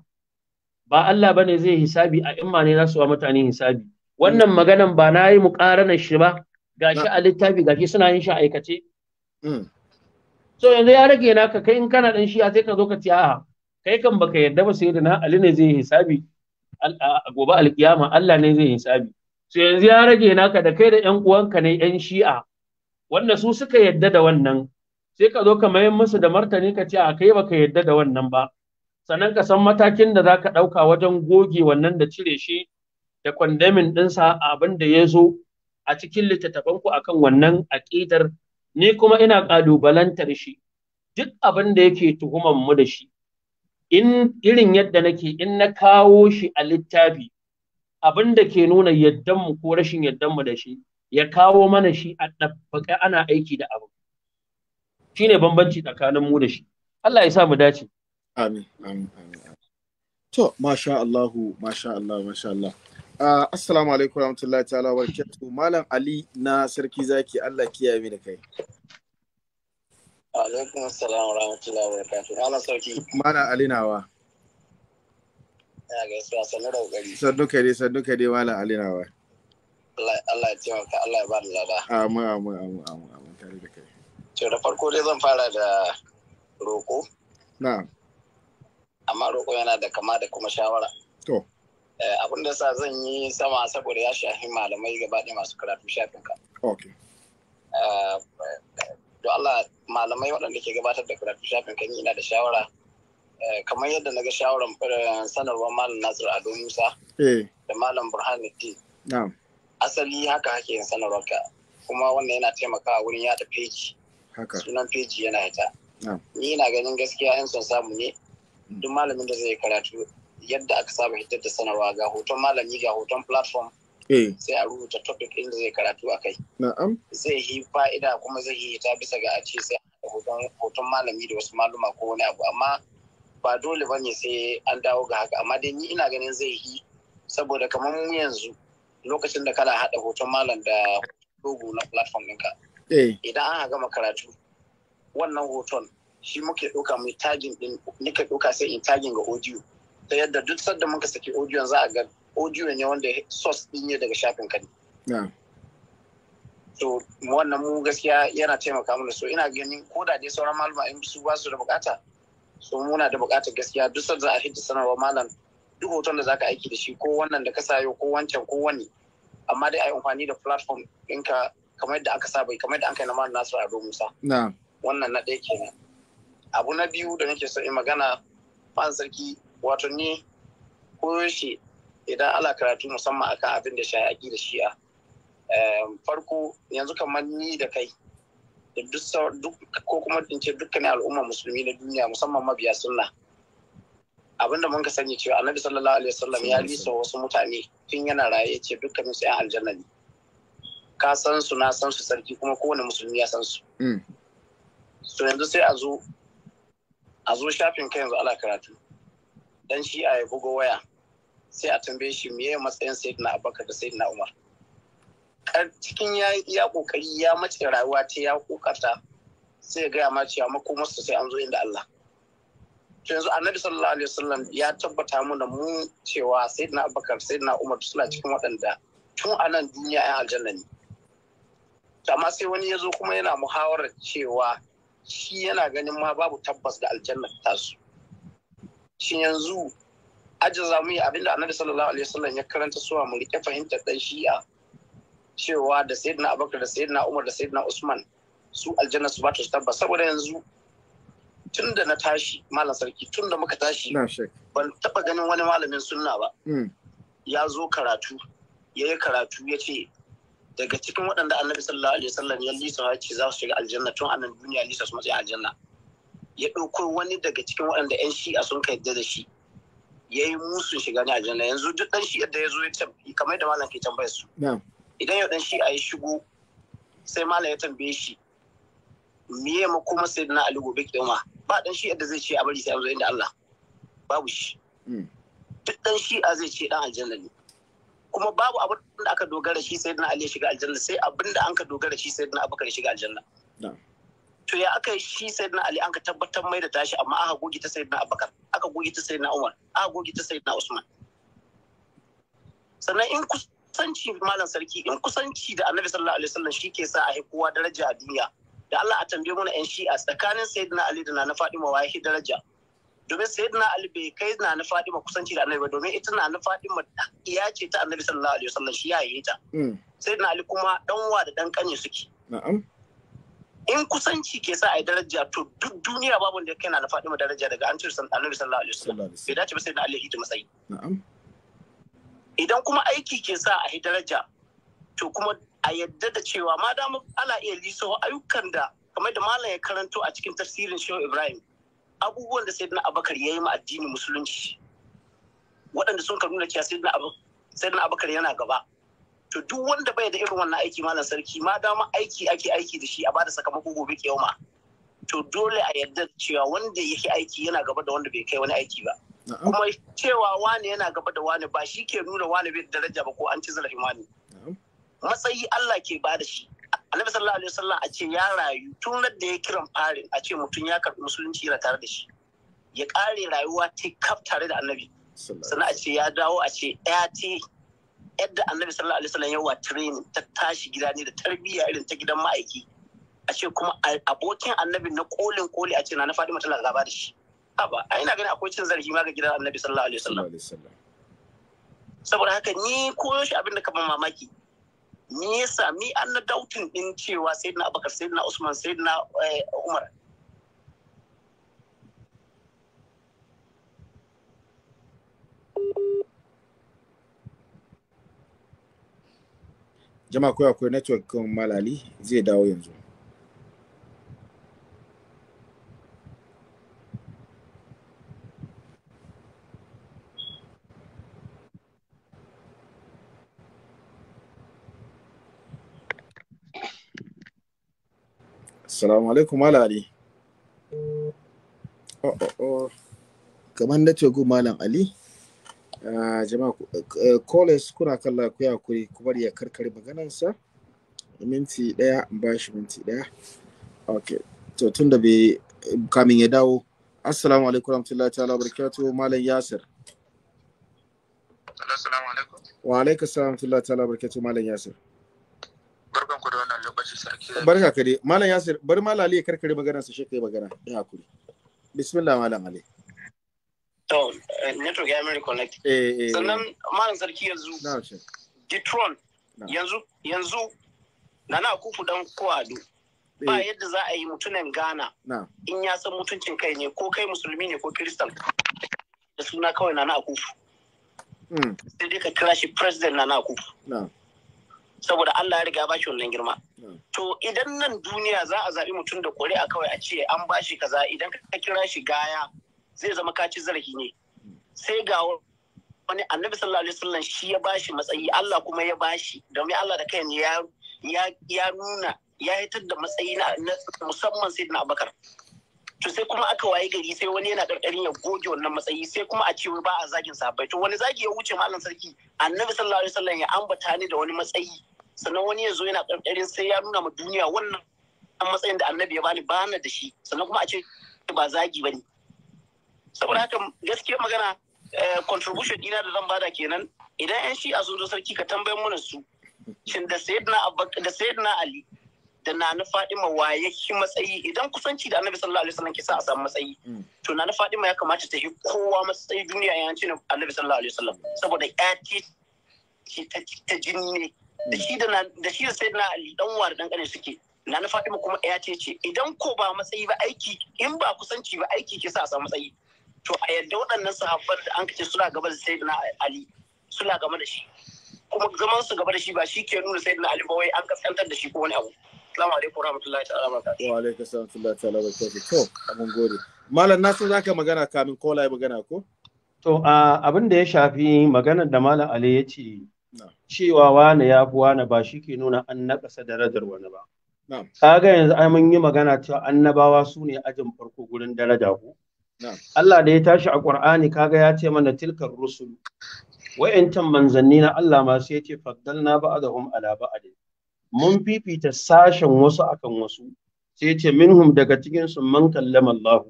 ba Allah bane zai hisabi a imma ne za su wa mutane hisabi wannan maganan ba na yi muƙaranar shi ba gashi a littafi gashi suna yin shi aikace mm. so yanzu ya rage naka kai in kana dan shi'a sai ka zo ka ce a'a kai kan baka yadda ba sai da na Ali ne zai hisabi gobe alkiyama Allah ne zai hisabi sai yanzu ya rage naka da kai da ƴan uwanka ne ƴan shi'a wanda su suka yadda da wannan sai ka zo ka mayar musu da martani ka ce a kai baka yadda da wannan ba sannan ka san matakin da zaka ɗauka wajen goge wannan da cire shi da kwandamin ɗinsa abin da ya zo a cikin littattafan ku akan wannan aƙidar ni kuma ina ƙalubalantar shi duk abin da yake tuhumar mu da shi in irin yadda nake in na kawo shi a littafi abin da ke nuna mu ko rashin mu da shi ya kawo mana shi a ɗabbaƙa ana aiki da abu shine bambanci tsakanin mu da shi Allah ya sa mu dace amin amin amin to masha Allah masha Allah masha Allah uh, assalamu alaikum warahmatullahi ta'ala barakatuh malam ali na sarki zaki Allah kiyaye mu da kai Alaikum salam. wa rahmatullahi wa barakatuh. Ana sauki. Mana Alinawa. Ya gaisuwa sannu da kokari. Sannu kare sannu kare Mala Alinawa. Allah ya taimaka Allah ya ba da lada. Amin amin amin amin amin tare da kai. To da farko dai zan fara da roko. Na'am. Amma roko yana da kama da kuma shawara. To. Eh, abin da sa zan yi sama saboda ya shafi malamai gaba ɗaya masu karatu shafin ka. Okay. Ah, don Allah malamai waɗanda ke gabatar da karatu shafin kan ina da shawara eh, kamar yadda na ga shawaran eh, sanarwar malam Nasir Ado Musa eh. da malam Burhanuddin asali haka hake yin sanarwar ka kuma wannan yana taimakawa wurin yada peji sunan peji yana ita. ni ina ganin gaskiya yan son samu ne duk malamin da zai karatu yadda aka saba hitar da sanarwa ga hoton malami ga hoton platform Eh. sai a rubuta topic ɗin da zai karatu a kai zai yi fa'ida kuma zai yi ta bisa ga a ce sai a hoton malami da wasu maluma ko wani abu amma ba dole ba ne sai an dawo ga haka amma dai ni ina ganin zai yi saboda kamar mu yanzu lokacin da kana haɗa hoton malam da logo na platform ɗinka eh. idan an gama karatu wannan hoton shi muke ɗauka mu tagin ɗin nika ɗauka sai in tagi ga audio ta yadda duk sanda muka saki audio za a ga audio ne wanda source din ne daga shafin ka ne to wannan mu gaskiya yana taimaka mana so ina ganin ko da dai sauran malama in su ba su da bukata so muna da bukata gaskiya duk sanda za a hidda sanarwa malam duk hoton da zaka aiki da shi ko wannan da ka sayo ko wancan ko wani amma dai ai amfani da platform ɗinka kamar yadda aka saba kamar yadda an kai na malam Nasiru Musa wannan na ɗaya kenan abu na biyu da nake so in magana fan sarki wato ni koyaushe idan ala karatu musamman akan abin da shayaki da shi'a ehm, farko yanzu kamar ni da kai ko kuma in ce dukkanin al'ummar musulmi na duniya musamman mabiya sunna abinda mun ka sani cewa annabi sallallahu alaihi wasallam ya lisa wasu mutane tun yana raye ce dukkanin su 'yan aljanna ne ka san su na san su sarki kuma kowane musulmi ya san su mm. so yanzu sai a zo a zo shafin ka yanzu ala karatu dan shi a bugo waya sai a tambaye shi meye matsayin sayyidina abubakar da sayyidina umar cikin ya ya kokari ya mace rayuwa ta ya kokata sai ga ma cewa makomarsa sai an zo inda Allah to yanzu annabi sallallahu alaihi wasallam ya tabbata mana mu cewa sayyidina abubakar sayyidina umar suna cikin waɗanda tun a nan duniya yan aljanna ne amma sai wani ya zo kuma yana muhawarar cewa shi yana ganin ma babu tabbas da aljanna tasu shin yanzu aji za mu yi abinda annabi sallallahu alaihi wasallam ya karanta suwa mu rike fahimtar dan shi'a cewa da sayyidina abubakar da sayyidina umar da sayyidina usman su aljanna su ba ta tabbas saboda yanzu tun da na tashi malam sarki tun da muka tashi ban taba ganin wani malamin sunna ba hmm. ya zo karatu ya yi karatu ya ce daga cikin waɗanda annabi sallallahu alaihi wasallam ya lisa ya ce za su shiga aljanna tun annan duniya lisa su matsayin aljanna ya ɗauko wani daga cikin waɗanda 'yan shi'a sun ka yadda da shi ya yi musu shiga ne aljanna yanzu duk ɗan shi'a da ya zo ya kamar da malam ke tambayar su idan yau ɗan shi'a ya shigo sai malam ya tambaye shi miye ma kuma sai na ali gobe kiyama ba ɗan shi'a da zai ce a bari sai an zo inda Allah babu shi hmm. duk ɗan shi'a zai ce ɗan aljanna ne kuma babu abin da aka dogara shi sai na ali ya shiga aljanna sai abin da an ka dogara shi sai na abubakar ya shiga aljanna to ya aka shi na ali an ka tabbatar mai da tashi amma aka goge ta na abubakar aka goge ta na umar aka goge ta na usman sannan in kusanci malam sarki in kusanci da annabi sallallahu alaihi wasallam ke sa a kowa daraja a duniya da Allah a tambaye mana shi shi'a tsakanin sayyidina ali da na fadima wa yake daraja domin sayyidina ali bai kai na na fadima kusanci da annabi ba domin ita na na fadima iya ce ta annabi sallallahu alaihi wasallam shi ya yi ta hmm. sayyidina ali kuma dan wa da dan kanye suke na'am in kusanci ke sa a yi daraja to duk duniya babu da kai na faɗi daraja daga an cire annabi sallallahu alaihi wasallam bai dace ba sai na Allah ya matsayi idan kuma aiki ke sa a yi daraja to kuma a yadda da cewa ma da ana iya liso ayyukan da kamar da malam ya karanto a cikin tafsirin shehu ibrahim abubuwan da sayyidina abakar ya yi ma addini musulunci waɗanda sun ka nuna cewa sayyidina abakar yana gaba to duk wanda bai da irin wannan aiki malam sarki ma dama aiki ake aiki da shi a bada sakamako gobe ke yoma to dole a yarda cewa wanda yake aiki yana gaba da wanda bai kai wani aiki ba kuma cewa wani yana gaba da wani ba shi ke nuna wani bai daraja ba ko an ci zarafin wani. matsayi Allah ke bada shi annabi sallallahu alaihi wasallam a ce ya rayu tun da ya kiran farin a ce mutum ya karɓi musulunci yana tare da shi ya kare rayuwa ta kaf tare da annabi sannan a ce ya dawo a ce ɗaya ce yadda annabi sallallahu alaihi wasallam yawa training ta tashi gida ne da tarbiyya irin ta gidan ma'aiki a ce kuma abokin annabi na kolin koli a ce na fadi mata lalaba da shi haba a ina gani akwai cin zarafi ma ga gidan annabi sallallahu alaihi wasallam saboda haka ni koyo shi abin da mamaki me yasa mi an na dautin din cewa sayyidina abubakar sayyidina usman sayyidina eh, umar jama'a ko akwai network kan malali zai dawo yanzu Assalamu alaikum malali. Oh, oh, oh. Kamar network malam Ali? Ah, jama'a eh, college kuna kalla ku ya kuri kuma ya karkare maganansa minti daya ba shi minti daya ok to tun da bai kamin ya dawo assalamu alaikum rahmatullahi ta'ala barakatuh malam yasir assalamu alaikum wa alaikum assalam rahmatullahi ta'ala barakatuh malam yasir barkan ku da wannan lokaci sarki barka ka malam yasir bari malam ali ya karkare maganarsa shi kai magana ya hakuri bismillah malam ali To, eh, network ya mari connect. Eh, eh, Sannan malam sarki yanzu, Gitron, yanzu, yanzu, na na kufu dan ko'ado. Ba yadda za a yi mutunan Ghana in ya san mutuncin kai ne ko kai musulmi ne ko kiristan da suna kawai na na kufu. Hmm. Sai dai ka kira shi president na na kufu. Saboda Allah ya riga ba shi wannan girma. To idan nan duniya za a zaɓi mutum da kore a kawai a ce an ba shi kaza idan ka kira shi gaya zai zama kaci zarafi ne sai ga wani annabi sallallahu alaihi wasallam shi ya bashi matsayi Allah kuma ya bashi domin Allah da kai ya ya nuna ya hitar da matsayi na musamman sai na abakar to sai kuma aka waye gari sai wani yana karkarin ya goge wannan matsayi sai kuma a ce ba a zagin bai to wani zagi ya wuce mallan sarki annabi sallallahu alaihi wasallam ya ambata ni da wani matsayi sannan wani ya zo yana karkarin sai ya nuna ma duniya wannan matsayin da annabi ya bani bana da shi sannan kuma a ce ba zagi bane saboda haka gaskiya magana eh, contribution dina da zan bada kenan idan yan shi sun zo sarki ka tambayi mana su shin da sayyidina da sayyidina ali da na fadima waye shi matsayi idan kusanci da annabi sallallahu alaihi wasallam ke sa a samu matsayi mm. to na na fadima ya kamata ta yi kowa matsayi duniya ya cin annabi sallallahu alaihi wasallam saboda ce ta jinne da shi da da shi da sayyidina ali dan uwa da dan kane suke na fadima kuma ƴace ce idan ko ba matsayi ba aiki in ba kusanci ba aiki ke sa a samu matsayi to a yadda waɗannan sahabban da an kace suna gaba da sayyidina ali suna gaba da shi kuma zaman su gaba da shi ba shi ke nuna sayyidina ali ba wai an kaskantar da shi ko wani abu assalamu alaikum rahmatullahi ta'ala barakatuh wa alaikum rahmatullahi ta'ala barakatuh to abun gode malam nasu zaka magana kamin ko lai magana ko to abin da ya shafi maganar da malam ali ya ce cewa wani ya fi wani ba shi ke nuna an naƙasa darajar wani ba kaga yanzu an mun yi magana cewa annabawa su ne ajin farko gurin daraja ku Allah da ya tashi a ƙur'ani kaga ya ce mana tilkar rusul wa'yantan manzanni na Allah ma sai ya ce faddalna ba'dahum ala ba'd mun fifita sashen wasu akan wasu sai ya ce minhum daga cikin su man kallama Allah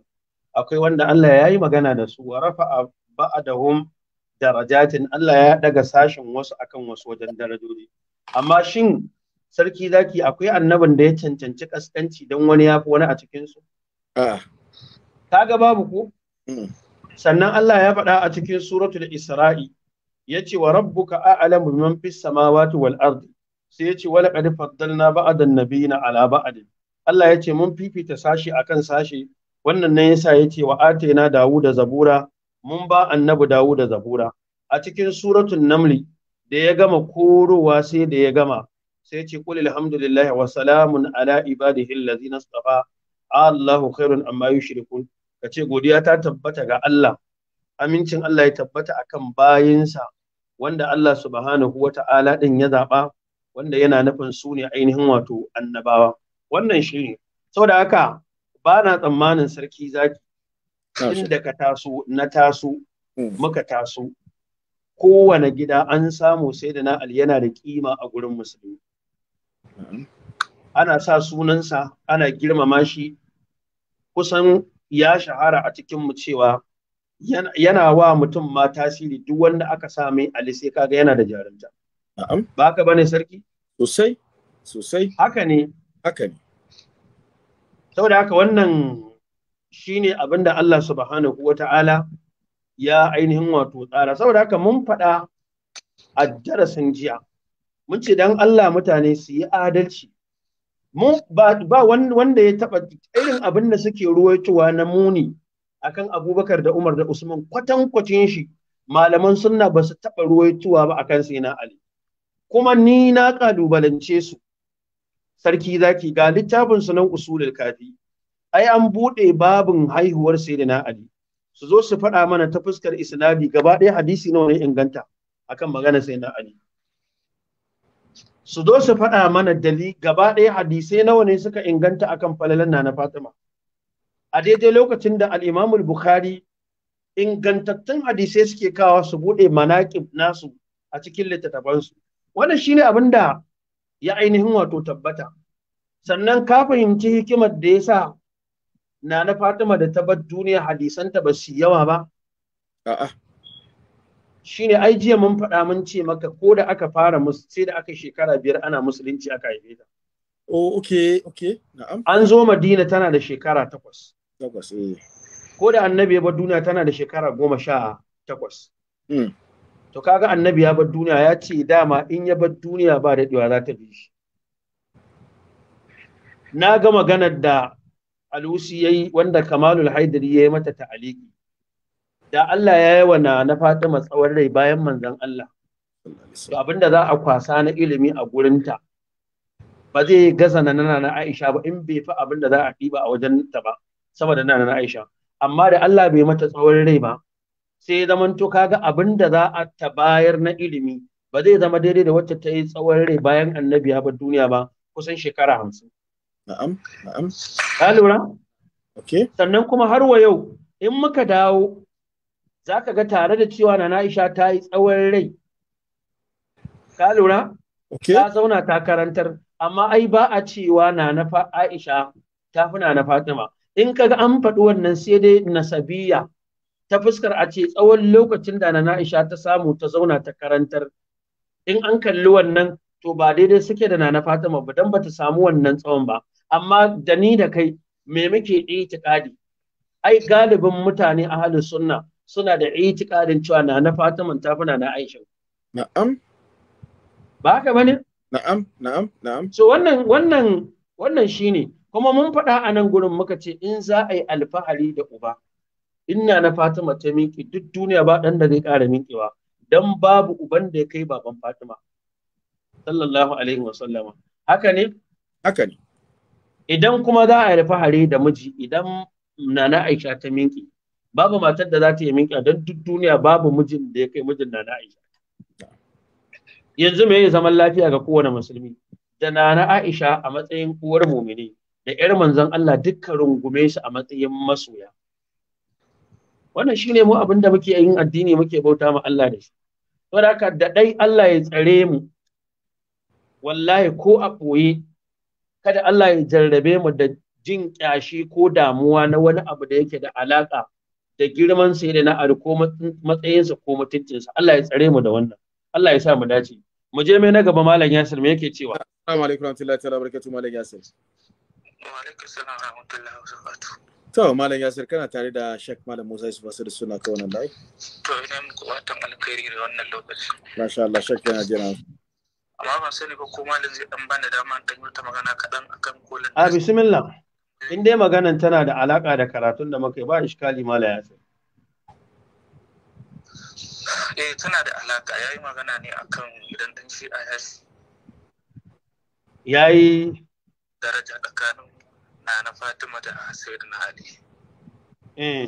akwai wanda Allah ya yi magana da su wa rafa'a ba'dahum darajatin Allah ya daga sashen wasu akan wasu wajen darajoji amma shin sarki zaki akwai annabin da ya cancanci kaskanci don wani ya fi wani a cikinsu. kaga babu ko hmm. sannan Allah ya faɗa a cikin suratul Isra'i ce wa rabbuka a'lamu biman fis samawati wal ardi sai yace wa laqad faddalna ba'dan nabiyina ala ba'din Allah yace mun fifita sashi akan sashi wannan ne yasa ce wa atayna Dawuda zabura mun ba annabi Dawuda zabura a cikin suratul namli da ya gama korowa sai da ya gama sai ce qul alhamdulillahi wa salamun ala ibadihi allazina istafa Allahu khairun amma yushrikun ka ce godiya ta tabbata ga Allah amincin Allah ya tabbata akan bayinsa wanda Allah subhanahu wata'ala din ya zaɓa wanda yana nufin sune ainihin wato annabawa wannan shi ne saboda haka ba na tsammanin sarki zaki inda ka taso na taso hmm. muka taso kowane gida an samu sai da na yana da kima a gurin musulmi hmm. ana sa sunansa ana girmama shi kusan ya shahara a cikin mu cewa yana wa mutum ma tasiri duk wanda aka sa mai ali sai kaga yana da jarumta ba ka bane sarki sosai sosai haka ne haka ne saboda haka wannan shine abin da Allah subhanahu wa ta'ala ya ainihin wato tsara saboda haka mun faɗa a darasin jiya mun ce dan Allah mutane su yi adalci mu ba wanda ya taba irin abin da suke ruwaitowa na muni akan Abubakar da Umar da Usman kwatankwacin shi malaman sunna ba su taba ruwaitowa ba akan Sayyidina Ali kuma ni na kalubalance su sarki zaki ga littafin sunan usulul kafi ai an buɗe babin haihuwar Sayyidina Ali su zo su faɗa mana ta fuskar isnadi gaba ɗaya hadisi nawa ne inganta akan magana Sayyidina Ali su zo su faɗa mana dali gaba ɗaya hadisai nawa ne suka inganta akan falalan na Fatima a daidai lokacin da al bukhari ingantattun hadisai suke kawo su buɗe manaqib nasu a cikin littattafansu wannan shine abin da ya ainihin wato tabbata sannan ka fahimci hikimar da yasa Nana Fatima da ta bar duniya hadisanta ba su yawa ba a'a shine ai jiya mun faɗa mun ce maka ko da aka fara musu sai da aka shekara biyar ana musulunci aka haife ta oh okay okay na'am an zo madina tana da shekara takwas takwas eh ko da annabi ya bar duniya tana da shekara goma sha takwas hmm. to kaga annabi ya bar duniya ya ce dama in ya bar duniya ba daɗewa za ta bi shi na ga maganar da alusi ya yi wanda kamalul haidari ya yi mata ta'aliki da Allah ya yi wana na Fatima tsawon rai bayan Manzan Allah to abinda za a kwasa na ilimi a gurinta ba zai gaza na nana na Aisha ba in bai fi abinda za a ɗiba a wajen ta ba saboda nana na Aisha amma da Allah bai mata tsawon rai ba sai zamanto kaga abinda za a ta bayar na ilimi ba zai zama daidai da wacce ta yi tsawon rai bayan annabi ya duniya ba kusan shekara hamsin. Na'am, na'am. Ka lura? Okay. Sannan kuma har wa yau in muka dawo za ka ga tare da cewa na Aisha ta yi tsawon rai ka lura ta zauna ta karantar amma ai ba a cewa na na Aisha ta fi na Fatima in kaga an faɗi wannan sai dai nasabiya ta fuskar a ce tsawon lokacin da na Aisha ta samu ta zauna ta karantar in an kalli wannan to ba daidai suke da na Fatima ba dan bata samu wannan tsawon ba amma da ni da kai me muke itikadi ai galibin mutane a halin sunna suna da ƙarin cewa na na Fatiman ta fi na Aisha. Na'am. Ba haka bane? Na'am, na'am, na'am. So wannan wannan wannan shine kuma mun faɗa a nan gurin muka ce in za a yi alfahari da uba inna na Fatima ta Minki, duk duniya ba ɗan da zai ƙara miƙewa dan babu uban da ya kai baban Fatima sallallahu alaihi wa sallama haka ne haka ne idan kuma za a yi alfahari da miji idan nana Aisha ta Minki. babu matar da za ta yi minka don duk duniya babu mijin da ya kai mijin na Aisha yanzu me zaman lafiya ga kowane musulmi da nana Aisha a matsayin uwar mumini da ƴar manzon Allah dukkan rungume su a matsayin masoya wannan shine mu abin da muke yin addini muke bauta ma Allah da shi saboda haka da dai Allah ya tsare mu wallahi ko a ɓoye kada Allah ya jarrabe mu da jin ƙyashi ko damuwa na wani abu da yake da alaƙa da girman sai da na ko matsayinsa ko mutuncinsa Allah ya tsare mu da wannan Allah ya sa mu dace mu je mai na gaba malam Yasir me yake cewa assalamu alaikum warahmatullahi ta'ala barakatuh malam Yasir wa alaikum assalam warahmatullahi wabarakatuh to malam Yasir kana tare da shek malam Musa Yusuf da suna ka wannan live to ina muku watan alkhairi da wannan lokaci masha Allah shek yana jira amma ban sani ba ko malam zai dan bana dama dan yi wata magana kaɗan akan kolin a bismillah in dai maganan tana da alaka da karatun da muka yi ba iskali mala ya sai eh tana da alaka yayi magana ne akan idan dan shi a yashi yayi daraja tsakanin na Fatima da na Ali eh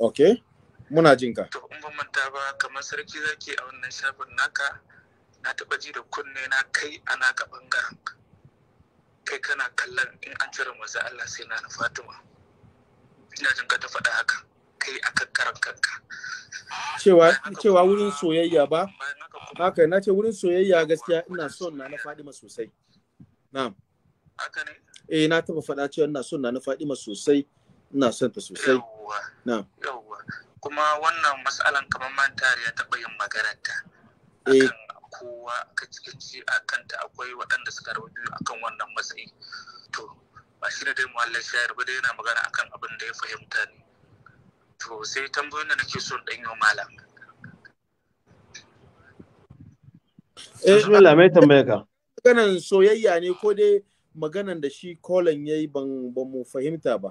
okay muna jin ka to in ban manta ba kamar sarki zaki a wannan shafin naka na taba ji da kunne na kai a naka bangaren kai kana kallon in an cire maza Allah sai na Fatima ina jin ka ta faɗa haka kai akan karan kanka cewa cewa wurin soyayya ba haka na ce wurin soyayya gaskiya ina son na na Fatima sosai na'am haka ne eh na taba faɗa cewa ina son na na Fatima sosai ina son ta sosai na'am yawwa kuma wannan matsalan kamar man tare ya taɓa yin makaranta. Eh, akan kowa kaci a kanta akwai waɗanda suka rabu biyu kan wannan matsayi to ba shi da dai muhallin shayar ba dai yana magana akan abin da ya fahimta ne to sai tambayoyin da nake so ɗanyo malam eh mai tambaya ka maganan soyayya ne ko dai maganan da shi kolon ya yi ban mu fahimta ba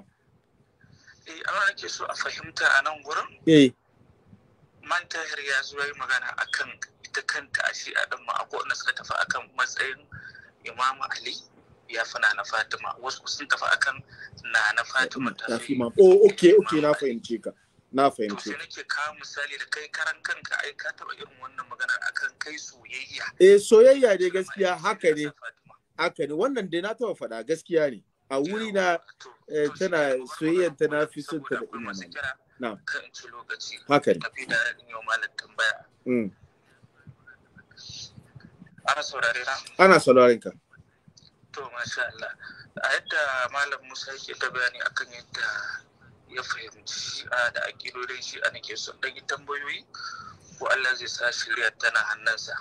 eh amma ake so a fahimta a nan gurin eh man tahir ya zo yi magana akan ita kanta a shi'a din ma akwai wanda suka tafi akan matsayin imamu ali ya fi na na fatima wasu sun tafi akan na na fatima ta fi ma o oh, ok ok na fahimce ka na fahimce ka nake ka misali da kai karan kanka ai ka taba irin wannan magana akan kai soyayya eh soyayya dai gaskiya haka ne haka ne wannan dai na taba faɗa gaskiya ne a wuri na eh, tana soyayyar ta na fi son ta da ina na kan ci lokaci haka ne tafi da yau malam tambaya mm. Ana saurare sauraren ka. To, masha Allah. A yadda Malam Musa yake ta bayani akan yadda ya fahimci shi'a da akidodin shi'a a nake son ɗagi tambayoyi ko Allah zai sa shirya tana hannunsa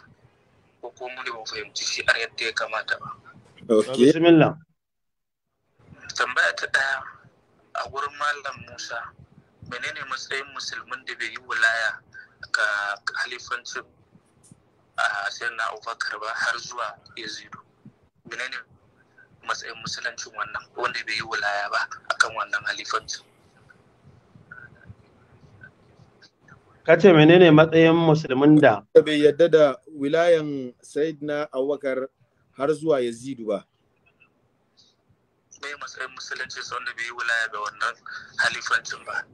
ko ko mu ne ba fahimci shi yadda ya kamata ba. Okay. Bismillah. Tambaya ta ɗaya a wurin Malam Musa menene matsayin musulmin da bai yi wilaya ga halifancin na abubakar ba har zuwa yazidu menene matsayin musulancin wannan wanda bai yi wulaya ba akan wannan halifanci ka ce menene matsayin musulmin da bai yadda da wilayan sayyidina abubakar har zuwa yazidu ba bai matsayin musulunci wanda bai yi wulaya ga wannan halifancin ba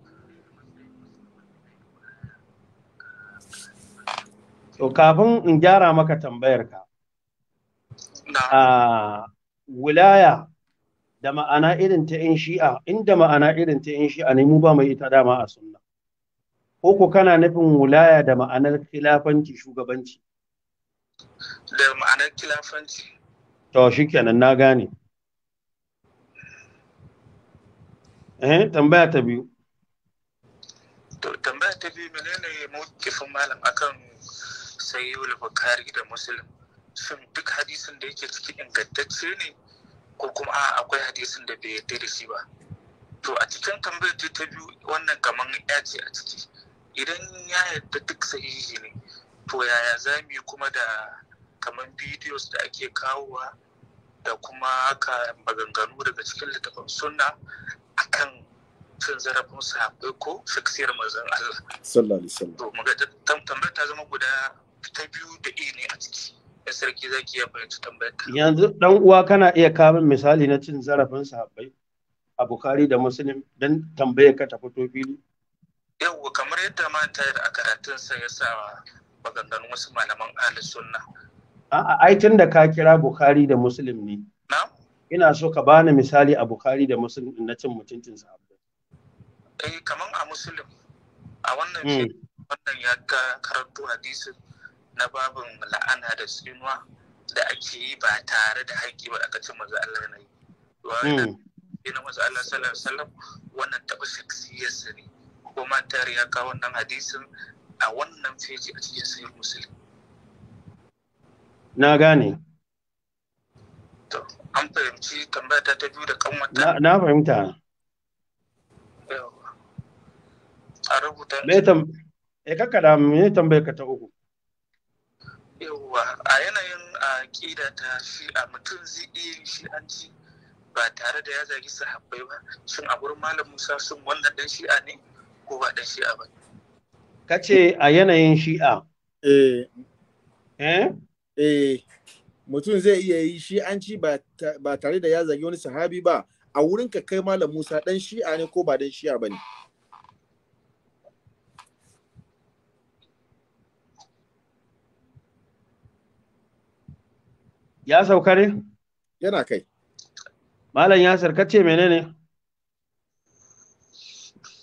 So, kafin in gyara maka tambayar ka. A wilaya da ma'ana irin ta in shi'a, inda ma'ana irin ta in shi'a ne mu ba mai ita dama a sunna. Ko ku kana nufin wilaya da ma'anar khilafanci shugabanci? Da ma'anar khilafanci. To shi kenan na gane. Eh, tambaya ta biyu. To tambaya ta biyu menene mu kifin malam akan sayul bukari da muslim shin duk hadisin da yake ciki ingantacce ne ko kuma a akwai hadisin da bai yadda da shi ba to a cikin tambayar ta biyu wannan kamar ya ce a ciki idan ya yadda duk sahihi ne to yaya za mu yi kuma da kamar videos da ake kawowa da kuma haka maganganu daga cikin littafin sunna akan cin zarafin sahabbai ko shaksiyar manzon Allah. Sallallahu alaihi wasallam. To tambayar ta zama guda ta biyu da e ne a ciki ya sarki zaki ya fahimci tambayarka yanzu dan uwa kana iya kawo misali na cin zarafin sahabbai a bukari da Muslim dan tambayar ka ta fito fili yawwa kamar yadda ma ta a karatun sa ya sa maganganun wasu malaman ahli sunna a'a ai tun da ka kira bukari da Muslim ne na ina so ka bani misali a bukari da Muslim na cin mutuncin sahabbai eh kaman a Muslim a wannan hmm. wannan ya karanto hadisin na babin la'ana da sinuwa da ake yi ba tare da haƙƙi ba aka ce manzo Allah na yi ina hmm. manzo Allah sallallahu alaihi wasallam wannan taɓa shaksiyar sa ne ko ma ta riya ka wannan hadisin a wannan feji a cikin sahih muslim na gane to an fahimci tambaya ta ta biyu da kan wata na fahimta a rubuta me tam e eh, kakkada me tambayar ka ta uku yawwa a yanayin aƙida ta shi a mutum zai iya yin shi an ci ba tare da ya zagi sahabbai ba shin a gurin malam musa sun wannan dan shi'a ne ko ba dan shi'a ba ka ce a yanayin shi'a eh eh eh mutum zai iya yi shi'anci ba tare da ya zagi wani sahabi ba a wurin ka kai malam musa dan shi'a ne ko ba dan shi'a ba ne ya sauka ne yana kai malam ya sarkace ce menene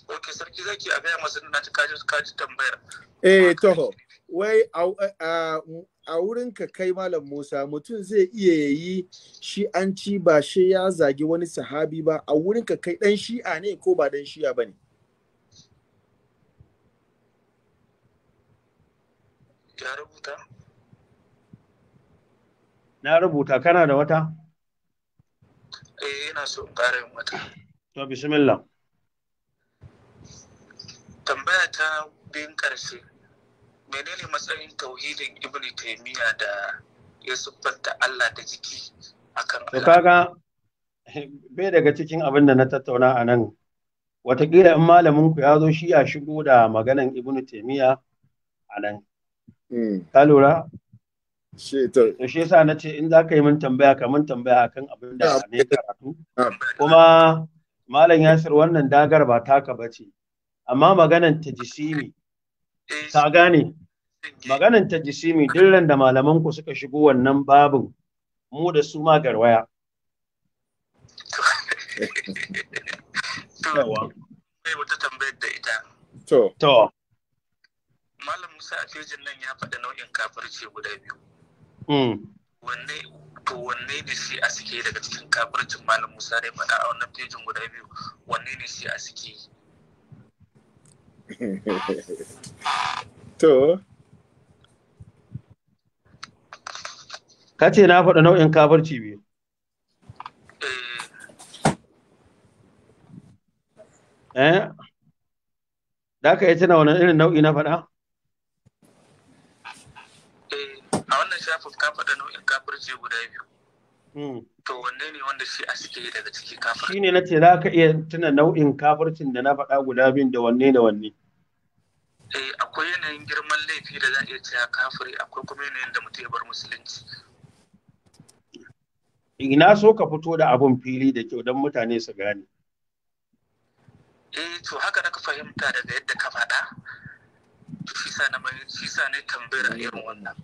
ok sarki zaki a gaya masu na cikin kaji tambayar eh toho wai a wurin ka kai malam musa mutum zai iya yayi shi an ci ba shi ya zagi wani sahabi ba a wurin ka kai dan shi'a ne ko ba dan shi'a ba ne ya rubuta na rubuta kana da wata eh ina so ƙarin wata to bismillah tambaya ta bin ƙarshe menene matsayin tauhidin ibn taymiya da ya siffanta Allah da jiki akan to kaga bai daga cikin abin da na tattauna a nan watakila in malamin ku ya zo shi ya shigo da maganan ibnu Taymiya a nan hmm. ka lura to shi yasa na ce in za ka yi min tambaya ka min tambaya kan abin da ne karatu kuma malam yasir wannan dagar ba taka ba ce amma maganan ta jisimi ta gane maganan ta jisimi dillan da malaman ku suka shigo wannan babin mu da su ma garwaya to malam musa a nan ya faɗa nau'in kafirci guda biyu Hmm. wanne to wanne ne shi a suke daga cikin kafircin malam musa da faɗa a wannan fejin guda biyu wanne ne shi a suke to ka ce na faɗa nau'in kafirci biyu eh da eh? ka yi tana wani irin nau'i na faɗa ya ka faɗa nau'in kafirci guda biyu. Hmm. To wanne ne wanda shi a suke yi daga ciki kafirci? Shi ne na ce za ka iya tuna nau'in kafircin da na faɗa guda biyun da wanne da wanne. Eh akwai yanayin girman laifi da za a iya cewa kafiri akwai kuma yanayin da mutum ya bar musulunci. Ina so ka fito da abun fili da kyau don mutane su gane. Eh to haka na ka fahimta daga yadda ka faɗa. shi sa na tambayar a irin wannan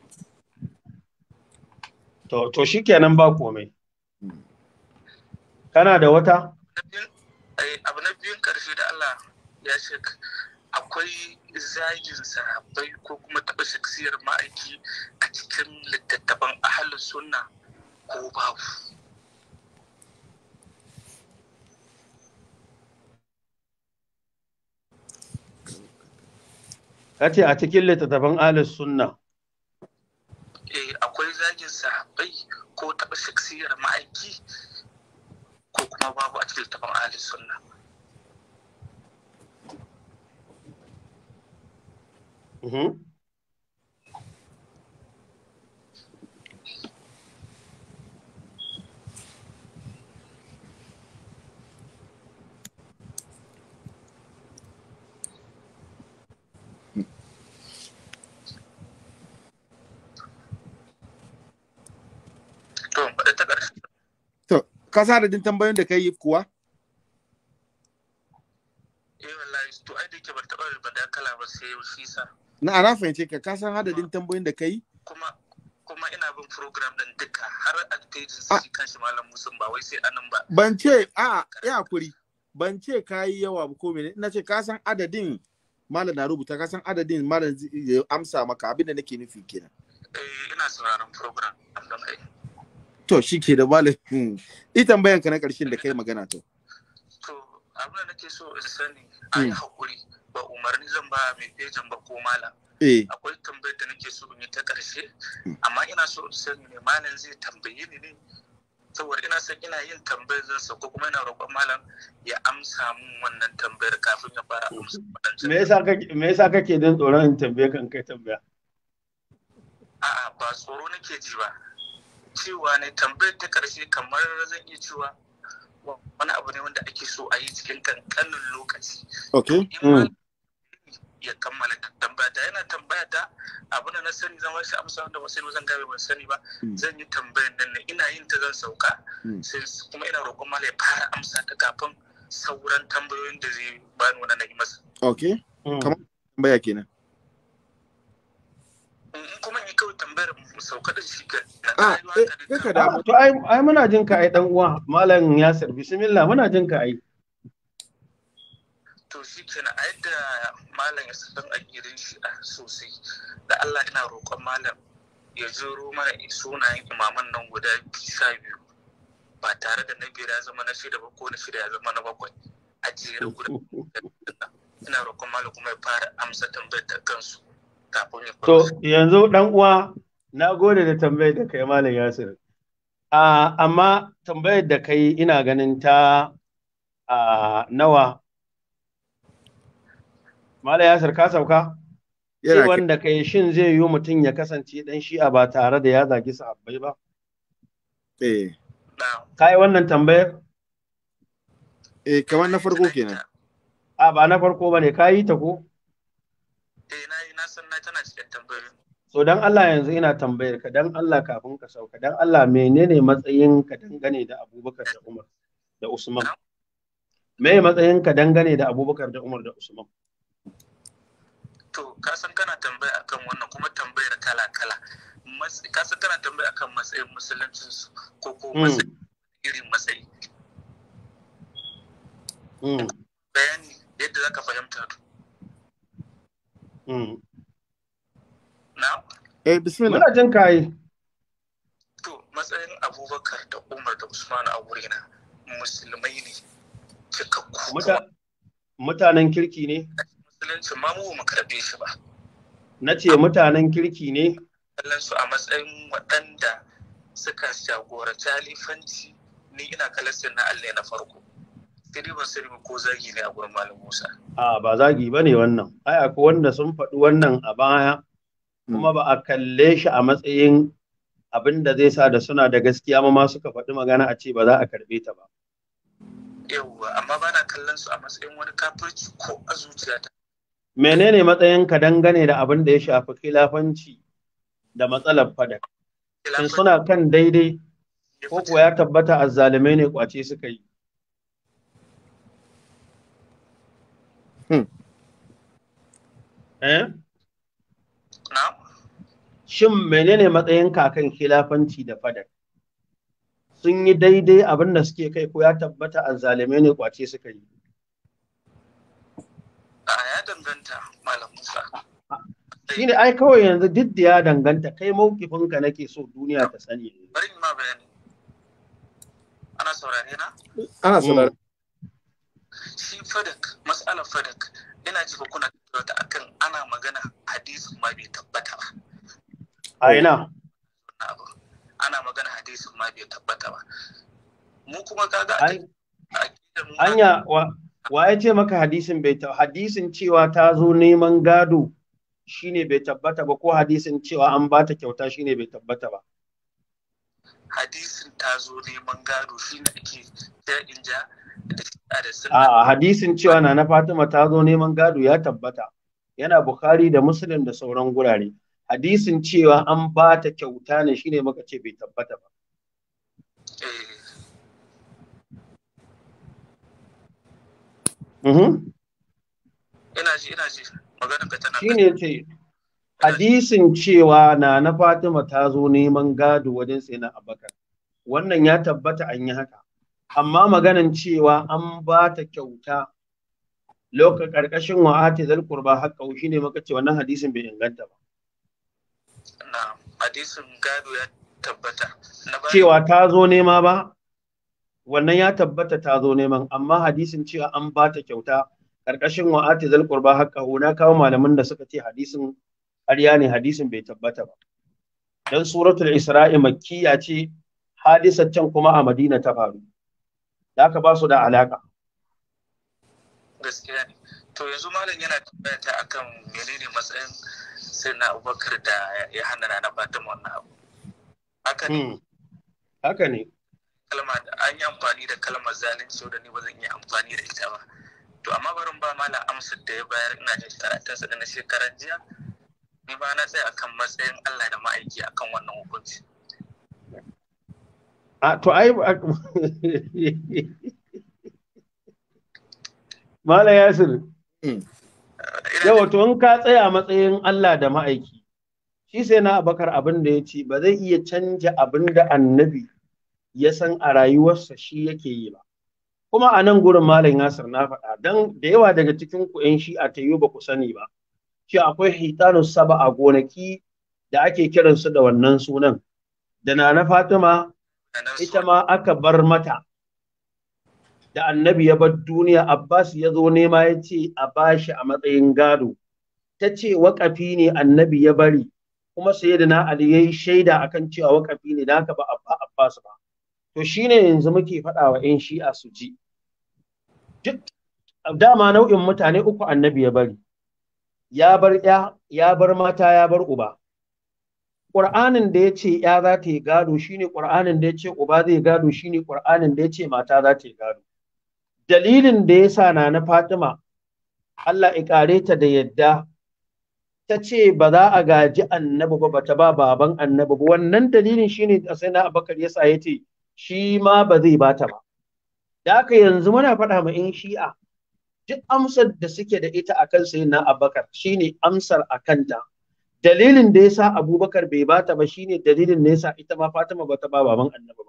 To, to shi kenan ba komai. Kana da wata? Eh, abu na biyun karshe da Allah ya ce akwai zagin sahabbai ko kuma taɓa shaksiyar ma'aiki a cikin littattafan ahalin sunna ko babu. Kace a cikin littattafan ahalin sunna. Eh, akwai zagin sahabbai ko taɓa shaksiyar ma'aiki ko kuma babu a cikin littafin ahalin sunna Mm-hmm. ka sa adadin tambayoyin da ka yi kuwa? Eh, da ke ban Na ana fahimce ka ka san adadin tambayoyin da kai? Kuma kuma ina bin program din duka har a kai kan shi malam Musun ba wai sai anan ba. Ban ce a ya kuri. Ban ce ka yi yawa ba ko mene ina ce ka san adadin malam na rubuta ka san adadin malam ya amsa maka abin da nake nufi kenan. Eh ina sauraron program. Allah to shi ke da malam hmm. ita tambayanka na ƙarshen da kai magana to to abin da ke so in sani a yi hmm. haƙuri ba umarni zan ba mai fejan ba ko malam eh. akwai tambayar da nake so in yi ta ƙarshe hmm. amma ina so in sani ne malam zai tambaye ni ne saboda ina son ina yin tambayar zan ko kuma ina roƙon malam ya amsa mun wannan tambayar kafin ya fara amsa me yasa kake me yasa kake don tsoron in tambaye kan kai tambaya a'a ba tsoro nake ji ba cewa ne tambayar ta karshe kamar zan iya cewa wani abu ne wanda ake so a yi cikin kankanin lokaci. Okay. Mm. ya kammala tambaya da yana tambaya da abin da na sani zan wasu amsa wanda wasu ne zan gabe ban sani ba mm. zan yi tambayar nan ne ina yin ta zan sauka mm. kuma ina roƙon mala ya fara amsa ta kafin sauran tambayoyin da zai bani wani na yi masa. ok Kamar tambaya kenan. kuma ni kawai tambayar sauka da shi ah, ka eh, ah, to ai ai muna jin ka ai dan uwa malam Yasir bismillah muna jin ka ai to shi kenan ai da malam ya san akirin shi a ah, sosai da Allah ina roƙon malam ya zuro mana sunayen imaman nan guda sha biyu ba tare da na biyar ya zama na shida ba ko na shida ya zama na bakwai a jere guda ina roƙon malam kuma ya fara amsa tambayar da kansu To yanzu ɗan uwa na gode da tambayar da kai Malam Yasir. Uh, amma tambayar da kai ina ganin ta uh, nawa. Malam Yasir ka sauka? Sai wanda kai shin zai yi mutum ya kasance ɗan shi'a ba tare da ya zagi sahabbai ba? Eh. Ka yi wannan tambayar? Eh, kamar na farko kenan. A ba na farko ba ne, ka yi ta ko? Eh, na sunna tana cikin tambayoyin. So dan Allah yanzu ina tambayar ka dan Allah kafin ka sauka dan Allah menene matsayin ka dangane da Abubakar da Umar da Usman? Me matsayin ka dangane da Abubakar da Umar da Usman? To ka san kana tambaya akan wannan kuma tambayar kala kala. Ka san kana tambaya akan matsayin musuluncin ko ko hmm. matsayin irin matsayi. Hmm. Bayani yadda zaka fahimta to. Hmm. na? Eh, bismillah. Muna jin kai. To, matsayin Abubakar da Umar da Usman a wurina musulmai ne cikakku. Mutanen kirki ne? Musulunci ma mu mu karbe shi ba. Na ce mutanen kirki ne? Kallon su a matsayin waɗanda suka jagoranci halifanci ni ina kalastin na Allah na farko. Siriban siribi ko zagi ne a gurin Malam Musa. A ba zagi ba ne wannan. Ai, akwai wanda sun faɗi wannan a baya kuma ba a kalle shi a matsayin abin da zai sa da suna da gaskiya ma ma suka faɗi magana a ce ba za a karɓe ta ba. Yawwa, amma ba na kallon su a matsayin wani kafirci ko a zuciyata. Menene matsayin ka dangane da abin da ya shafi khilafanci da matsalar fadak? Shin suna kan daidai ko kuwa ya tabbata a zalimai ne kwace suka yi? Hmm. Eh? shin menene matsayin kakan khilafanci da fadar sun yi daidai abin da suke kai ko ya tabbata a zalime ne kwace suka yi a ya danganta malam musa shine ai kawai yanzu duk da ya danganta kai maukifinka nake so duniya ta sani bari ma bayani ana saurare na ana mm. saurare shi fadak mas'alar fadak ina ji kuna ta akan ana magana hadisin ma bai tabbata ba a ina ana magana hadisin ma bai tabbata ba mu kuma kaga anya wa ya ce maka hadisin bai hadisin cewa ta zo neman gado shine bai tabbata ba ko hadisin cewa an ba ta kyauta shine bai tabbata ba hadisin ta zo neman gado shine ake in ja a hadisin cewa na na Fatima ta zo neman gado ya tabbata yana Bukhari da Muslim da sauran gurare hadisin cewa an ba ta kyauta ne shine muka ce bai tabbata ba mm-hmm. ina ji ina ji ka tana shine ce hadisin cewa na na Fatima ta zo neman gado wajen sai na Abakar wannan ya tabbata an yi haka amma maganin cewa an ba ta kyauta lokacin ƙarƙashin wa'ati zal qurba haƙƙau shine muka ce wannan hadisin bai inganta ba na hadisin ya tabbata cewa ta zo nema ba wannan ya tabbata ta zo neman amma hadisin cewa an ba ta kyauta ƙarƙashin wa atizal qurba haqqahu na kawo malaman da suka ce hadisin ƙarya ne hadisin bai tabbata ba dan suratul isra'i makkiya ce hadisar can kuma a madina ta faru da aka ba su da alaka gaskiya ne to yanzu malam yana tabbata akan menene matsayin sai na abubakar da ya hana na fatan wannan abu haka ne hmm. haka ne an yi amfani da kalmar so da ni ba zan iya amfani da ita ba to amma barin ba mala amsar da ya bayar ina jin karatunsa da na shekaran jiya ni ba na tsaye akan matsayin Allah da ma'aiki akan wannan hukunci a to ai mala yasir hmm. yawa wato in ka tsaya matsayin Allah da ma'aiki shi sai na abakar abin da ya ce ba zai iya canja abin da annabi ya san a rayuwarsa shi yake yi ba kuma a nan gurin malam yasir na faɗa dan da yawa daga cikin ku yan shi a tayo ba ku sani ba shi akwai hitanu saba a gonaki da ake kiransu da wannan sunan da na na fatima ita ma aka bar mata da annabi ya bar duniya Abbas ya zo nema ya ce a bashi a matsayin gado ta ce waƙafi ne annabi ya bari kuma sai da na Ali ya yi shaida kan cewa waƙafi ne da aka ba abba Abbas ba to shi ne yanzu muke faɗa wa ƴan shi'a su ji dama nau'in mutane uku annabi ya bari ya bar ya ya bar mata ya bar uba Ƙur'anin da ya ce ‘ya za ta yi gado shi ne ƙur'anin da ya ce uba zai gado shi ne ƙur'anin da ya ce mata za ta yi gado. dalilin da ya sa na na Fatima Allah ya kare ta da yadda ta ce ba za a gaji annabi ba bata ba baban annabi wannan dalilin shine da sai na Abakar ya sa yace shi ma ba zai bata ba da ka yanzu muna faɗa ma in shi'a duk amsar da suke da ita akan sai na Abakar shine amsar akan ta dalilin da yasa Abubakar bai bata ba shine dalilin da yasa ita ma Fatima bata ba baban annabi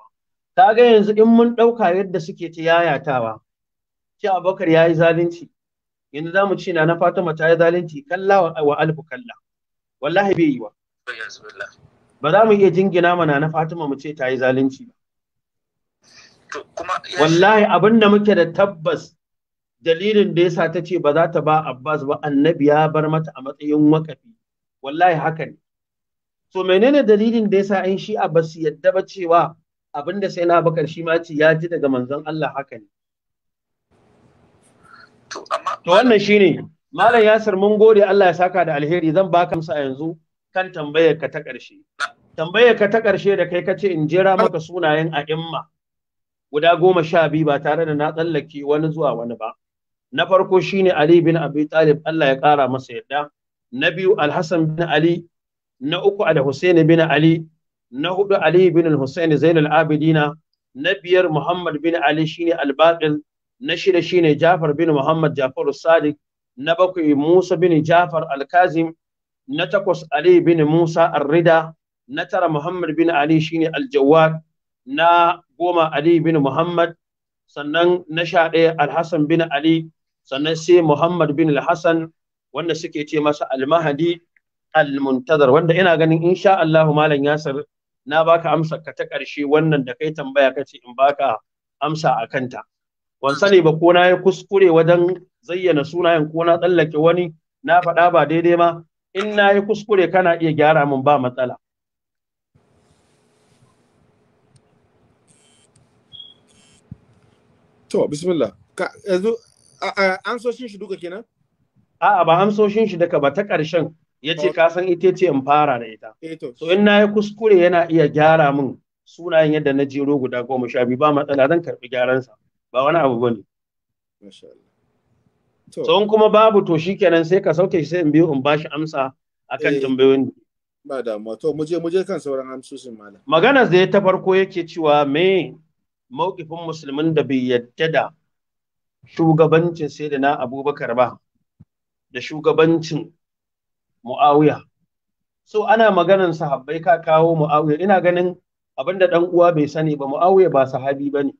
ba ga yanzu in mun ɗauka yadda suke ta yayatawa ce abubakar ya yi zalunci yanzu za mu ce na na fatima ta yi zalunci kalla wa alfu kalla wallahi bai yi wa ba za mu iya jingina mana na fatima mu ce ta yi zalunci ba wallahi abin da muke da tabbas dalilin da yasa ta ce ba za ta ba abbas ba annabi ya bar mata a matsayin wakafi wallahi haka ne To menene dalilin da yasa in shi a su yadda ba cewa abin da sai na bakar shi ma ce ya ji daga manzon Allah haka ne to wannan shine malam yasir mun gode Allah ya saka da alheri zan baka amsa yanzu kan tambayar ka ta ƙarshe tambayar ka ta ƙarshe da kai kace in jera maka sunayen a imma. guda goma sha biyu ba tare da na tsallake wani zuwa wani ba na farko shine Ali bin Abi Talib Allah ya ƙara masa yadda na biyu Alhassan bin Ali na uku Al-Husain bin Ali na hudu Ali bin Husain Zainul Abidina na biyar Muhammad bin Ali shine al na shida shine Jafar bin Muhammad Jafar Sadiq na bakwai Musa bin Jafar Al-Kazim na takwas Ali bin Musa Ar-Rida na tara Muhammad bin Ali shine Al-Jawad na goma Ali bin Muhammad sannan na sha ɗaya Al-Hassan bin Ali sannan sai Muhammad bin Al-Hassan wanda suke ce masa Al-Mahdi Al-Muntazar wanda ina ganin insha Allah Malam Yasir na baka amsa ka ta ƙarshe wannan da kai tambaya kace in baka amsa a kanta ban sani ba ko na yi kuskure wajen zayyana sunayen ko na tsallake wani na faɗa ba daidai ma in na yi kuskure kana iya gyara min ba matsala to bismillah yanzu amsoshin shi duka kenan a'a ba amsoshin shi duka ba ta ƙarshen ya ce ka san ita ce in fara da ita so eh, in na yi kuskure yana iya gyara min sunayen yadda na jero guda goma sha biyu ba matsala zan karɓi gyaransa ba wani abu ba ne. So to kuma babu to shi kenan sai ka sauke shi sai in biyu in bashi amsa kan eh. tambayoyin ba ma to muje muje kan sauran amsoshin malam maganar da ya ta farko yake cewa me mawkifin musulmin da bai yadda da shugabancin sai da na abubakar ba da shugabancin mu'awiya so ana maganan sahabbai ka kawo mu'awiya ina ganin abinda dan uwa bai sani ba mu'awiya ba sahabi ba ne.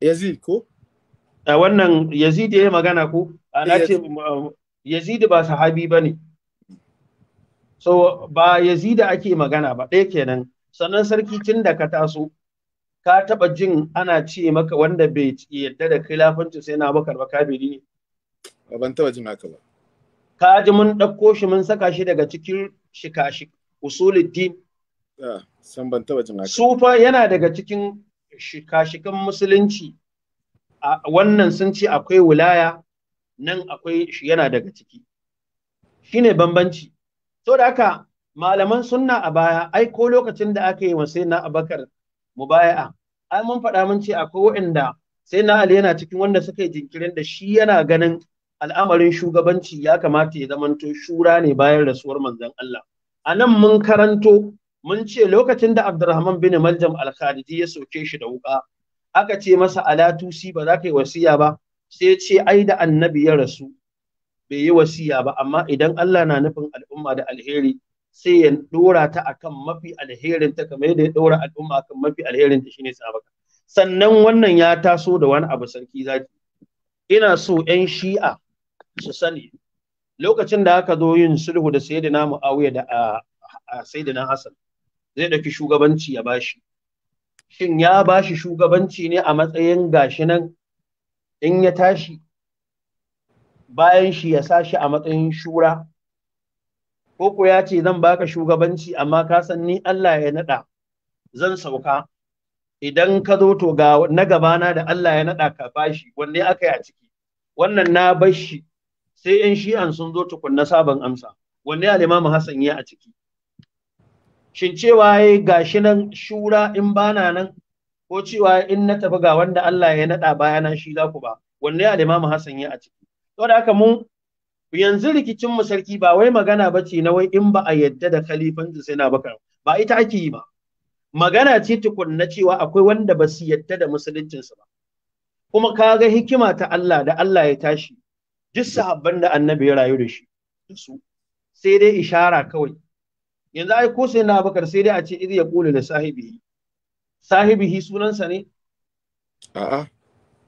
Yazid ko? A eh, wannan Yazid ya yi magana ko? Ana eh, ce eh, Yazid ba sahabi ba ne. So ba Yazid ake magana ba ɗaya kenan. Sannan sarki tun da ka taso ka taɓa jin ana ce maka wanda bai yadda da khilafancin sai na bakar ba kabiri ne. Ba Ban taɓa jin haka ba. Ka ji mun ɗauko shi mun saka shi daga cikin shika shi usulid din. Ah, San ban taɓa jin haka. Sufa yana daga cikin shika-shikan musulunci wannan sun ce akwai wilaya nan akwai shi yana daga ciki shine bambanci To da haka malaman sunna a baya ai ko lokacin da aka yi wasai na abakar mubaya'a ai mun faɗa mun ce akwai waɗanda sai na ali yana cikin wanda suka yi jinkirin da shi yana ganin al'amarin shugabanci ya kamata ya zamanto shura ne bayan rasuwar manzon Allah a nan mun karanto mun ce lokacin da Abdurrahman bin Maljam al-Khariji ya soke shi da wuka aka ce masa ala tusi ba za ka yi wasiya ba sai ce ai da annabi ya rasu bai yi wasiya ba amma idan Allah na nufin al'umma da alheri sai ya dora ta akan mafi alherin ta kamar yadda ya dora al'umma akan mafi alherin ta shine sabaka sannan wannan ya taso da wani abu sarki zaki ina so yan shi'a su sani lokacin da aka zo yin sulhu da sayyidina Muawiya da sayyidina Hassan zai ɗauki shugabanci ya bashi shin ya bashi shugabanci ne a matsayin gashi nan in ya tashi bayan shi ya sa shi a matsayin shura ko ko ya ce zan baka shugabanci amma ka san ni Allah ya naɗa zan sauka idan ka zo to ga na gabana da Allah ya naɗa ka bashi wanne aka yi a ciki wannan na bashi sai yan shi'an sun zo tukunna sabon amsa wanne alimamu Hassan ya a ciki shin cewa ya gashi nan shura in bana nan ko cewa in na tafi ga wanda Allah ya nada bayana shi za ku ba wanne ya imam Hassan ya a ciki to da haka mu yanzu rikicin mu sarki ba wai magana bace na wai in ba a yadda da khalifanci sai na bakar ba ita ake yi ba magana ce tukunna cewa akwai wanda ba su yadda da musuluncinsu ba kuma kaga hikima ta Allah da Allah ya tashi duk sahabban da annabi ya rayu da shi su sai dai ishara kawai yanzu ai ko sai na bakar sai dai a ce ya yaqulu da sahibihi sahibihi sunansa ne a'a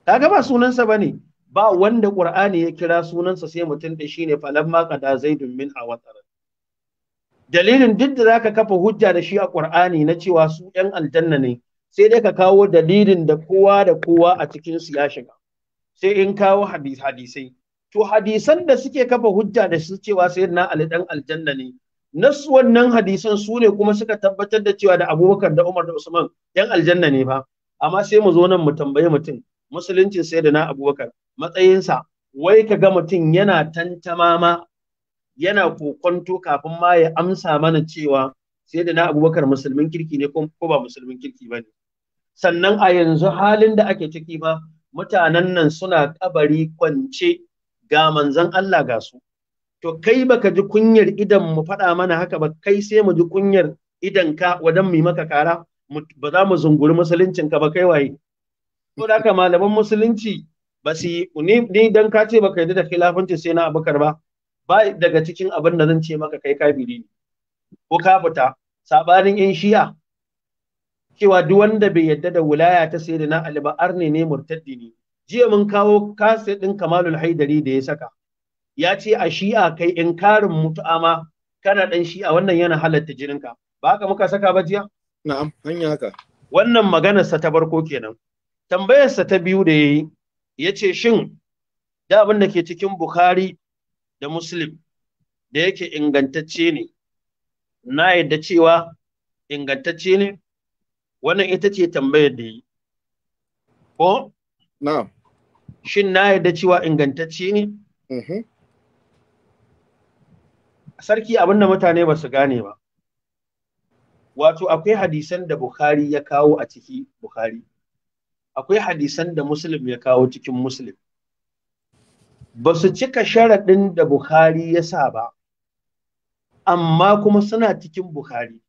kaga ba sunansa bane ba wanda qur'ani ya kira sunansa sai mutum da shine falamma qada zaidun min awatar dalilin duk da zaka kafa hujja da shi a qur'ani na cewa su yan aljanna ne sai dai ka kawo dalilin da kowa da kowa a cikin su ya shiga sai in kawo hadisai to hadisan da suke kafa hujja da su cewa sayyidina ali dan aljanna ne nasu wannan hadisan su ne kuma suka tabbatar da cewa da abubakar da umar da usman yan aljanna ne ba amma sai mu zo nan mu tambaye mutum musuluncin sai da na abubakar matsayinsa wai ka ga mutum yana tantama ma yana kokonto kafin ma ya amsa mana cewa sai da na abubakar musulmin kirki ne ko ba musulmin kirki ba ne sannan a yanzu halin da ake ciki ba, mutanen nan suna kabari kwance ga manzon Allah ga su to kai baka ji kunyar idan mu faɗa mana haka ba kai sai mu ji kunyar idan ka wajen mu maka kara ba za mu zunguri musuluncin ka ba kai waye ko da haka malaman musulunci ba su ni, ni dan ka ce baka yarda da khilafanci sai na abukar ba ba daga cikin abin da zan ce maka kai kabiri. ne ko ka sabanin yan shi'a cewa duk wanda bai yadda da wilaya ta sayyidina ali ba arne ne murtaddi ne jiya mun kawo kaset din kamalul haidari da ya saka ya ce a shi'a kai inkarin mutu'a ma kana dan shi'a wannan yana halatta jininka ba haka muka saka ba jiya na'am hanya haka wannan maganar sa ta barko kenan tambayar sa ta biyu da yayi yace shin da abin da ke cikin Bukhari da Muslim da yake ingantacce ne na yadda cewa ingantacce ne wannan ita ce tambayar da yi ko na'am shin na yadda cewa ingantacce ne mm-hmm. sarki abinda mutane ba su gane ba wato akwai hadisan da bukhari ya kawo a ciki bukhari akwai hadisan da muslim ya kawo cikin muslim ba su cika sharaɗin da bukhari ya sa ba amma kuma suna cikin bukhari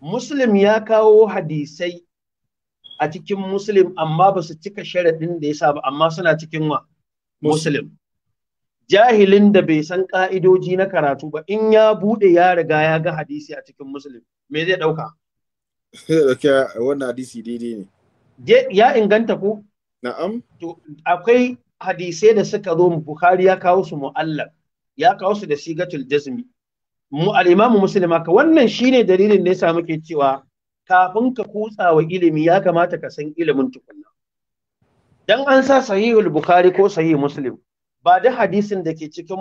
muslim ya kawo hadisai a cikin muslim amma ba su cika sharaɗin da ya sa ba amma suna cikin wa muslim jahilin da bai san ka'idoji na karatu ba in ya bude ya riga ya ga hadisi a cikin muslim me zai dauka dauka wannan hadisi daidai ne ya inganta ko na'am to akwai hadisai da suka zo bukhari ya kawo su mu'allaf ya kawo su da sigatul jazmi mu al-imamu muslim aka wannan shine dalilin ne yasa muke cewa kafin ka kutsa wa ilimi ya kamata ka san ilimin tukunna dan an sa sahihul bukhari ko sahih muslim ba da hadisin da ke cikin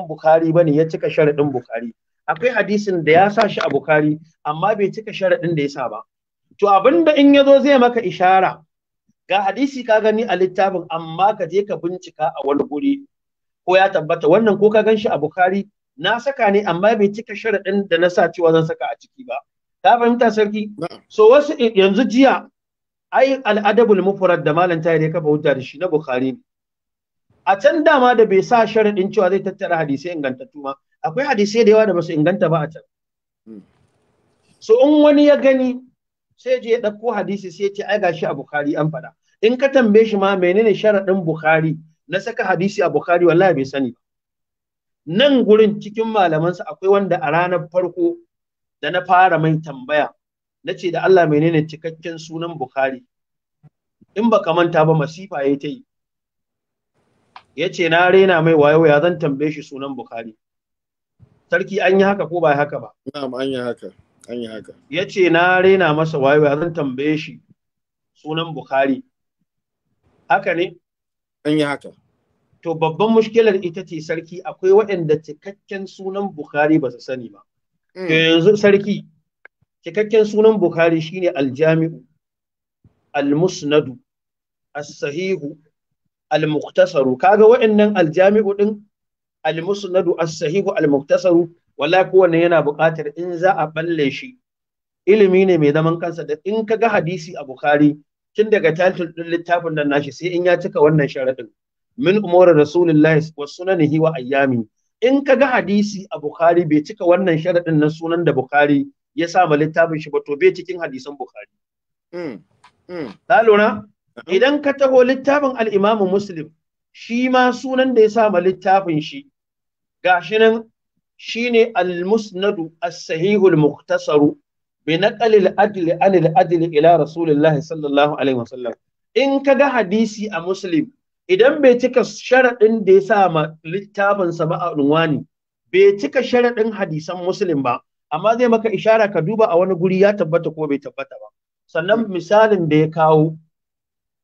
ba ne ya cika sharaɗin Bukhari akwai hadisin da ya sa shi a Bukhari amma bai cika sharaɗin da ya sa ba to abin da in ya zo zai maka ishara ga hadisi ka gani a littafin amma ka je ka bincika a wani guri ko ya tabbata wannan ko ka gan shi a Bukhari na saka ne amma bai cika sharaɗin da na sa cewa zan saka a ciki ba ka fahimta sarki so wasu yanzu jiya ai al'adabul mufrad da malam tayar ya kafa hujja da shi na Bukhari ne a can dama da bai sa sharaɗin cewa zai tattara hadisai ingantattu ma akwai hadisai da yawa da basu inganta ba a can hmm. so in wani ya gani sai je ya ɗauko hadisi sai ya ce ai gashi a bukhari an faɗa in ka tambaye shi ma menene sharaɗin bukhari na saka hadisi a bukhari wallahi bai sani ba nan gurin cikin malamansa akwai wanda a ranar farko da na fara mai tambaya na ce da Allah menene cikakken sunan bukhari in ba ka manta ba masifa ya ta yi ya ce na rena mai wayo ya zan tambaye shi sunan Bukhari. Sarki an yi haka ko ba haka ba? Na'am an yi haka. An yi haka. Ya ce na rena masa wayo ya zan tambaye shi sunan Bukhari. Haka ne? An yi haka. To babban mushkilar ita ce sarki akwai waɗanda cikakken sunan Bukhari ba su sani ba. Hmm. To yanzu sarki cikakken sunan Bukhari shine aljami'u, almusnadu, as-sahihu, al-muqtasaru kaga wa'annan al-jami'u din al-musnadu as-sahihu al-muqtasaru wallahi kowanne yana buƙatar in za a balle shi ilimi ne mai zaman kansa da in kaga hadisi a bukhari tun daga title din littafin nan nashi sai in ya cika wannan sharadin min umuri rasulillahi wa sunanihi wa ayyami in kaga hadisi a bukhari bai cika wannan sharadin na sunan da bukhari ya sa ma littafin shi ba to bai cikin hadisan bukhari mm. mm. lura Idan ka taho littafin al'imamu Muslim, shi ma sunan da ya sama littafin shi, shi nan shi ne al-musnadu as-sahihul muktasaru bi naqalil adli anil adli ila rasulillah sallallahu alaihi wasallam. In ka ga hadisi a Muslim, idan bai cika sharaɗin da ya sama littafinsa ba a unwani, bai cika sharaɗin hadisan Muslim ba, amma zai maka ishara ka duba a wani guri ya tabbata ko bai tabbata ba. Sannan misalin da ya kawo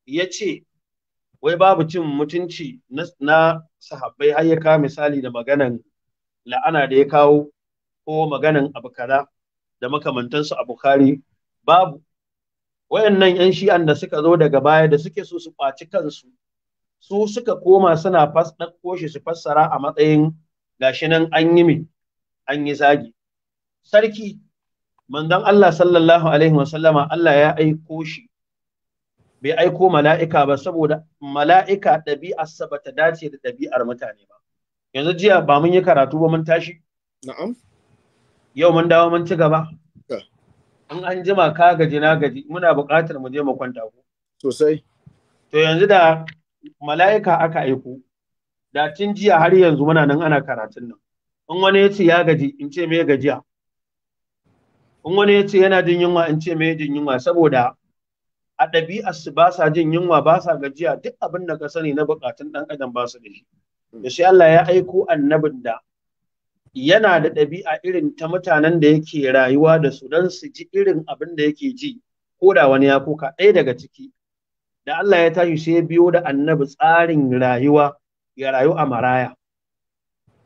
ya ce wai babu cin mutunci na sahabbai har ya kawo misali da maganan la'ana da ya kawo ko maganan abu kaza da makamantansu a bukari babu wayannan yan shi'an da suka zo daga baya da suke so su kwaci kansu su suka koma suna ɗauko shi su fassara a matsayin gashi nan an yi min an yi zagi sarki manzon Allah sallallahu alaihi wasallama Allah ya aiko shi bai aiko mala'ika ba saboda mala'ika ɗabi'arsa ba ta dace da ɗabi'ar mutane ba yanzu jiya ba mun yi karatu ba mun tashi na'am yau mun dawo mun ci gaba An an jima ka gaji na gaji muna buƙatar mu je mu kwanta ku sosai to yanzu da mala'ika aka aiko da tun jiya har yanzu muna nan ana karatun nan in wani ya ce ya gaji in ce me gajiya in wani ya ce yana jin yunwa in ce me jin yunwa saboda a ɗabi'arsu ba sa jin yunwa ba sa gajiya duk abin da ka sani na buƙatun ɗan adam ba su da shi da shi Allah ya aiko annabin da yana da ɗabi'a irin ta mutanen da yake rayuwa da su don su ji irin abin da yake ji ko da wani ya kuka ɗaya daga ciki da Allah ya tashi sai ya biyo da annabi tsarin rayuwa ya rayu a maraya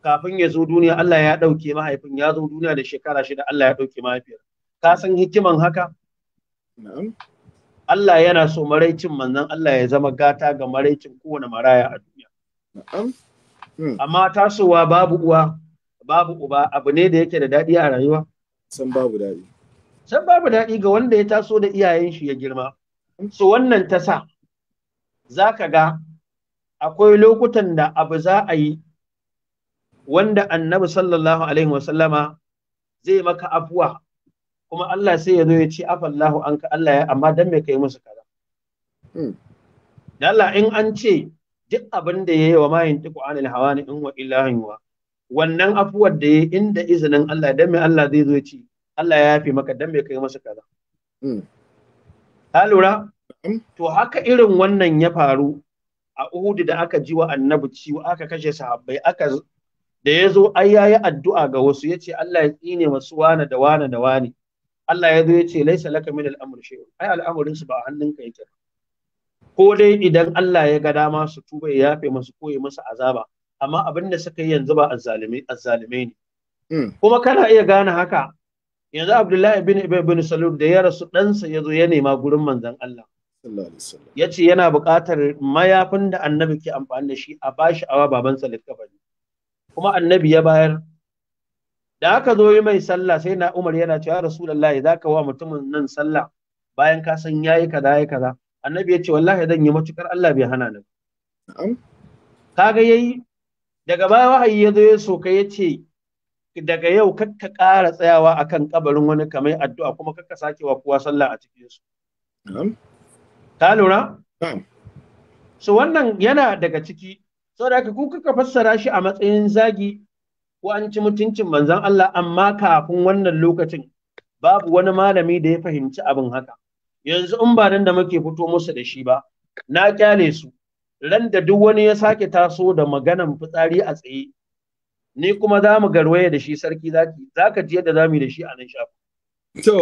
kafin ya zo duniya Allah ya ɗauke mahaifin ya zo duniya da shekara shida Allah ya ɗauke mahaifiyar ka san hikiman haka Allah yana so maraicin manzon Allah ya zama gata ga maraicin kowane maraya a duniya hmm. amma tasowa babu uwa babu uba abu ne da yake da daɗi a rayuwa san babu daɗi san babu daɗi ga wanda ya taso da iyayen shi ya girma so wannan ta sa za ka ga akwai lokutan da abu za a yi wanda annabi sallallahu alaihi wasallama zai maka afuwa kuma Allah sai ya zo ya ce afallahu anka Allah ya amma dan me kai musu kaza hmm. da in an ce duk abin da yayi wa mayin tiku anil hawani in wa illahin wa wannan afuwar da yayi inda izinin Allah dan me Allah zai zo ya ce Allah ya yafi maka dan me kai musu kaza Ta hmm. lura hmm. to haka irin wannan ya faru a Uhud da aka ji wa annabi ciwo aka kashe sahabbai aka da ya zo ai yayi addu'a ga wasu ya ce Allah ya tsine masu wane da wane da wane Allah ya zo ya ce laisa laka min al'amr shay'u ai al'amarin su ba a hannunka yake ko dai idan Allah ya ga dama su tuba ya yafe masu koyi musu azaba amma abin da suka yi yanzu ba azzalime azzalime ne hmm. kuma kana iya gane haka yanzu Abdullahi bin Ibn bin Salul da ya rasu ɗansa ya zo ya nema gurin manzon Allah ya ce yana buƙatar mayafin da annabi ke amfani da shi a bashi awa babansa littafa kuma annabi ya bayar da aka zo yi mai sallah sai na Umar yana cewa Rasulullahi za ka wa mutumin nan sallah bayan ka san yayi kaza yayi kaza annabi ya ce wallahi zan yi matukar Allah bai hana ni kaga yayi daga baya wahayi ya zo ya soka ya ce daga yau kakka ƙara tsayawa akan kabarin wani kamar addu'a kuma kakka sake wa kowa sallah a cikin su ta lura so wannan yana daga ciki saboda ku kuka fassara shi a matsayin zagi ko an ci mutuncin manzon Allah amma kafin wannan lokacin babu wani malami da ya fahimci abin haka yanzu in ba nan da muke fito musu da shi ba na kyale su ran da duk wani ya sake taso da maganan fitsari a tsaye ni kuma za mu garwaye da shi sarki zaki zaka ji yadda zamu yi da shi a nan shafi to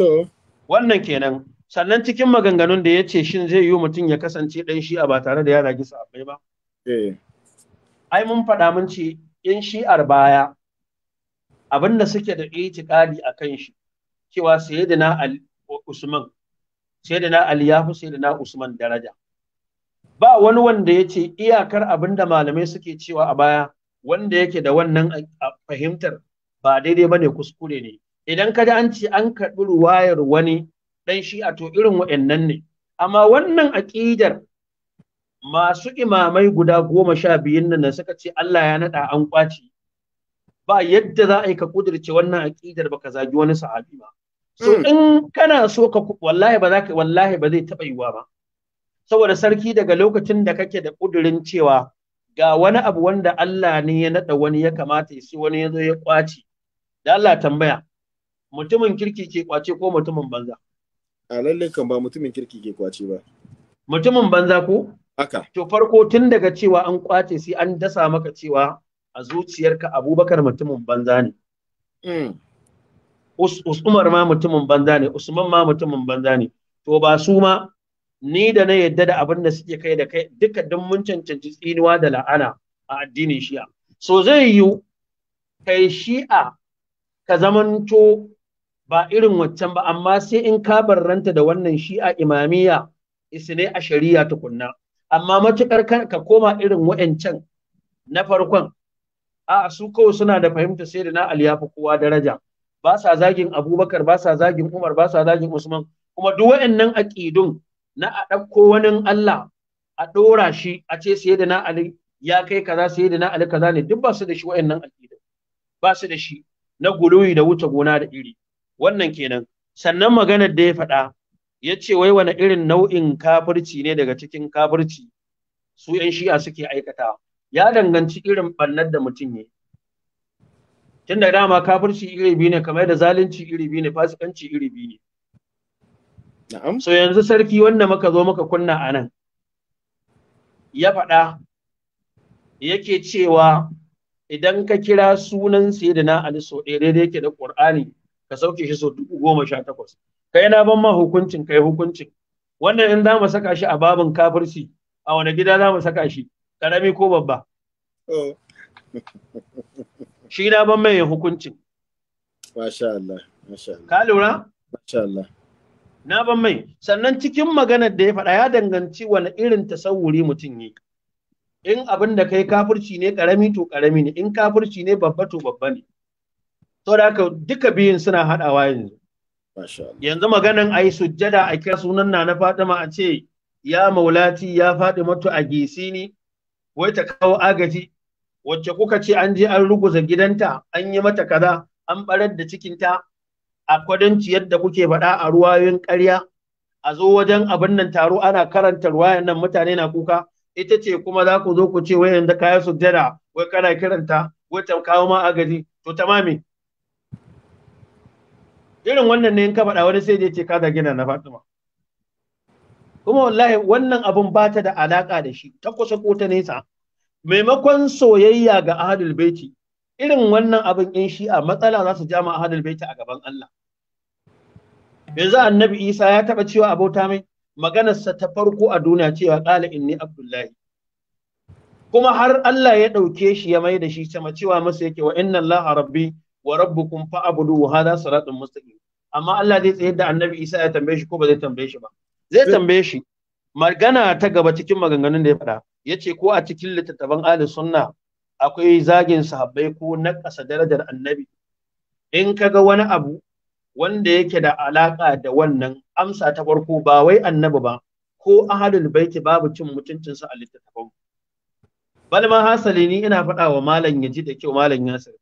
to wannan kenan sannan cikin maganganun da ya ce shin zai yi mutum ya kasance dan shi'a ba tare da yana ragi sahabbai ba eh ai mun faɗa mun ce in shi'ar baya abinda suke da itikadi a kan shi cewa sayyidina Usman sayyidina Ali ya fi sayyidina Usman daraja ba wani wanda ya ce iyakar abinda malamai suke cewa a baya wanda yake da wannan fahimtar ba daidai ba ne kuskure ne idan ka an ce an karɓi ruwayar wani dan shi a to irin wa'annan ne amma wannan aƙidar masu imamai guda goma sha biyun nan suka ce Allah ya naɗa an kwaci ba yadda za a yi ka kudirce wannan aƙidar ba ka zagi wani sahabi ba so hmm. in kana so ka wallahi ba za ka wallahi ba zai taɓa yiwuwa ba saboda sarki daga lokacin da kake da kudirin cewa ga wani abu wanda Allah ne ya naɗa wani ya kamata ya sai wani ya zo ya kwaci da Allah tambaya mutumin kirki ke kwace ko mutumin banza a lallai kan ba mutumin kirki ke kwace ba mutumin banza ko haka to farko tun daga cewa an kwace sai an dasa maka cewa a zuciyarka abubakar mutumin banza ne mm. Umar ma mutumin banza ne, Usman ma mutumin banza ne, to ba su ma ni da na yadda da abin da suke kai da kai duka don mun cancanci tsinuwa da la'ana a addinin shi'a. So zai yiwu kai shi'a ka zamanto ba irin waccan ba, amma sai in ka barranta da wannan shi'a Imamiya, isne a shari'a tukunna. amma matukar ka koma irin wa'ancan na farkon a su kawai suna da fahimta sai da na aliyafa kowa daraja ba sa zagin Abubakar ba sa zagin Umar ba sa zagin Usman kuma duk wa'annan aqidun na a ɗauko wani Allah a ɗora shi a ce sai da na Ali ya kai kaza sai da na Ali kaza ne duk ba su da shi wa'annan aqidun ba su da shi na guluyi da wuce gona da iri wannan kenan sannan maganar da ya faɗa ya ce wai wani irin nau'in kafirci ne daga cikin kafirci su 'yan shi'a suke aikata ya danganci irin ɓannar da mutum ne tun da dama kafirci iri biyu ne kamar da zalunci iri biyu ne fasikanci iri biyu ne so yanzu sarki wanda muka zo muka kunna a nan ya faɗa yake cewa idan ka kira sunan sayyidina Ali so ɗaya daidai yake da ƙur'ani, ka sauke shi so dubu goma sha takwas kai na ban ma hukuncin kai hukuncin wannan in za mu saka shi a babin kafirci a wani gida za mu saka shi karami ko babba oh. shi na ban mai hukuncin masha Allah masha Allah ka lura masha Allah na ban mai sannan cikin maganar da ya faɗa ya danganci wani irin tasawuri mutum yi in abin da kai kafirci ne karami to karami ne in kafirci ne babba to babba ne to da haka duka biyun suna haɗawa yanzu yanzu maganan a sujjada a kira sunan na na Fatima a ce ya maulati ya faɗi matu a gisi ni wai ta kawo agaji wacce kuka ce an je an ruguza gidanta an yi mata kaza an barar da cikinta a kwadanci yadda kuke faɗa a ruwayoyin ƙarya a zo wajen abin nan taro ana karanta ruwayan nan mutane na kuka ita ce kuma za ku zo ku ce wai yanzu yi sujjada wai kana kiranta wai ta kawo ma agaji to tamami irin wannan ne in ka faɗa wani sai ya ce ka gina na Fatima kuma wallahi wannan abun ba ta da alaka da shi ta kusa ko ta nesa maimakon soyayya ga ahadul baiti irin wannan abin in shi a matsala za su ja ma ahadul baiti a gaban Allah yanzu annabi Isa ya taba cewa abota mai maganarsa ta farko a duniya cewa qala inni abdullahi kuma har Allah ya ɗauke shi ya mai da shi sama cewa masa yake wa inna Allah rabbi wa rabbukum fa'budu hada siratun mustaqim amma Allah zai tsaye da Annabi Isa ya tambaye shi ko ba zai tambaye shi ba zai eh. tambaye shi magana ta gaba cikin maganganun da ya faɗa yace ko a cikin littattafan ahli sunna akwai zagin sahabbai ko nakasa darajar Annabi in kaga wani abu wanda yake da alaka da wannan amsa ta farko ba wai Annabi ba ko ahlul baiti babu cin mutuncin mutuncinsa a littattafan bal ma hasali ni ina faɗa wa malam yaji da kyau malam yasir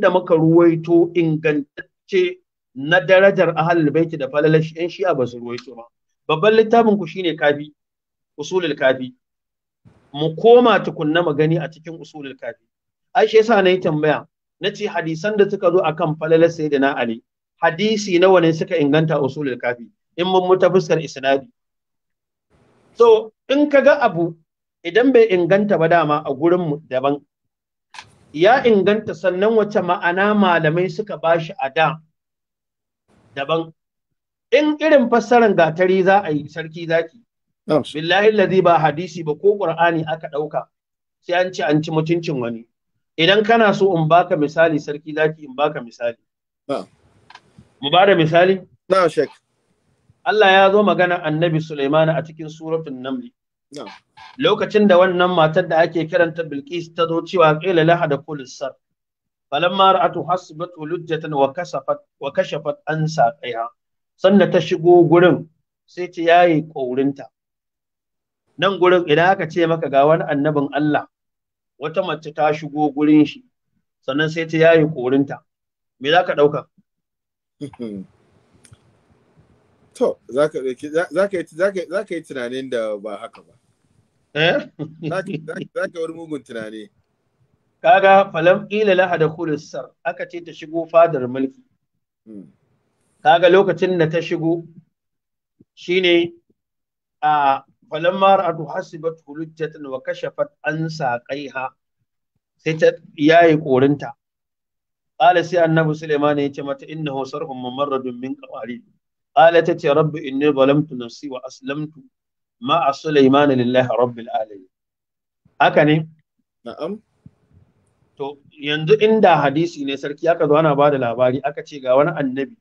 da muka ruwaito ingantacce na darajar ahlul baiti da falalashi yan shi'a ba su ruwaito ba babban littafin ku shine kafi usulul kafi mu koma tukunna magani a cikin usulul kafi ai shi yasa yi tambaya Na ce hadisan da suka zo akan falalar sayyidina ali hadisi nawa ne suka inganta usulul kafi in mun muta fuskar isnadi so in ka ga abu idan bai inganta ba dama a gurin mu daban ya inganta sannan wace ma'ana malamai suka bashi a da daban in irin fassarar gatari za a yi sarki zaki billahi lazi ba hadisi ba ko qur'ani aka dauka sai an ci an ci mutuncin wani idan kana so in baka misali sarki zaki in baka misali mu ba da misali na shek Allah ya zo magana annabi Sulaiman a cikin suratul Naml lokacin da wannan matar da ake kiranta Bilqis ta zo cewa kila laha da kulisar falamma ra'atu hasbatu lujjatan wa kasafat wa kashafat an saqiha sannan ta shigo gurin sai ta yayi ƙaurinta nan gurin idan aka ce maka ga wani annabin Allah wata mace ta shigo gurin shi sannan sai ta yayi ƙorinta me za ka ɗauka To, za ka yi tunanin da ba haka ba. Eh? Za ka wani mugun tunani. Kaga falam ƙila lahada da kulisar aka ce ta shigo fadar mulki. Hmm. Kaga lokacin da ta shigo shi ne a falam mara adu hasibat hulujjatan wa kashafat an saƙaiha sai ta yayi korinta. Ƙala sai annabi Suleiman ya ce mata innahu sarhun mamarradun min qawari. قالت تتي رب إني ظلمت نفسي وأسلمت مع سليمان لله رب العالمين haka ne na'am to yanzu inda hadisi ne sarki aka zo ana bada labari aka ce ga wani annabi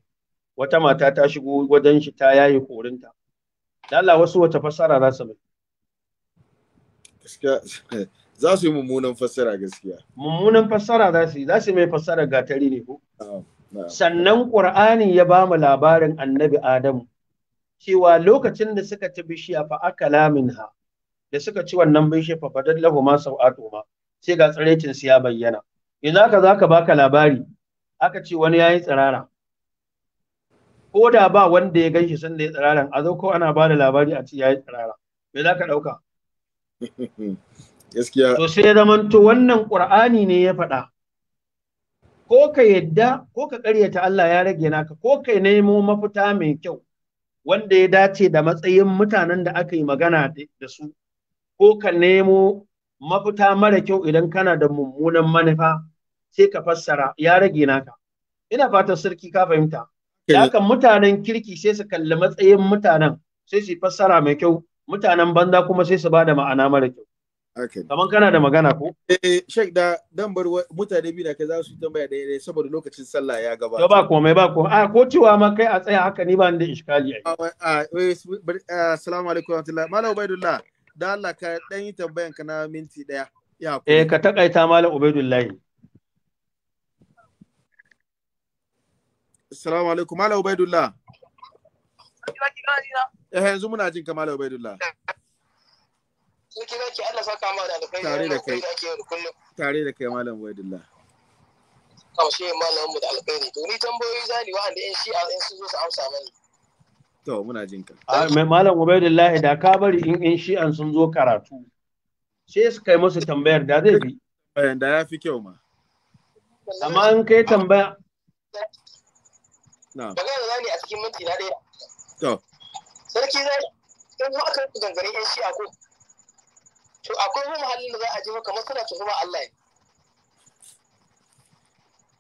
wata mata ta shigo wajen shi ta yaye korinta Allah wasu wata fasara za su mai za su yi mummunan fasara gaskiya mummunan fasara za su yi za su mai fasara gatari ne ko sannan ƙur'ani ya ba mu labarin annabi adamu cewa lokacin da suka ci bishiya fa lamin ha. da suka ci wannan bishiya fa lahu ma sau'atu ma sai ga tsirecin su ya bayyana yanzu ka ba baka labari aka ce wani yayi tsirara ko da ba wanda ya ganshi sanda ya tsiraran a zo ko ana ba da labari a ce yayi tsirara me za ka gaskiya to sai zamanto wannan ƙur'ani ne ya faɗa ko ka yadda ko ka ƙaryata Allah ya rage naka ko ka nemo mafita mai kyau wanda ya dace da matsayin mutanen da aka yi magana da su ko ka nemo mafita mara kyau idan kana da mummunan manufa sai ka fassara ya rage naka ina fatan sarki ka fahimta Dakan eh. mutanen kirki sai su kalli matsayin mutanen sai su fassara mai kyau mutanen banza kuma sai su ba da ma'ana mara kyau Kaman kana da magana ko? Eh, Sheikh da dan bar mutane biyu da kai za su yi tambaya ɗaya ɗaya saboda lokacin sallah ya gabata. Ba komai ba komai. Ah, ko cewa ma kai a tsaya haka ni ba ni da iskali ai. Ah, assalamu alaikum wa rahmatullah. Malam Ubaidullah, da Allah ka dan yi tambayan ka na minti daya. Ya. Eh, ka takaita Malam Ubaidullah. Assalamu alaikum Malam Ubaidullah. Eh, yanzu muna jin ka Malam Ubaidullah. Sarki ki Allah saka ma da Tare da kai. Tare da kai malam Waidullah. Kaushe malamin mu da alkhairi. To ni tambayoyi zani wa'anda in shi in su zo su amsa mani. To muna jin ka. Ah, Mai malam Ubaidullahi da ka bari in in shi an sun zo karatu. Sai su kai musu tambayar da zai bi. Eh, da ya fi kyau ma. Amma in kai tambaya. Na. Magana za ne a cikin minti na ɗaya. To. Sarki zai in ma aka in shi'a ko to akwai wani halin da za a ji maka masana ta zama Allah ne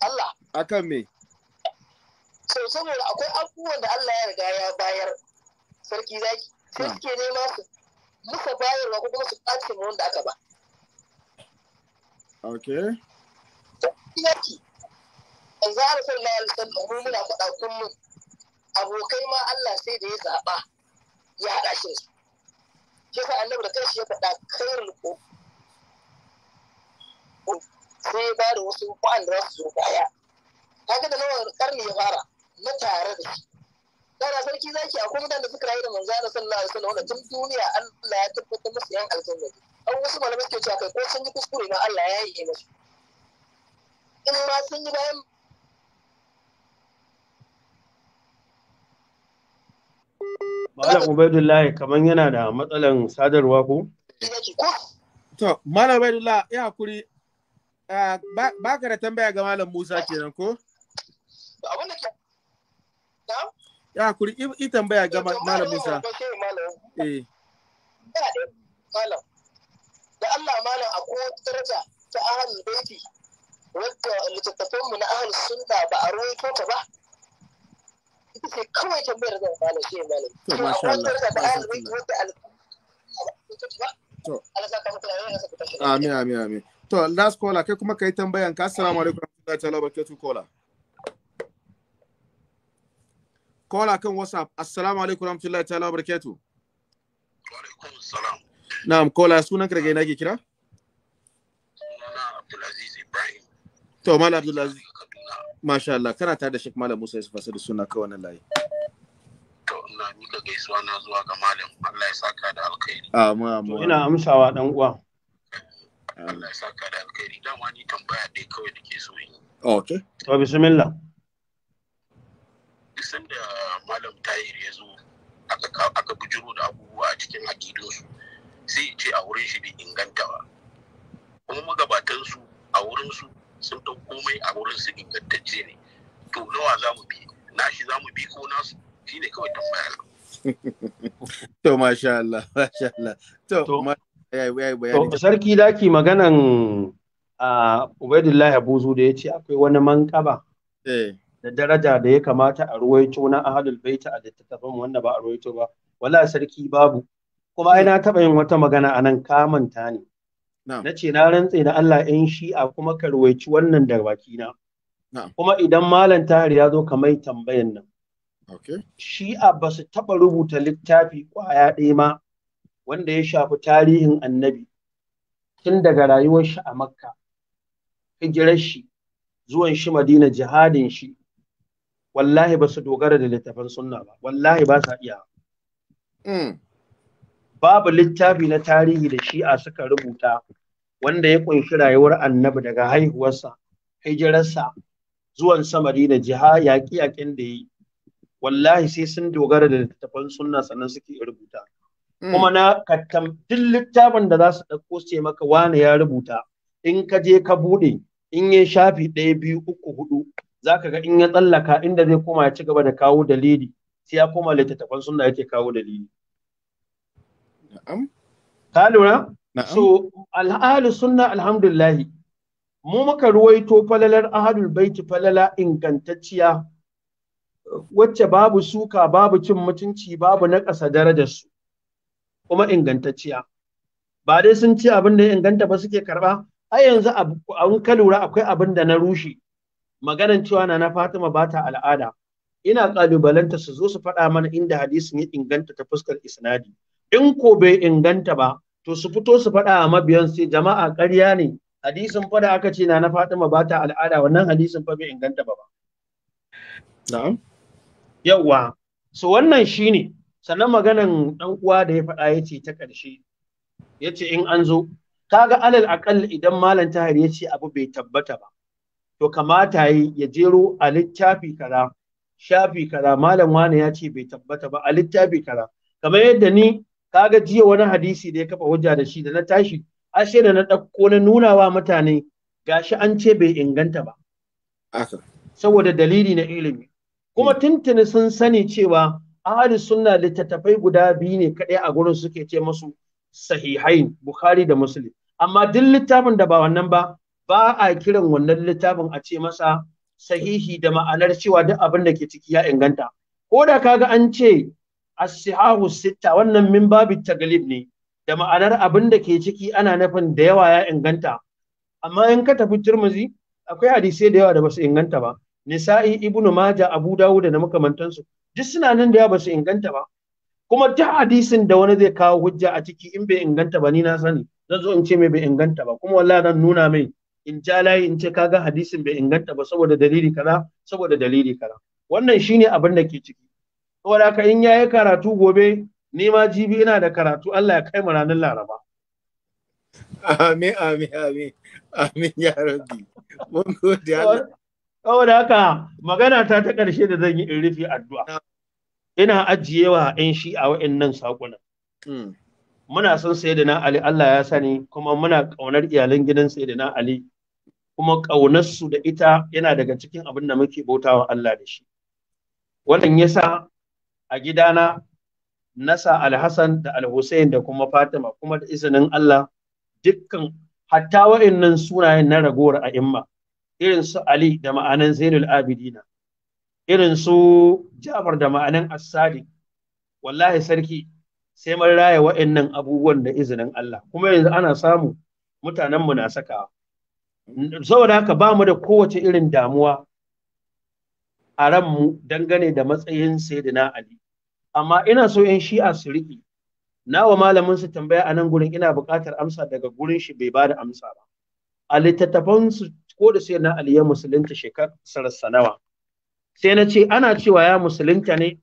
Allah akan me so saboda akwai abubuwan da Allah ya riga ya bayar sarki zaki sai suke nema su musa bayarwa ko kuma su ɓace mu wanda aka ba okay yaki yanzu har sai na yalsan mu muna faɗa kullum abokai ma Allah sai da ya zaba, ya haɗa shi shi sa annabi da kanshi ya faɗa kairul ko sai ba bada wasu wa'anda za su zo baya ga da nawa karni ya fara na tare da shi dara sarki zaki akwai mutanen da suka rayu da manzo Allah sallallahu alaihi wasallam tun duniya Allah ya tabbatar musu yan aljanna an wasu malamai ke cewa kai ko sun yi kuskure ma Allah ya yi masu in ma sun yi bayan Malam Ubaidullah kamar yana da matsalan sadarwa ko? To, Malam Ubaidullah ya hakuri eh, ba ka da tambaya ga Malam Musa kenan ko? Ya hakuri i tambaya ga Malam Musa. Eh. Malam, da Allah Malam a kowace daraja ta ahal baiti wadda littattafanmu na ahal sunna ba a ruwaito ta ba. ita kawai tambayar zan malam to Allah Amin, amin, amin. To, last caller, kai kuma ka yi tambayan ka, assalamu alaikum wa ta'ala barkatu caller. Caller kan WhatsApp, assalamu alaikum wa rahmatullahi ta'ala barkatu. Wa alaikum Na'am, caller, sunan ka daga ina ke kira? Sunana Abdulaziz Ibrahim. To, Malam Abdulaziz. Masha Allah, kana tare da Sheikh Malam Musa Yusuf sadu suna kawai nan layi. To, ina miƙa gaisuwa na zuwa ga Malam, Allah ya saka da alkhairi. amma. To, Ina amsawa ɗan uwa. Allah ya saka da alkhairi, dama ni tambaya dai kawai da ke so yi. ok. To, bismillah. Duk sanda Malam Tahir ya zo aka bujiro da abubuwa a cikin akidosu, sai ce a wurin shi bai ingantawa Kuma magabatansu a wurinsu sun ta komai a wurin su ingantacce ne to nawa za mu bi na shi za mu bi ko nasu shi ne kawai tambaya to masha Allah masha Allah to to sarki daki maganan a Ubaidullahi Abuzu da ya ce akwai wani mankaba eh. da daraja da ya kamata a ruwaito na ahadul baita a littattafan wanda ba a ruwaito ba wala sarki babu kuma ai na taɓa yin wata magana anan kamanta ne na ce na rantse da Allah in shi'a kuma ka ruwaici wannan da bakina kuma idan malam tahir ya zo kamar tambayan nan shi'a ba su taɓa rubuta littafi kwaya ɗaya ma wanda ya shafi tarihin annabi tun daga rayuwar shi a makka hijirar shi zuwan shi madina jihadin shi wallahi ba su dogara da littafan sunna ba wallahi ba sa iya hmm. babu littafi na tarihi da shi'a suka rubuta wanda ya ƙunshi rayuwar annabi daga haihuwarsa hijirarsa zuwan samari da jiha yaƙi yaƙin da yi wallahi sai sun dogara da littafan sunna sannan suke rubuta mm. kuma na kattam duk littafin da za su ɗauko su maka wane ya rubuta in ka je ka buɗe in ya shafi ɗaya biyu uku hudu za ka ga in ya tsallaka inda zai koma ya ci gaba da kawo dalili sai ya koma littattafan sunna yake kawo dalili ka lura So, al'ahalu sunna alhamdulillahi, mu muka ruwaito falalar ahadul baiti falala ingantacciya wacce babu suka babu cin mutunci babu na ƙasa darajarsu kuma ingantacciya. Ba dai sun ce abin da ya inganta ba suke karɓa, ai yanzu a ka lura akwai abin da na rushe. Maganan cewa na na Fatima ba ta al'ada. Ina ƙalubalanta su zo su faɗa mana inda hadisin ya inganta ta fuskar isnadi. In ko bai inganta ba, to su fito su faɗa a mabiyan sai jama'a ƙarya ne hadisin fa da aka ce na na Fatima ba ta al'ada wannan hadisin fa bai inganta ba na'am yawa so wannan shine sannan maganan dan uwa da ya faɗa yace ta ƙarshe yace in an zo kaga alal aqal idan malam tahir yace abu bai tabbata ba to kamata yi ya jero a littafi kara, shafi kaza malam wani ya ce bai tabbata ba a littafi kara, kamar yadda ni kaga jiya wani hadisi da ya kafa hujja da shi da na tashi ashe da na ɗauko na nuna wa mutane gashi an ce bai inganta ba saboda dalili na ilimi kuma hmm. tuntuni sun sani cewa ahli sunna littattafai guda biyu ne kaɗai a gurin suke ce masu sahihain bukhari da muslim amma duk littafin da ba wannan ba ba a kiran wannan littafin a ce masa sahihi da ma'anar cewa duk abin da ke ciki ya inganta ko da kaga an ce as-sihahu wannan min babu taglib ne da ma'anar abin da ke ciki ana nufin da yawa ya inganta amma in ka tafi turmuzi akwai hadisai da yawa da basu inganta ba nisa'i ibnu maja abu dawud da makamantansu duk suna nan da yawa basu inganta ba kuma ta hadisin da wani zai kawo hujja a ciki in bai inganta ba ni na sani zan zo in ce mai bai inganta ba kuma wallahi zan nuna mai in ja layi in ce kaga hadisin bai inganta ba saboda dalili kaza saboda dalili kaza wannan shine abin da ke ciki saboda haka in yayi karatu gobe ni ma jibi ina da karatu Allah ya kai mu ranar Laraba amin amin amin amin ya rabi. mun gode Allah saboda haka magana ta ta ƙarshe da zan yi in rufe addu'a ina ajiyewa wa 'yan shi'a wayannan saƙuna. Hmm. muna son sayyidina Ali Allah ya sani kuma muna ƙaunar iyalan gidan sayyidina Ali kuma ƙaunarsu da ita yana daga cikin abin da muke bautawa Allah da shi wannan yasa a gidana nasa alhassan da alhussein da kuma fatima kuma da izinin Allah dukkan hatta wa'annan sunayen na ragowar a imma, irin su ali da ma'anan zainul abidina irin su jafar da ma'anan as-sadiq wallahi sarki sai mun raya wa'annan abubuwan da izinin Allah kuma yanzu ana samu mutanenmu mu na sakawa saboda haka ba mu da kowace irin damuwa a ran ranmu dangane da matsayin sayyidina ali amma ina so yan shi'a su riƙe nawa malamin su tambaya a nan gurin ina buƙatar amsa daga gurin shi bai ba da amsa ba a littattafan su ko da sai na aliyar musulunta shekarar sanawa sai na ce ana cewa ya musulunta ne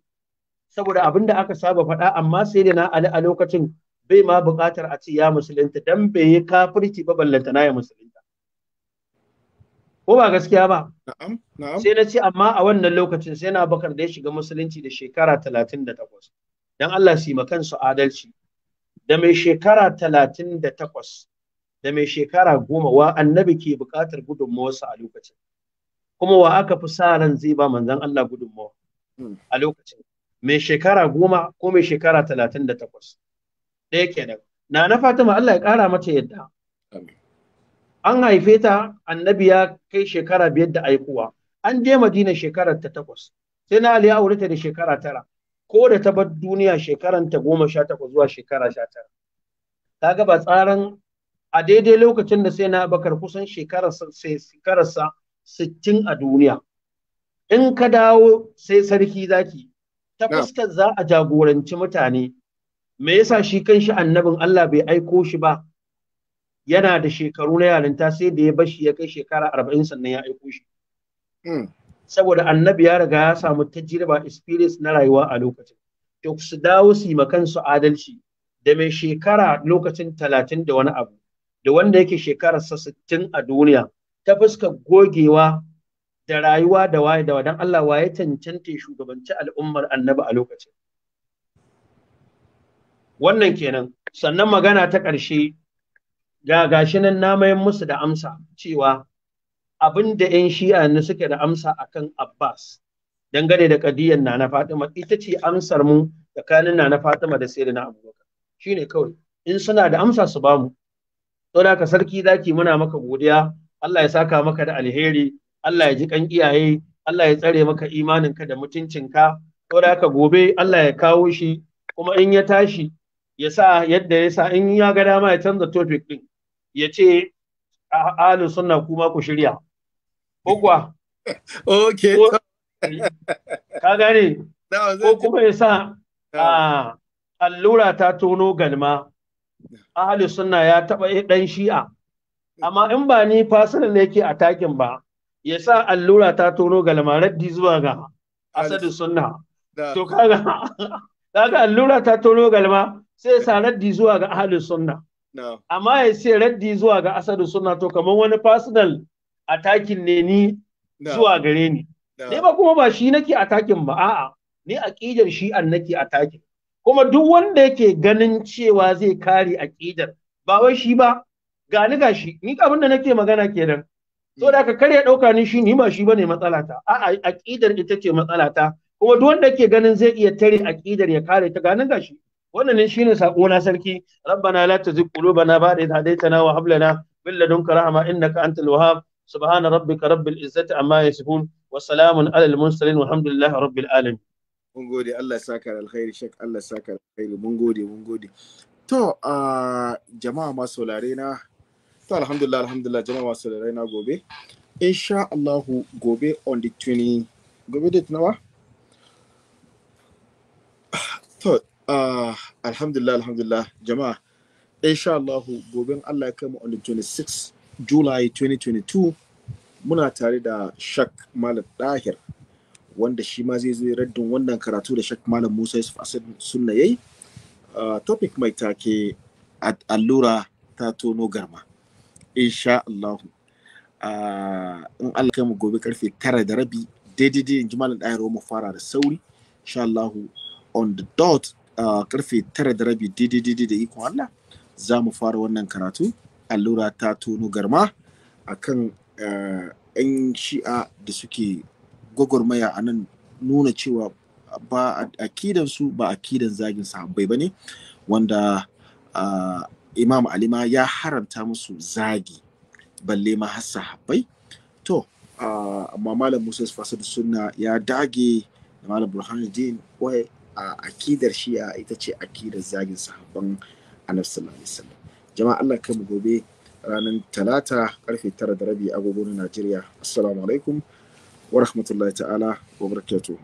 saboda abin da aka saba faɗa amma sai da na ali a lokacin bai ma buƙatar a ce ya musulunta dan bai yi kafirci ba ballanta na ya musulunta ko ba gaskiya ba sai na ce amma a wannan lokacin sai na bakar da ya shiga musulunci da shekara talatin da takwas don Allah su yi kansu adalci da mai shekara talatin da takwas da mai shekara goma wa annabi ke buƙatar gudunmawarsa a lokacin kuma wa aka fi sa ran zai ba manzan Allah gudunmawa hmm. a lokacin mai shekara goma ko mai shekara talatin da takwas ɗaya kenan na na fatima Allah ya ƙara mata yadda an haife ta annabi ya kai shekara biyar da aikuwa an je madina shekarar ta takwas sai na ali ya aure ta da shekara tara ko da ta bar duniya shekaran ta goma sha takwas zuwa shekara sha tara Ta gaba tsaran a daidai lokacin da sai na bakar kusan shekararsa sittin a duniya in ka dawo sai sarki zaki ta fuskar za a jagoranci mutane me yasa shi kanshi annabin Allah bai aiko shi ba yana da shekaru na yarinta sai da ya bashi ya kai shekara arba'in sannan ya aiko shi hmm. saboda annabi ya riga ya samu tajriba experience na rayuwa a lokacin to su dawo su yi kansu adalci da mai shekara lokacin talatin da wani abu da wanda yake shekararsa sittin a duniya ta fuskar gogewa da rayuwa da waye da wadan Allah waye cancanta shugabanci al'ummar annabi a lokacin wannan kenan sannan magana ta ƙarshe ga gashi nan na musu da amsa cewa abin da 'yan shi'a ne suke da amsa akan Abbas dangane da kadiyar Nana Fatima ita ce amsar mu tsakanin Nana Fatima da Sayyidina Abubakar shine kawai in suna da amsa su bamu da ka sarki zaki muna maka godiya Allah ya saka maka da alheri Allah ya ji kan iyaye Allah ya tsare maka imaninka da mutuncinka da ka gobe Allah ya kawo shi kuma in ya tashi ya sa yadda ya sa in ya ga dama ya canza topic din ya ce ahalin suna kuma ku shirya ko kuwa ka gane ko kuma ya sa allura ta tono galma ahalin suna ya taba ɗan shi'a amma in ba ni fasirin ne yake a takin ba ya sa allura ta tono galma raddi zuwa ga asadin suna. to kaga kaga allura ta tono galma sai sa raddi zuwa ga ahalin suna. amma ya ce raddi zuwa ga asadu suna to kamar wani personal takin ne ni zuwa gare ni ne ba kuma ba shi nake takin ba a'a ni aqidar shi an nake takin. kuma duk wanda yake ganin cewa zai kare aqidar ba wai shi ba ga ga shi ni abin da nake magana kenan hmm. so da ka karya ɗauka ni shi ni ba shi bane matsalata a'a aƙidar ita ce matsalata kuma duk wanda yake ganin zai iya tare aƙidar ya kare ta ganin shi. wannan ne shine sako na sarki rabbana la tuzigh qulubana ba'da idh hadaytana wa hab lana min ladunka rahma innaka antal wahhab subhana rabbika rabbil izzati amma yasifun wa salamun alal mursalin walhamdulillahi rabbil alamin mun gode Allah saka alkhairi shek Allah saka alkhairi mun gode mun gode to jama'a na to alhamdulillah alhamdulillah jama'a masu saurare na gobe insha Allah gobe on the 20 gobe date nawa to Uh, alhamdulillah, alhamdulillah, jama'a. Insha Allah gobin Allah ya mu on the 26 July 2022 muna tare da Shak Malam Dahir wanda shi ma zai zai raddin wannan karatu da Shak Malam Musa Yusuf Asad Sunna yayi. Uh, ah, topic mai take allura ta tono garma. Insha Allah ah, in Allah kai mu gobe karfe tara da rabi daidai da jimalin Dahir mu fara da sauri. Insha Allah on the dot karfe tara da rabi daidai da ikon Allah za mu fara wannan karatu allura ta tono garma a kan yan shi'a da suke gwagwarmaya a nan nuna cewa ba akidan su ba akidan zagin sahabbai ba ne wanda imam alima ya haramta musu zagi balle ma har sahabbai to amma malam musa da sunna ya dage da malam burhanuddin wai A akidar shi'a ita ce akidar zagin sahabban annabi sallallahu alaihi jama'a Allah kai gobe ranar talata karfe tara da rabi agogo na Najeriya assalamu alaikum wa rahmatullahi ta'ala wa barakatuh